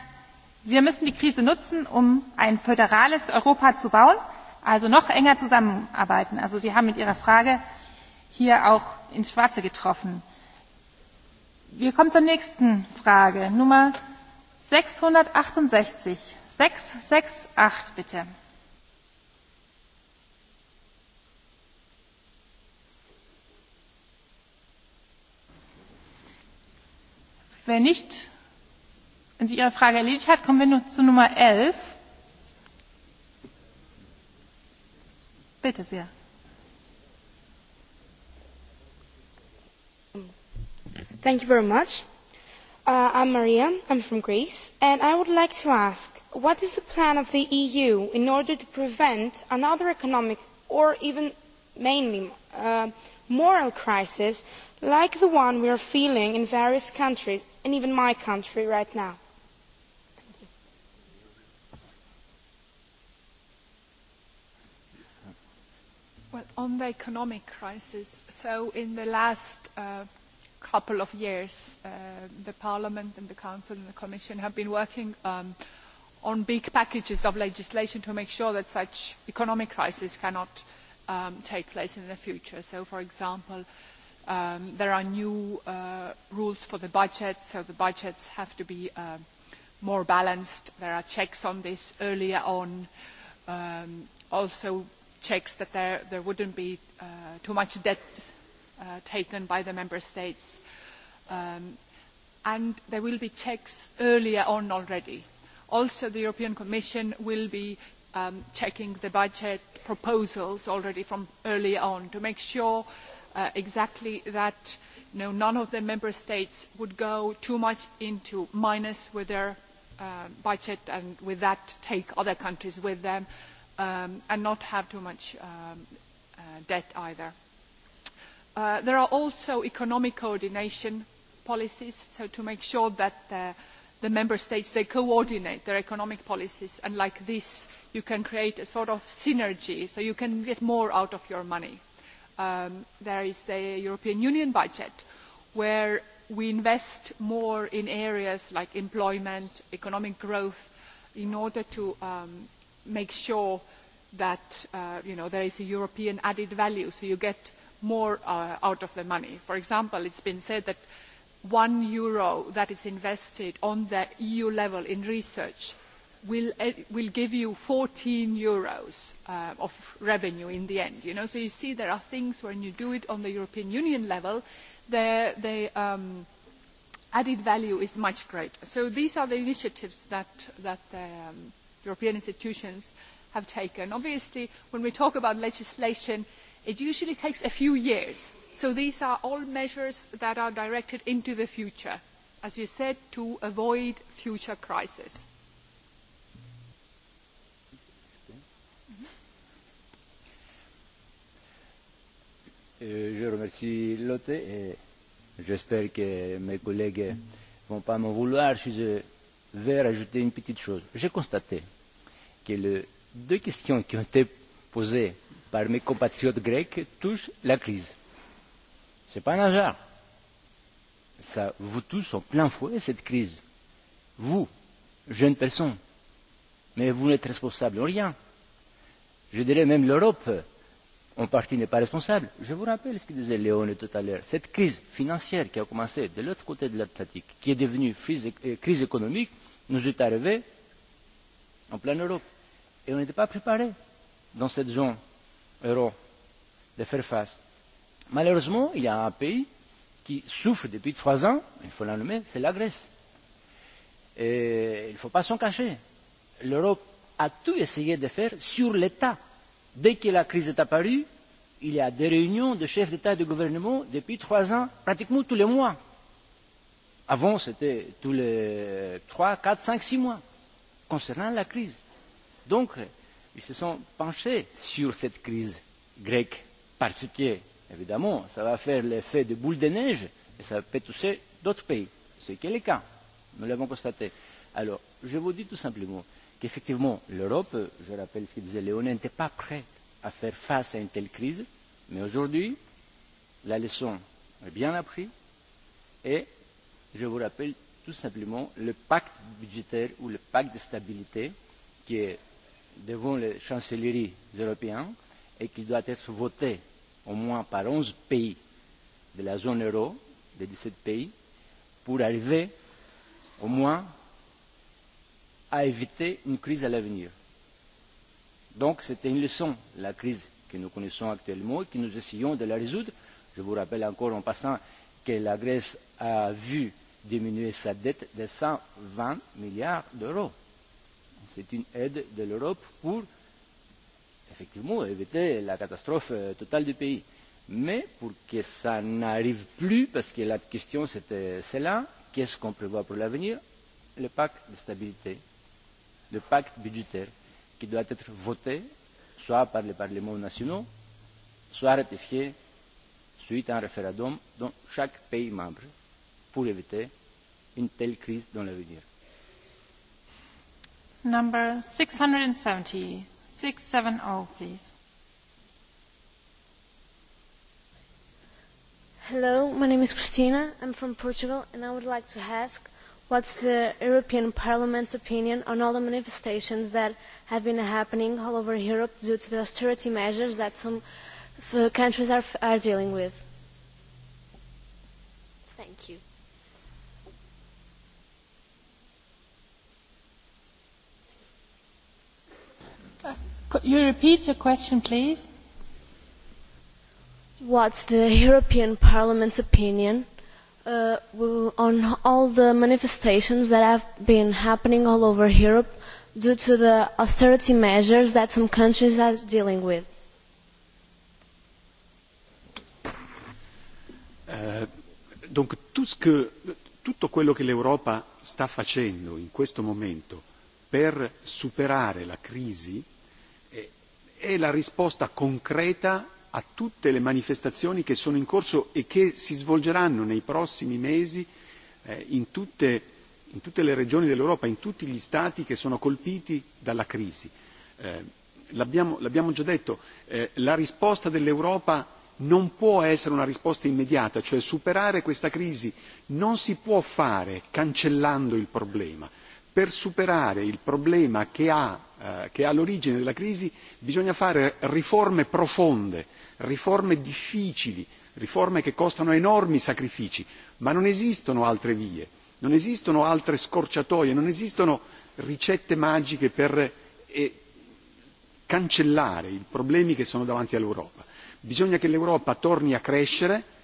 D: wir müssen die Krise nutzen, um ein föderales Europa zu bauen, also noch enger zusammenarbeiten. Also Sie haben mit Ihrer Frage hier auch ins Schwarze getroffen. Wir kommen zur nächsten Frage, Nummer 668. 668 bitte. Wenn nicht, wenn sich Ihre Frage erledigt hat, kommen wir nun zu Nummer 11.
O: Bitte sehr. Thank you very much. Uh, I'm Maria, I'm from Greece, and I would like to ask, what is the plan of the EU in order to prevent another economic or even mainly uh, moral crisis like the one we are feeling in various countries and even my country right now.
F: Well, on the economic crisis, so in the last uh, couple of years, uh, the Parliament and the Council and the Commission have been working um, on big packages of legislation to make sure that such economic crises cannot um, take place in the future. So, for example, uh, Um, there are new uh, rules for the budget, so the budgets have to be uh, more balanced. There are checks on this earlier on. Um, also checks that there, there wouldn't be uh, too much debt uh, taken by the member states. Um, and there will be checks earlier on already. Also, the European Commission will be um, checking the budget proposals already from early on to make sure uh, uh, exactly that you know, none of the member states would go too much into minus with their uh, budget and with that take other countries with them um, and not have too much um, uh, debt either. Uh, there are also economic coordination policies, so to make sure that uh, the member states they coordinate their economic policies and like this you can create a sort of synergy so you can get more out of your money um, there is the European Union budget, where we invest more in areas like employment, economic growth, in order to um, make sure that uh, you know, there is a European added value, so you get more uh, out of the money. For example, it's been said that one euro that is invested on the EU level in research will uh, will give you 14 euros uh, of revenue in the end. You know, so you see, there are things when you do it on the European Union level, the the um, added value is much greater. So these are the initiatives that that the um, European institutions have taken. Obviously, when we talk about legislation, it usually takes a few years. So these are all measures that are directed into the future, as you said, to avoid future crises
G: Je remercie Lotte et j'espère que mes collègues ne vont pas m'en vouloir si je euh, vais rajouter une petite chose. J'ai constaté que les deux questions qui ont été posées par mes compatriotes grecs touchent la crise. Ce n'est pas un hasard. Ça vous touche en plein fouet, cette crise. Vous, jeune personne, mais vous n'êtes responsable de rien. Je dirais même l'Europe en partie n'est pas responsable. Je vous rappelle ce que disait Léone tout à l'heure. Cette crise financière qui a commencé de l'autre côté de l'Atlantique, qui est devenue euh, crise économique, nous est arrivée en pleine Europe. Et on n'était pas préparé dans cette zone euro de faire face. Malheureusement, il y a un pays qui souffre depuis trois ans, il faut la nommer, c'est la Grèce. Et il ne faut pas s'en cacher. L'Europe a tout essayé de faire sur l'État dès que la crise est apparue il y a des réunions de chefs d'état et de gouvernement depuis trois ans pratiquement tous les mois. avant c'était tous les trois quatre cinq six mois concernant la crise. donc ils se sont penchés sur cette crise grecque parce que évidemment ça va faire l'effet de boule de neige et ça peut toucher d'autres pays ce qui est le cas nous l'avons constaté. alors je vous dis tout simplement qu'effectivement l'Europe, je rappelle ce que disait Léon, n'était pas prête à faire face à une telle crise, mais aujourd'hui, la leçon est bien apprise et je vous rappelle tout simplement le pacte budgétaire ou le pacte de stabilité qui est devant les chancelleries européennes et qui doit être voté au moins par onze pays de la zone euro, des dix sept pays, pour arriver au moins à éviter une crise à l'avenir. Donc c'était une leçon, la crise que nous connaissons actuellement et que nous essayons de la résoudre. Je vous rappelle encore en passant que la Grèce a vu diminuer sa dette de 120 milliards d'euros. C'est une aide de l'Europe pour effectivement éviter la catastrophe euh, totale du pays. Mais pour que ça n'arrive plus, parce que la question c'était cela, qu'est-ce qu'on prévoit pour l'avenir Le pacte de stabilité le pacte budgétaire qui doit être voté soit par les parlements nationaux, soit ratifié suite à un référendum dans chaque pays membre pour éviter une telle crise dans l'avenir.
D: Number 670, 670, please.
K: Hello, my name is Christina. I'm from Portugal, and I would like to ask what's the European Parliament's opinion on all the manifestations that have been happening all over Europe due to the austerity measures that some countries are, are dealing with? Thank you. Uh, Could you repeat your question, please? What's the European Parliament's opinion Uh, well, on all the manifestations that have been happening all over Europe due to the austerity measures that some countries are dealing with?
E: Uh, donc tout, ce que, tutto quello che l'Europa sta facendo in questo momento per superare la crisi è, è la risposta concreta a tutte le manifestazioni che sono in corso e che si svolgeranno nei prossimi mesi eh, in, tutte, in tutte le regioni dell'Europa, in tutti gli Stati che sono colpiti dalla crisi. Eh, l'abbiamo, l'abbiamo già detto, eh, la risposta dell'Europa non può essere una risposta immediata, cioè superare questa crisi non si può fare cancellando il problema. Per superare il problema che ha eh, che è all'origine della crisi bisogna fare riforme profonde, riforme difficili, riforme che costano enormi sacrifici, ma non esistono altre vie, non esistono altre scorciatoie, non esistono ricette magiche per eh, cancellare i problemi che sono davanti all'Europa. Bisogna che l'Europa torni a crescere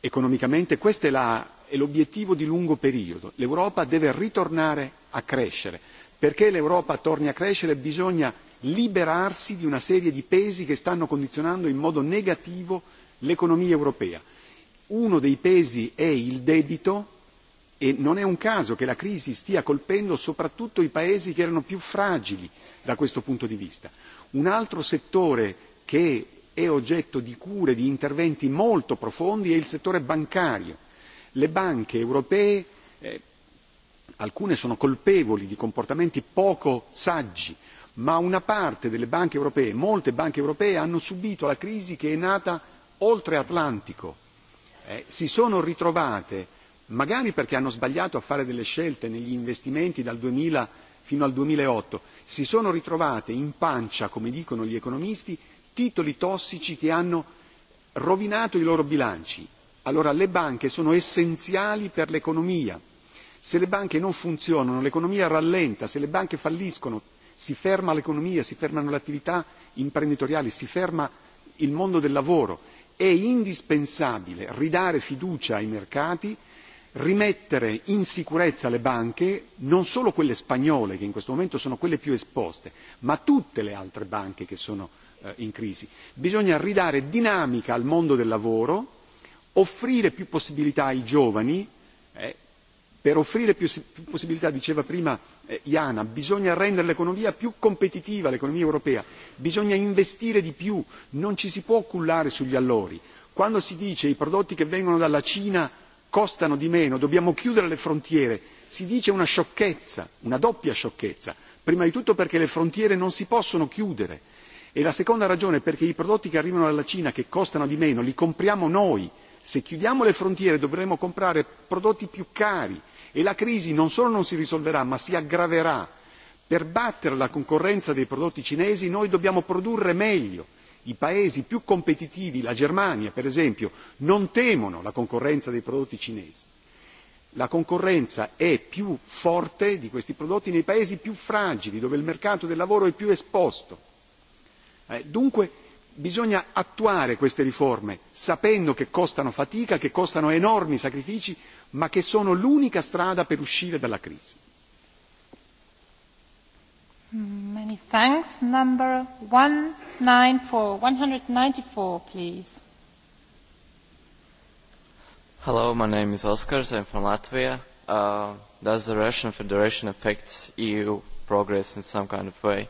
E: economicamente, questo è, la, è l'obiettivo di lungo periodo. L'Europa deve ritornare a crescere, perché l'europa torni a crescere bisogna liberarsi di una serie di pesi che stanno condizionando in modo negativo l'economia europea. uno dei pesi è il debito e non è un caso che la crisi stia colpendo soprattutto i paesi che erano più fragili da questo punto di vista. un altro settore che è oggetto di cure e di interventi molto profondi è il settore bancario. le banche europee eh, alcune sono colpevoli di comportamenti poco saggi ma una parte delle banche europee molte banche europee hanno subito la crisi che è nata oltre atlantico eh, si sono ritrovate magari perché hanno sbagliato a fare delle scelte negli investimenti dal duemila fino al duemilaotto si sono ritrovate in pancia come dicono gli economisti titoli tossici che hanno rovinato i loro bilanci. allora le banche sono essenziali per l'economia se le banche non funzionano l'economia rallenta se le banche falliscono si ferma l'economia si fermano le attività imprenditoriali si ferma il mondo del lavoro è indispensabile ridare fiducia ai mercati rimettere in sicurezza le banche non solo quelle spagnole che in questo momento sono quelle più esposte ma tutte le altre banche che sono eh, in crisi bisogna ridare dinamica al mondo del lavoro offrire più possibilità ai giovani eh, per offrire più possibilità diceva prima jana eh, bisogna rendere l'economia più competitiva l'economia europea bisogna investire di più non ci si può cullare sugli allori quando si dice che i prodotti che vengono dalla cina costano di meno dobbiamo chiudere le frontiere si dice una sciocchezza una doppia sciocchezza prima di tutto perché le frontiere non si possono chiudere e la seconda ragione è perché i prodotti che arrivano dalla cina che costano di meno li compriamo noi se chiudiamo le frontiere dovremo comprare prodotti più cari e la crisi non solo non si risolverà ma si aggraverà. per battere la concorrenza dei prodotti cinesi noi dobbiamo produrre meglio i paesi più competitivi la germania per esempio non temono la concorrenza dei prodotti cinesi la concorrenza è più forte di questi prodotti nei paesi più fragili dove il mercato del lavoro è più esposto. Eh, dunque bisogna attuare queste riforme sapendo che costano fatica che costano enormi sacrifici ma che sono l'unica strada per uscire dalla crisi.
D: Many thanks. Number 194, 194, please.
T: Hello, my name is Oskars. I'm from Latvia. Uh, does the Russian Federation affect EU progress in some kind of way?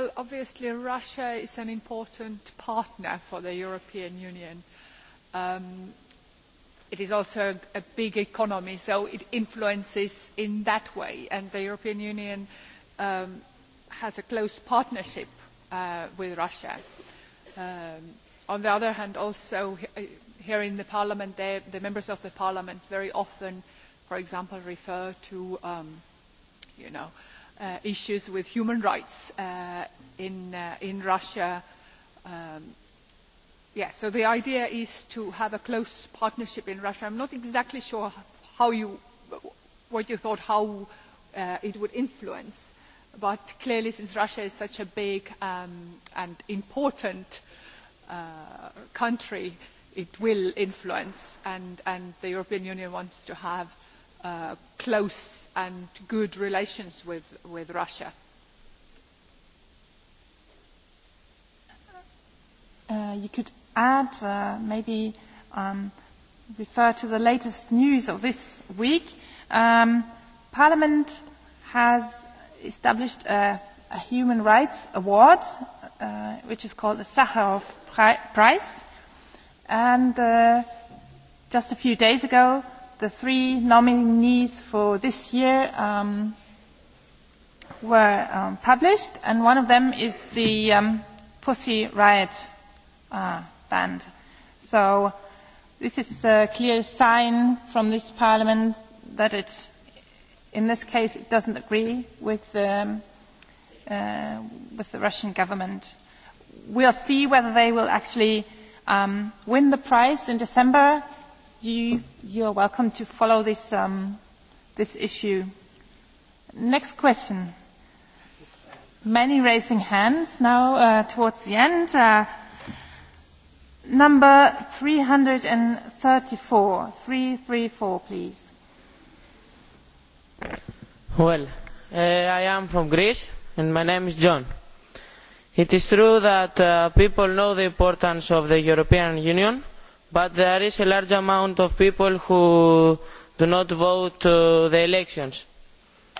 F: Well, obviously, Russia is an important partner for the European Union. Um, it is also a, a big economy, so it influences in that way. And the European Union um, has a close partnership uh, with Russia. Um, on the other hand, also uh, here in the Parliament, they, the members of the Parliament very often, for example, refer to, um, you know, uh, uh, issues with human rights uh, in, uh, in Russia. Um, yes, yeah, so the idea is to have a close partnership in Russia. I'm not exactly sure how you, what you thought, how uh, it would influence. But clearly, since Russia is such a big um, and important uh, country, it will influence, and, and the European Union wants to have uh, close and good relations with, with Russia.
D: Uh, you could add, uh, maybe um, refer to the latest news of this week. Um, Parliament has established a, a human rights award, uh, which is called the Sakharov Pri Prize. And uh, just a few days ago, uh, the three nominees for this year um, were um, published, and one of them is the um, Pussy Riot uh, band. So this is a clear sign from this Parliament that it, in this case, it doesn't agree with the, um, uh, with the Russian government. We'll see whether they will actually um, win the prize in December you, you're welcome to follow this, um, this issue. Next question. Many raising hands now uh, towards the end. Uh, number 334. 334, please.
Q: Well, uh, I am from Greece and my name is John. It is true that uh, people know the importance of the European Union but there is a large amount of people who do not vote uh, the elections.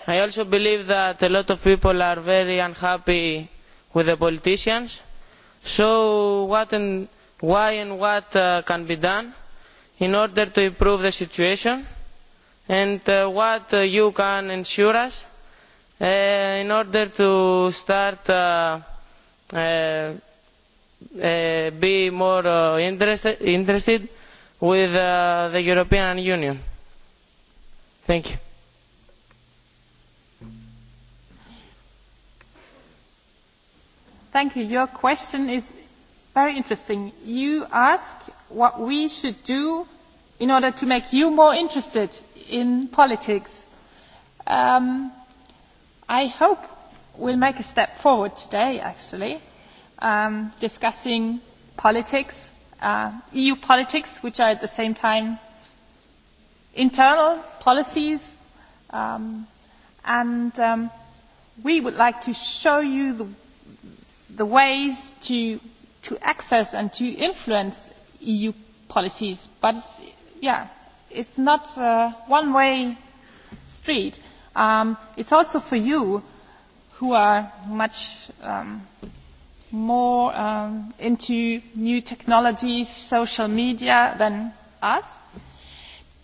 Q: I also believe that a lot of people are very unhappy with the politicians. So what and why and what uh, can be done in order to improve the situation and uh, what uh, you can ensure us uh, in order to start uh, uh, uh, be more uh, interested, interested with uh, the European Union. Thank you.
D: Thank you. Your question is very interesting. You ask what we should do in order to make you more interested in politics. Um, I hope we'll make a step forward today, actually um, discussing politics, uh, EU politics, which are at the same time internal policies. Um, and um, we would like to show you the, the ways to, to access and to influence EU policies. But it's, yeah, it's not a uh, one-way street. Um, it's also for you who are much um, more um, into new technologies, social media than us,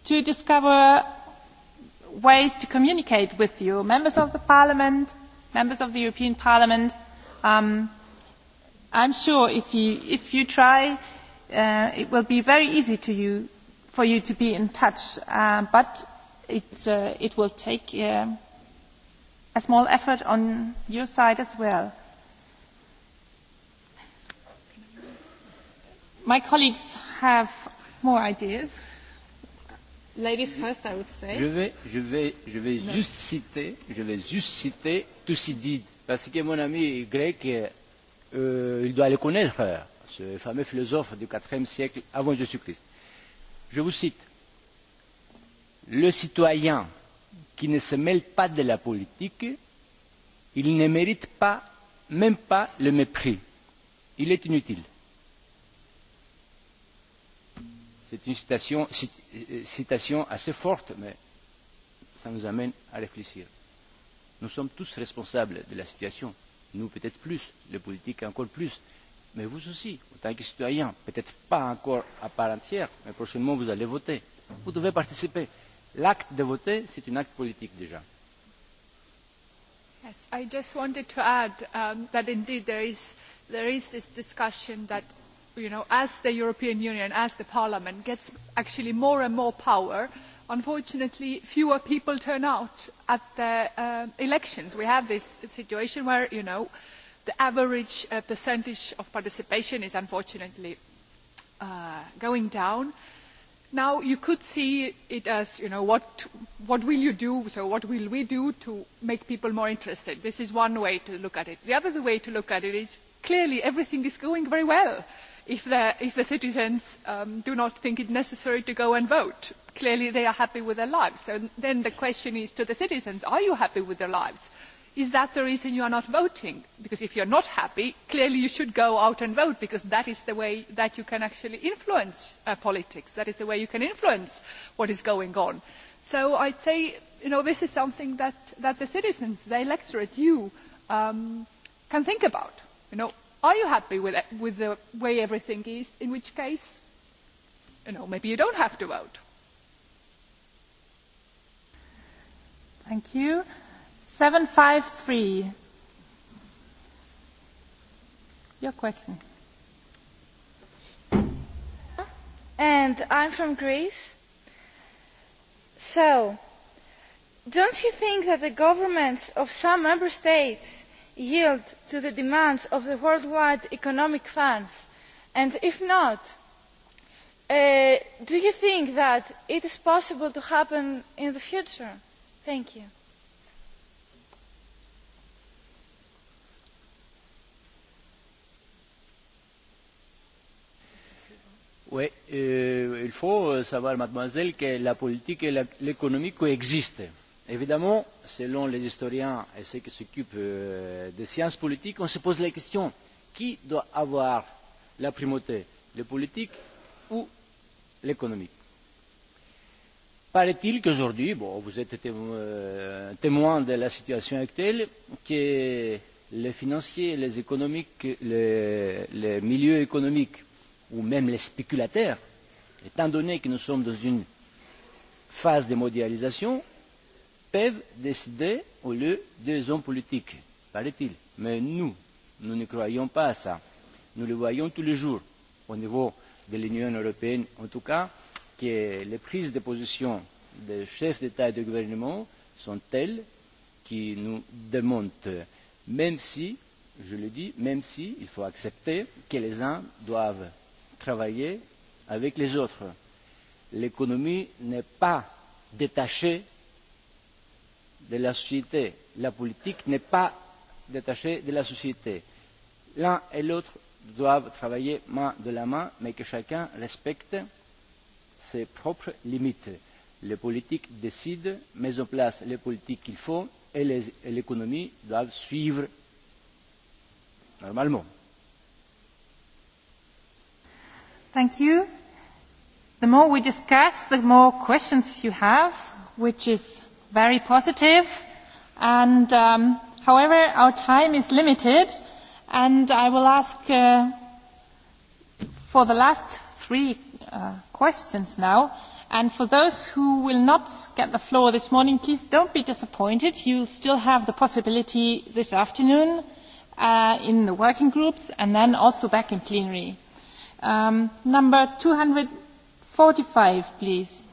D: to discover ways to communicate with you, members of the parliament, members of the European Parliament. Um, I'm sure if you, if you try, uh, it will be very easy to you, for you to be in touch, uh, but it, uh, it will take uh, a small effort on your side as well My colleagues have more ideas. Ladies first, I would say. Je vais,
G: je vais, je vais no. juste citer, je vais juste citer Thucydide, parce que mon ami grec, euh, il doit le connaître, ce fameux philosophe du IVe siècle avant Jésus-Christ. Je vous cite. Le citoyen qui ne se mêle pas de la politique, il ne mérite pas, même pas le mépris. Il est inutile. C'est une citation, cit, euh, citation assez forte, mais ça nous amène à réfléchir. Nous sommes tous responsables de la situation. Nous peut-être plus, les politiques encore plus, mais vous aussi, en tant que citoyen, peut-être pas encore à part entière, mais prochainement vous allez voter. Vous devez participer. L'acte de voter, c'est un acte politique déjà.
F: Yes, I just wanted to add um, that indeed there is, there is this discussion that you know, as the European Union, as the Parliament gets actually more and more power, unfortunately fewer people turn out at the uh, elections. We have this situation where, you know, the average uh, percentage of participation is unfortunately uh, going down. Now you could see it as, you know, what, what will you do, so what will we do to make people more interested? This is one way to look at it. The other way to look at it is clearly everything is going very well. Uh, if, if the citizens um, do not think it necessary to go and vote. Clearly they are happy with their lives. So then the question is to the citizens, are you happy with your lives? Is that the reason you are not voting? Because if you're not happy, clearly you should go out and vote because that is the way that you can actually influence uh, politics. That is the way you can influence what is going on. So I'd say, you know, this is something that, that the citizens, the electorate, you, um, can think about. You know, Are you happy with, it, with the way everything is? In which case, you know, maybe you don't have to vote.
D: Thank you. 753.
N: Your question. And I'm from Greece. So, don't you think that the governments of some member states yield to the demands of the worldwide economic funds and if not uh, do you think that it is possible to happen in the future? Thank you.
G: Oui, euh, il faut euh, savoir, mademoiselle, que la politique et l'économie coexistent Évidemment, selon les historiens et ceux qui s'occupent euh, des sciences politiques, on se pose la question qui doit avoir la primauté, le politique ou l'économique Paraît-il qu'aujourd'hui, bon, vous êtes euh, témoin de la situation actuelle, que les financiers, les économiques, les, les milieux économiques ou même les spéculateurs, étant donné que nous sommes dans une phase de mondialisation, peuvent décider au lieu des hommes politiques, paraît-il. Mais nous, nous ne croyons pas à ça. Nous le voyons tous les jours, au niveau de l'Union européenne en tout cas, que les prises de position des chefs d'État et de gouvernement sont telles qui nous démontent, même si, je le dis, même si il faut accepter que les uns doivent travailler avec les autres. L'économie n'est pas détachée de la société. La politique n'est pas détachée de la société. L'un et l'autre doivent travailler main de la main, mais que chacun respecte ses propres limites. Les politiques décident, mettent en place les politiques qu'il faut et l'économie doit suivre normalement.
D: Thank you. The more we discuss, the more questions you have, which is very positive. And, um, however, our time is limited, and I will ask uh, for the last three uh, questions now. And for those who will not get the floor this morning, please don't be disappointed. You'll still have the possibility this afternoon uh, in the working groups and then also back in plenary. Um, number 245, please.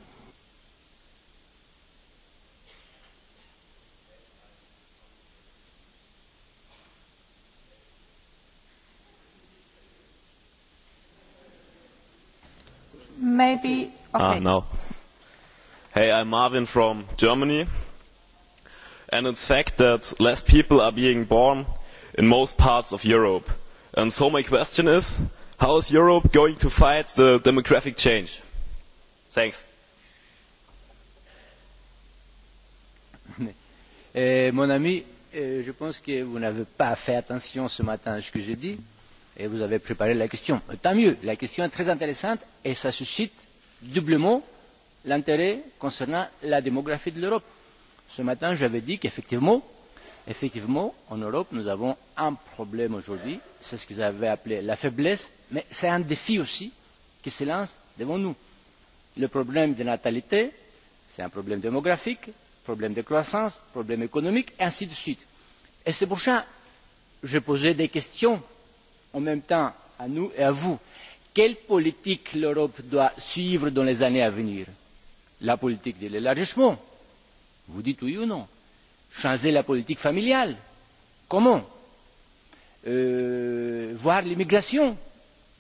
D: maybe.
L: Ah, okay. Ah, no. Hey, I'm Marvin from Germany. And it's fact that less people are being born in most parts of Europe. And so my question is, how is Europe going to fight the demographic change? Thanks.
G: Eh, mon ami, eh, je pense que vous n'avez pas fait attention ce matin à ce que j'ai dit. Euh, et vous avez préparé la question. Tant mieux, la question est très intéressante et ça suscite doublement l'intérêt concernant la démographie de l'Europe. Ce matin, j'avais dit qu'effectivement, effectivement, en Europe, nous avons un problème aujourd'hui, c'est ce qu'ils avaient appelé la faiblesse, mais c'est un défi aussi qui se lance devant nous. Le problème de natalité, c'est un problème démographique, problème de croissance, problème économique, et ainsi de suite. Et c'est pour ça que j'ai posé des questions en même temps à nous et à vous. Quelle politique l'Europe doit suivre dans les années à venir La politique de l'élargissement Vous dites oui ou non Changer la politique familiale Comment euh, Voir l'immigration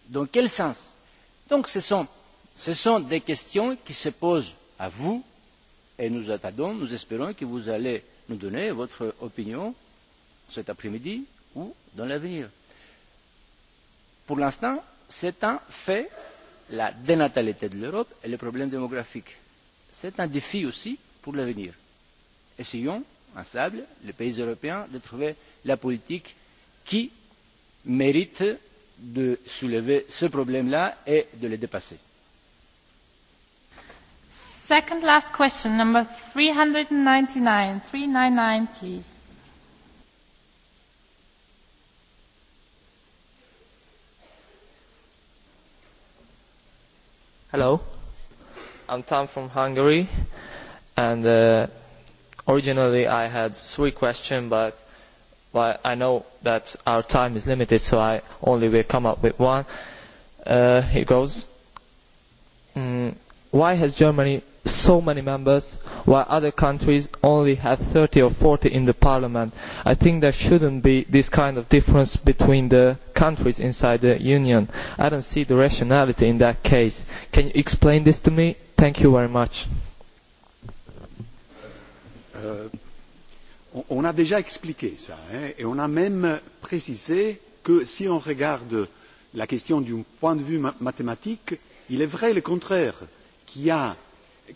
G: Dans quel sens Donc ce sont, ce sont des questions qui se posent à vous et nous attendons, nous espérons que vous allez nous donner votre opinion cet après-midi ou dans l'avenir pour l'instant c'est un fait la dénatalité de l'europe et le problème démographique. c'est un défi aussi pour l'avenir. essayons ensemble les pays européens de trouver la politique qui mérite de soulever ce problème là et de le dépasser.
D: second last question number 399 399 please.
T: Hello, I'm Tom from Hungary, and uh, originally I had three questions, but well, I know that our time is limited, so I only will come up with one. Uh, here goes. Mm, why has Germany so many members while other countries only have 30 or 40 in the parliament. I think there shouldn't be this kind of difference between the countries inside the union. I don't see the rationality in that case. Can you explain this to me? Thank you very much.
E: Euh, on a déjà expliqué ça hein, et on a même précisé que si on regarde la question d'un point de vue mathématique, il est vrai le contraire, qu'il y a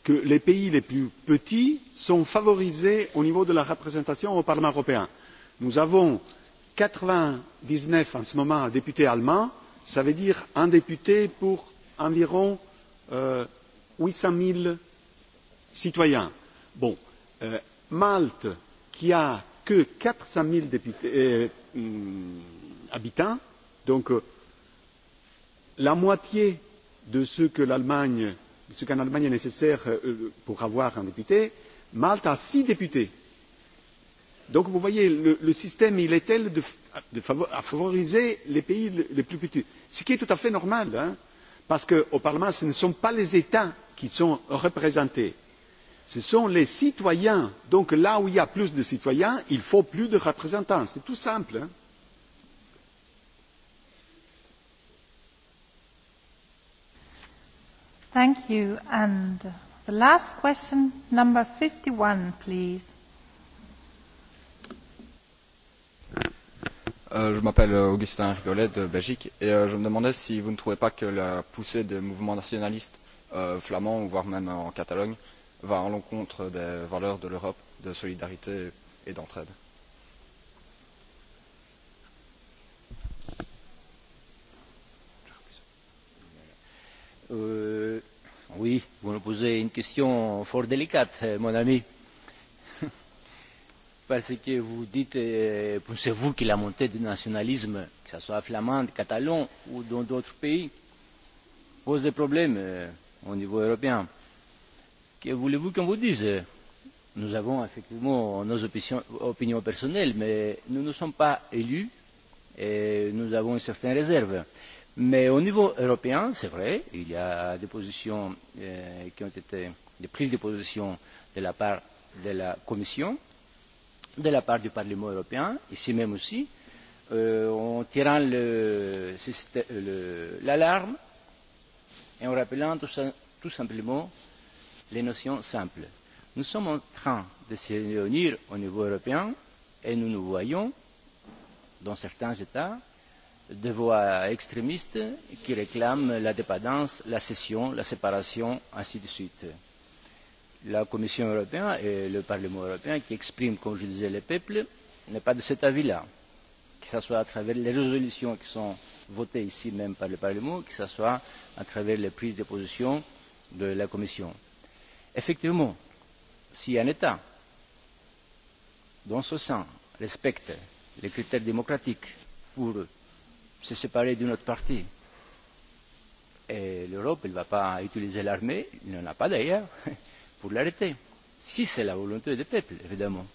E: que les pays les plus petits sont favorisés au niveau de la représentation au Parlement européen. Nous avons 99 en ce moment députés allemands, ça veut dire un député pour environ euh, 800 000 citoyens. Bon, euh, Malte, qui a que 400 000 députés, euh, hmm, habitants, donc euh, la moitié de ce que l'Allemagne ce qu'en Allemagne est nécessaire euh, pour avoir un député, Malte a six députés. Donc vous voyez, le, le système il est tel de, de favor, à favoriser les pays les, les plus petits, ce qui est tout à fait normal, hein, parce qu'au Parlement, ce ne sont pas les États qui sont représentés, ce sont les citoyens. Donc là où il y a plus de citoyens, il faut plus de représentants. C'est tout simple. Hein.
D: Thank you. And the last question, number 51, please.
I: Euh, je m'appelle Augustin Rigolet de Belgique et euh, je me demandais si vous ne trouvez pas que la poussée des mouvements nationalistes euh, flamands, voire même en Catalogne, va à l'encontre des valeurs de l'Europe, de solidarité et d'entraide. Euh,
G: oui, vous me posez une question fort délicate, euh, mon ami. Parce que vous dites, euh, pensez-vous que la montée du nationalisme, que ce soit flamand, catalan ou dans d'autres pays, pose des problèmes euh, au niveau européen Que voulez-vous qu'on vous dise Nous avons effectivement nos opinions, opinions personnelles, mais nous ne sommes pas élus et nous avons une certaine réserve. Euh, Mais au niveau européen, c'est vrai, il y a des positions euh, qui ont été, des prises de position de la part de la Commission, de la part du Parlement européen, ici même aussi, euh, en tirant l'alarme et en rappelant tout, tout simplement les notions simples. Nous sommes en train de se réunir au niveau européen et nous nous voyons, dans certains États, des voix extrémistes qui réclament la dépendance, la cession, la séparation, ainsi de suite. La Commission européenne et le Parlement européen, qui expriment, comme je disais, les peuples, n'est pas de cet avis-là. Que ce soit à travers les résolutions qui sont votées ici même par le Parlement, que ce soit à travers les prises de position de la Commission. Effectivement, si un État, dans ce sens, respecte les critères démocratiques pour se séparer d'une autre partie. Et l'Europe, elle ne va pas utiliser l'armée, il n'en a pas d'ailleurs, pour l'arrêter. Si c'est la volonté des peuples, évidemment.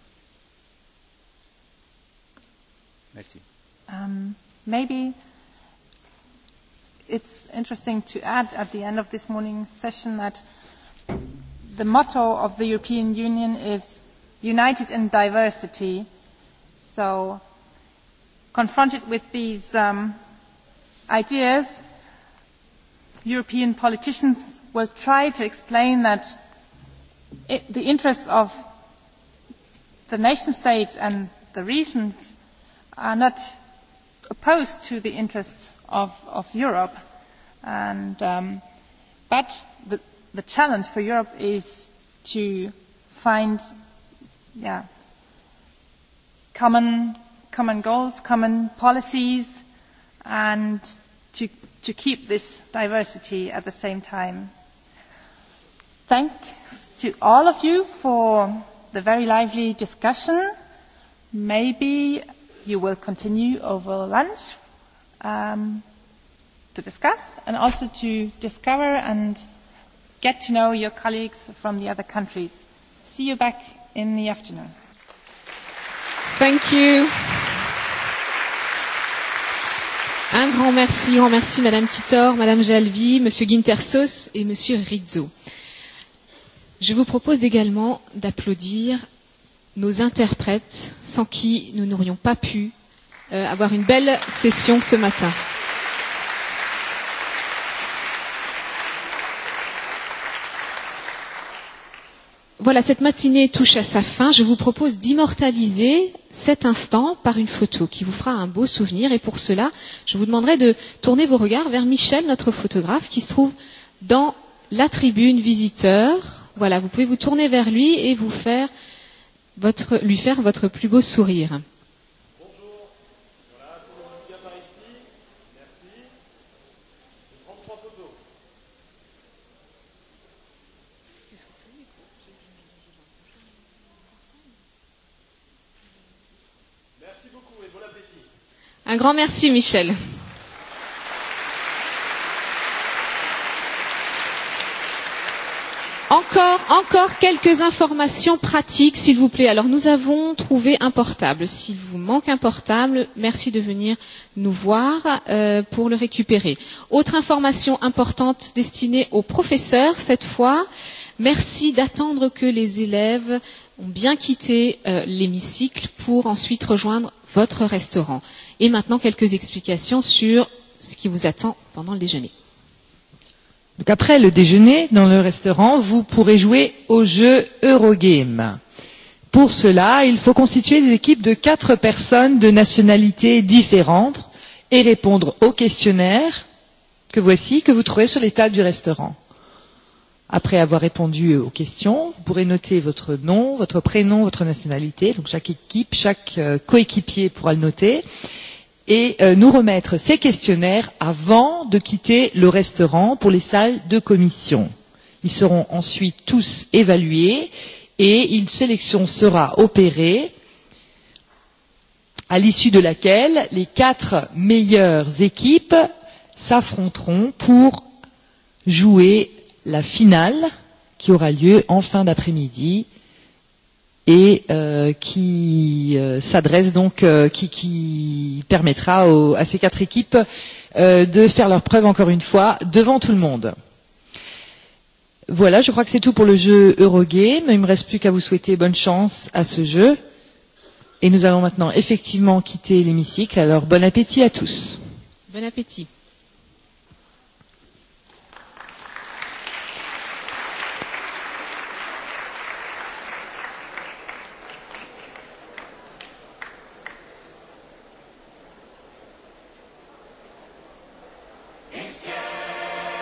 G: Merci.
D: Um, maybe it's interesting to add at the end of this morning's session that the motto of the European Union is united in diversity. So confronted with these um, ideas european politicians will try to explain that it, the interests of the nation states and the regions are not opposed to the interests of, of Europe. And, um, but the, the challenge for Europe is to find yeah, common common goals, common policies, and to, to keep this diversity at the same time. Thanks to all of you for the very lively discussion. Maybe you will continue over lunch um, to discuss and also to discover and get to know your colleagues from the other countries. See you back in the afternoon.
A: Thank you. Un grand merci. On remercie Madame Titor, Madame Jalvi, Monsieur Guintersos et Monsieur Rizzo. Je vous propose également d'applaudir nos interprètes, sans qui nous n'aurions pas pu euh, avoir une belle session ce matin. Voilà, cette matinée touche à sa fin. Je vous propose d'immortaliser cet instant par une photo qui vous fera un beau souvenir. Et pour cela, je vous demanderai de tourner vos regards vers Michel, notre photographe, qui se trouve dans la tribune visiteur. Voilà, vous pouvez vous tourner vers lui et vous faire votre, lui faire votre plus beau sourire. Un grand merci, Michel. Encore, encore quelques informations pratiques, s'il vous plaît. Alors, nous avons trouvé un portable. S'il vous manque un portable, merci de venir nous voir euh, pour le récupérer. Autre information importante destinée aux professeurs, cette fois, merci d'attendre que les élèves ont bien quitté euh, l'hémicycle pour ensuite rejoindre votre restaurant. Et maintenant, quelques explications sur ce qui vous attend pendant le déjeuner.
C: Donc après le déjeuner, dans le restaurant, vous pourrez jouer au jeu Eurogame. Pour cela, il faut constituer des équipes de quatre personnes de nationalités différentes et répondre au questionnaire que voici, que vous trouvez sur les tables du restaurant. Après avoir répondu aux questions, vous pourrez noter votre nom, votre prénom, votre nationalité. Donc chaque équipe, chaque euh, coéquipier pourra le noter et euh, nous remettre ces questionnaires avant de quitter le restaurant pour les salles de commission. Ils seront ensuite tous évalués et une sélection sera opérée à l'issue de laquelle les quatre meilleures équipes s'affronteront pour jouer la finale qui aura lieu en fin d'après-midi et euh, qui euh, s'adresse donc, euh, qui, qui permettra aux, à ces quatre équipes euh, de faire leurs preuves encore une fois devant tout le monde. Voilà, je crois que c'est tout pour le jeu Eurogame. Il ne me reste plus qu'à vous souhaiter bonne chance à ce jeu. Et nous allons maintenant effectivement quitter l'hémicycle. Alors bon appétit à tous.
A: Bon appétit.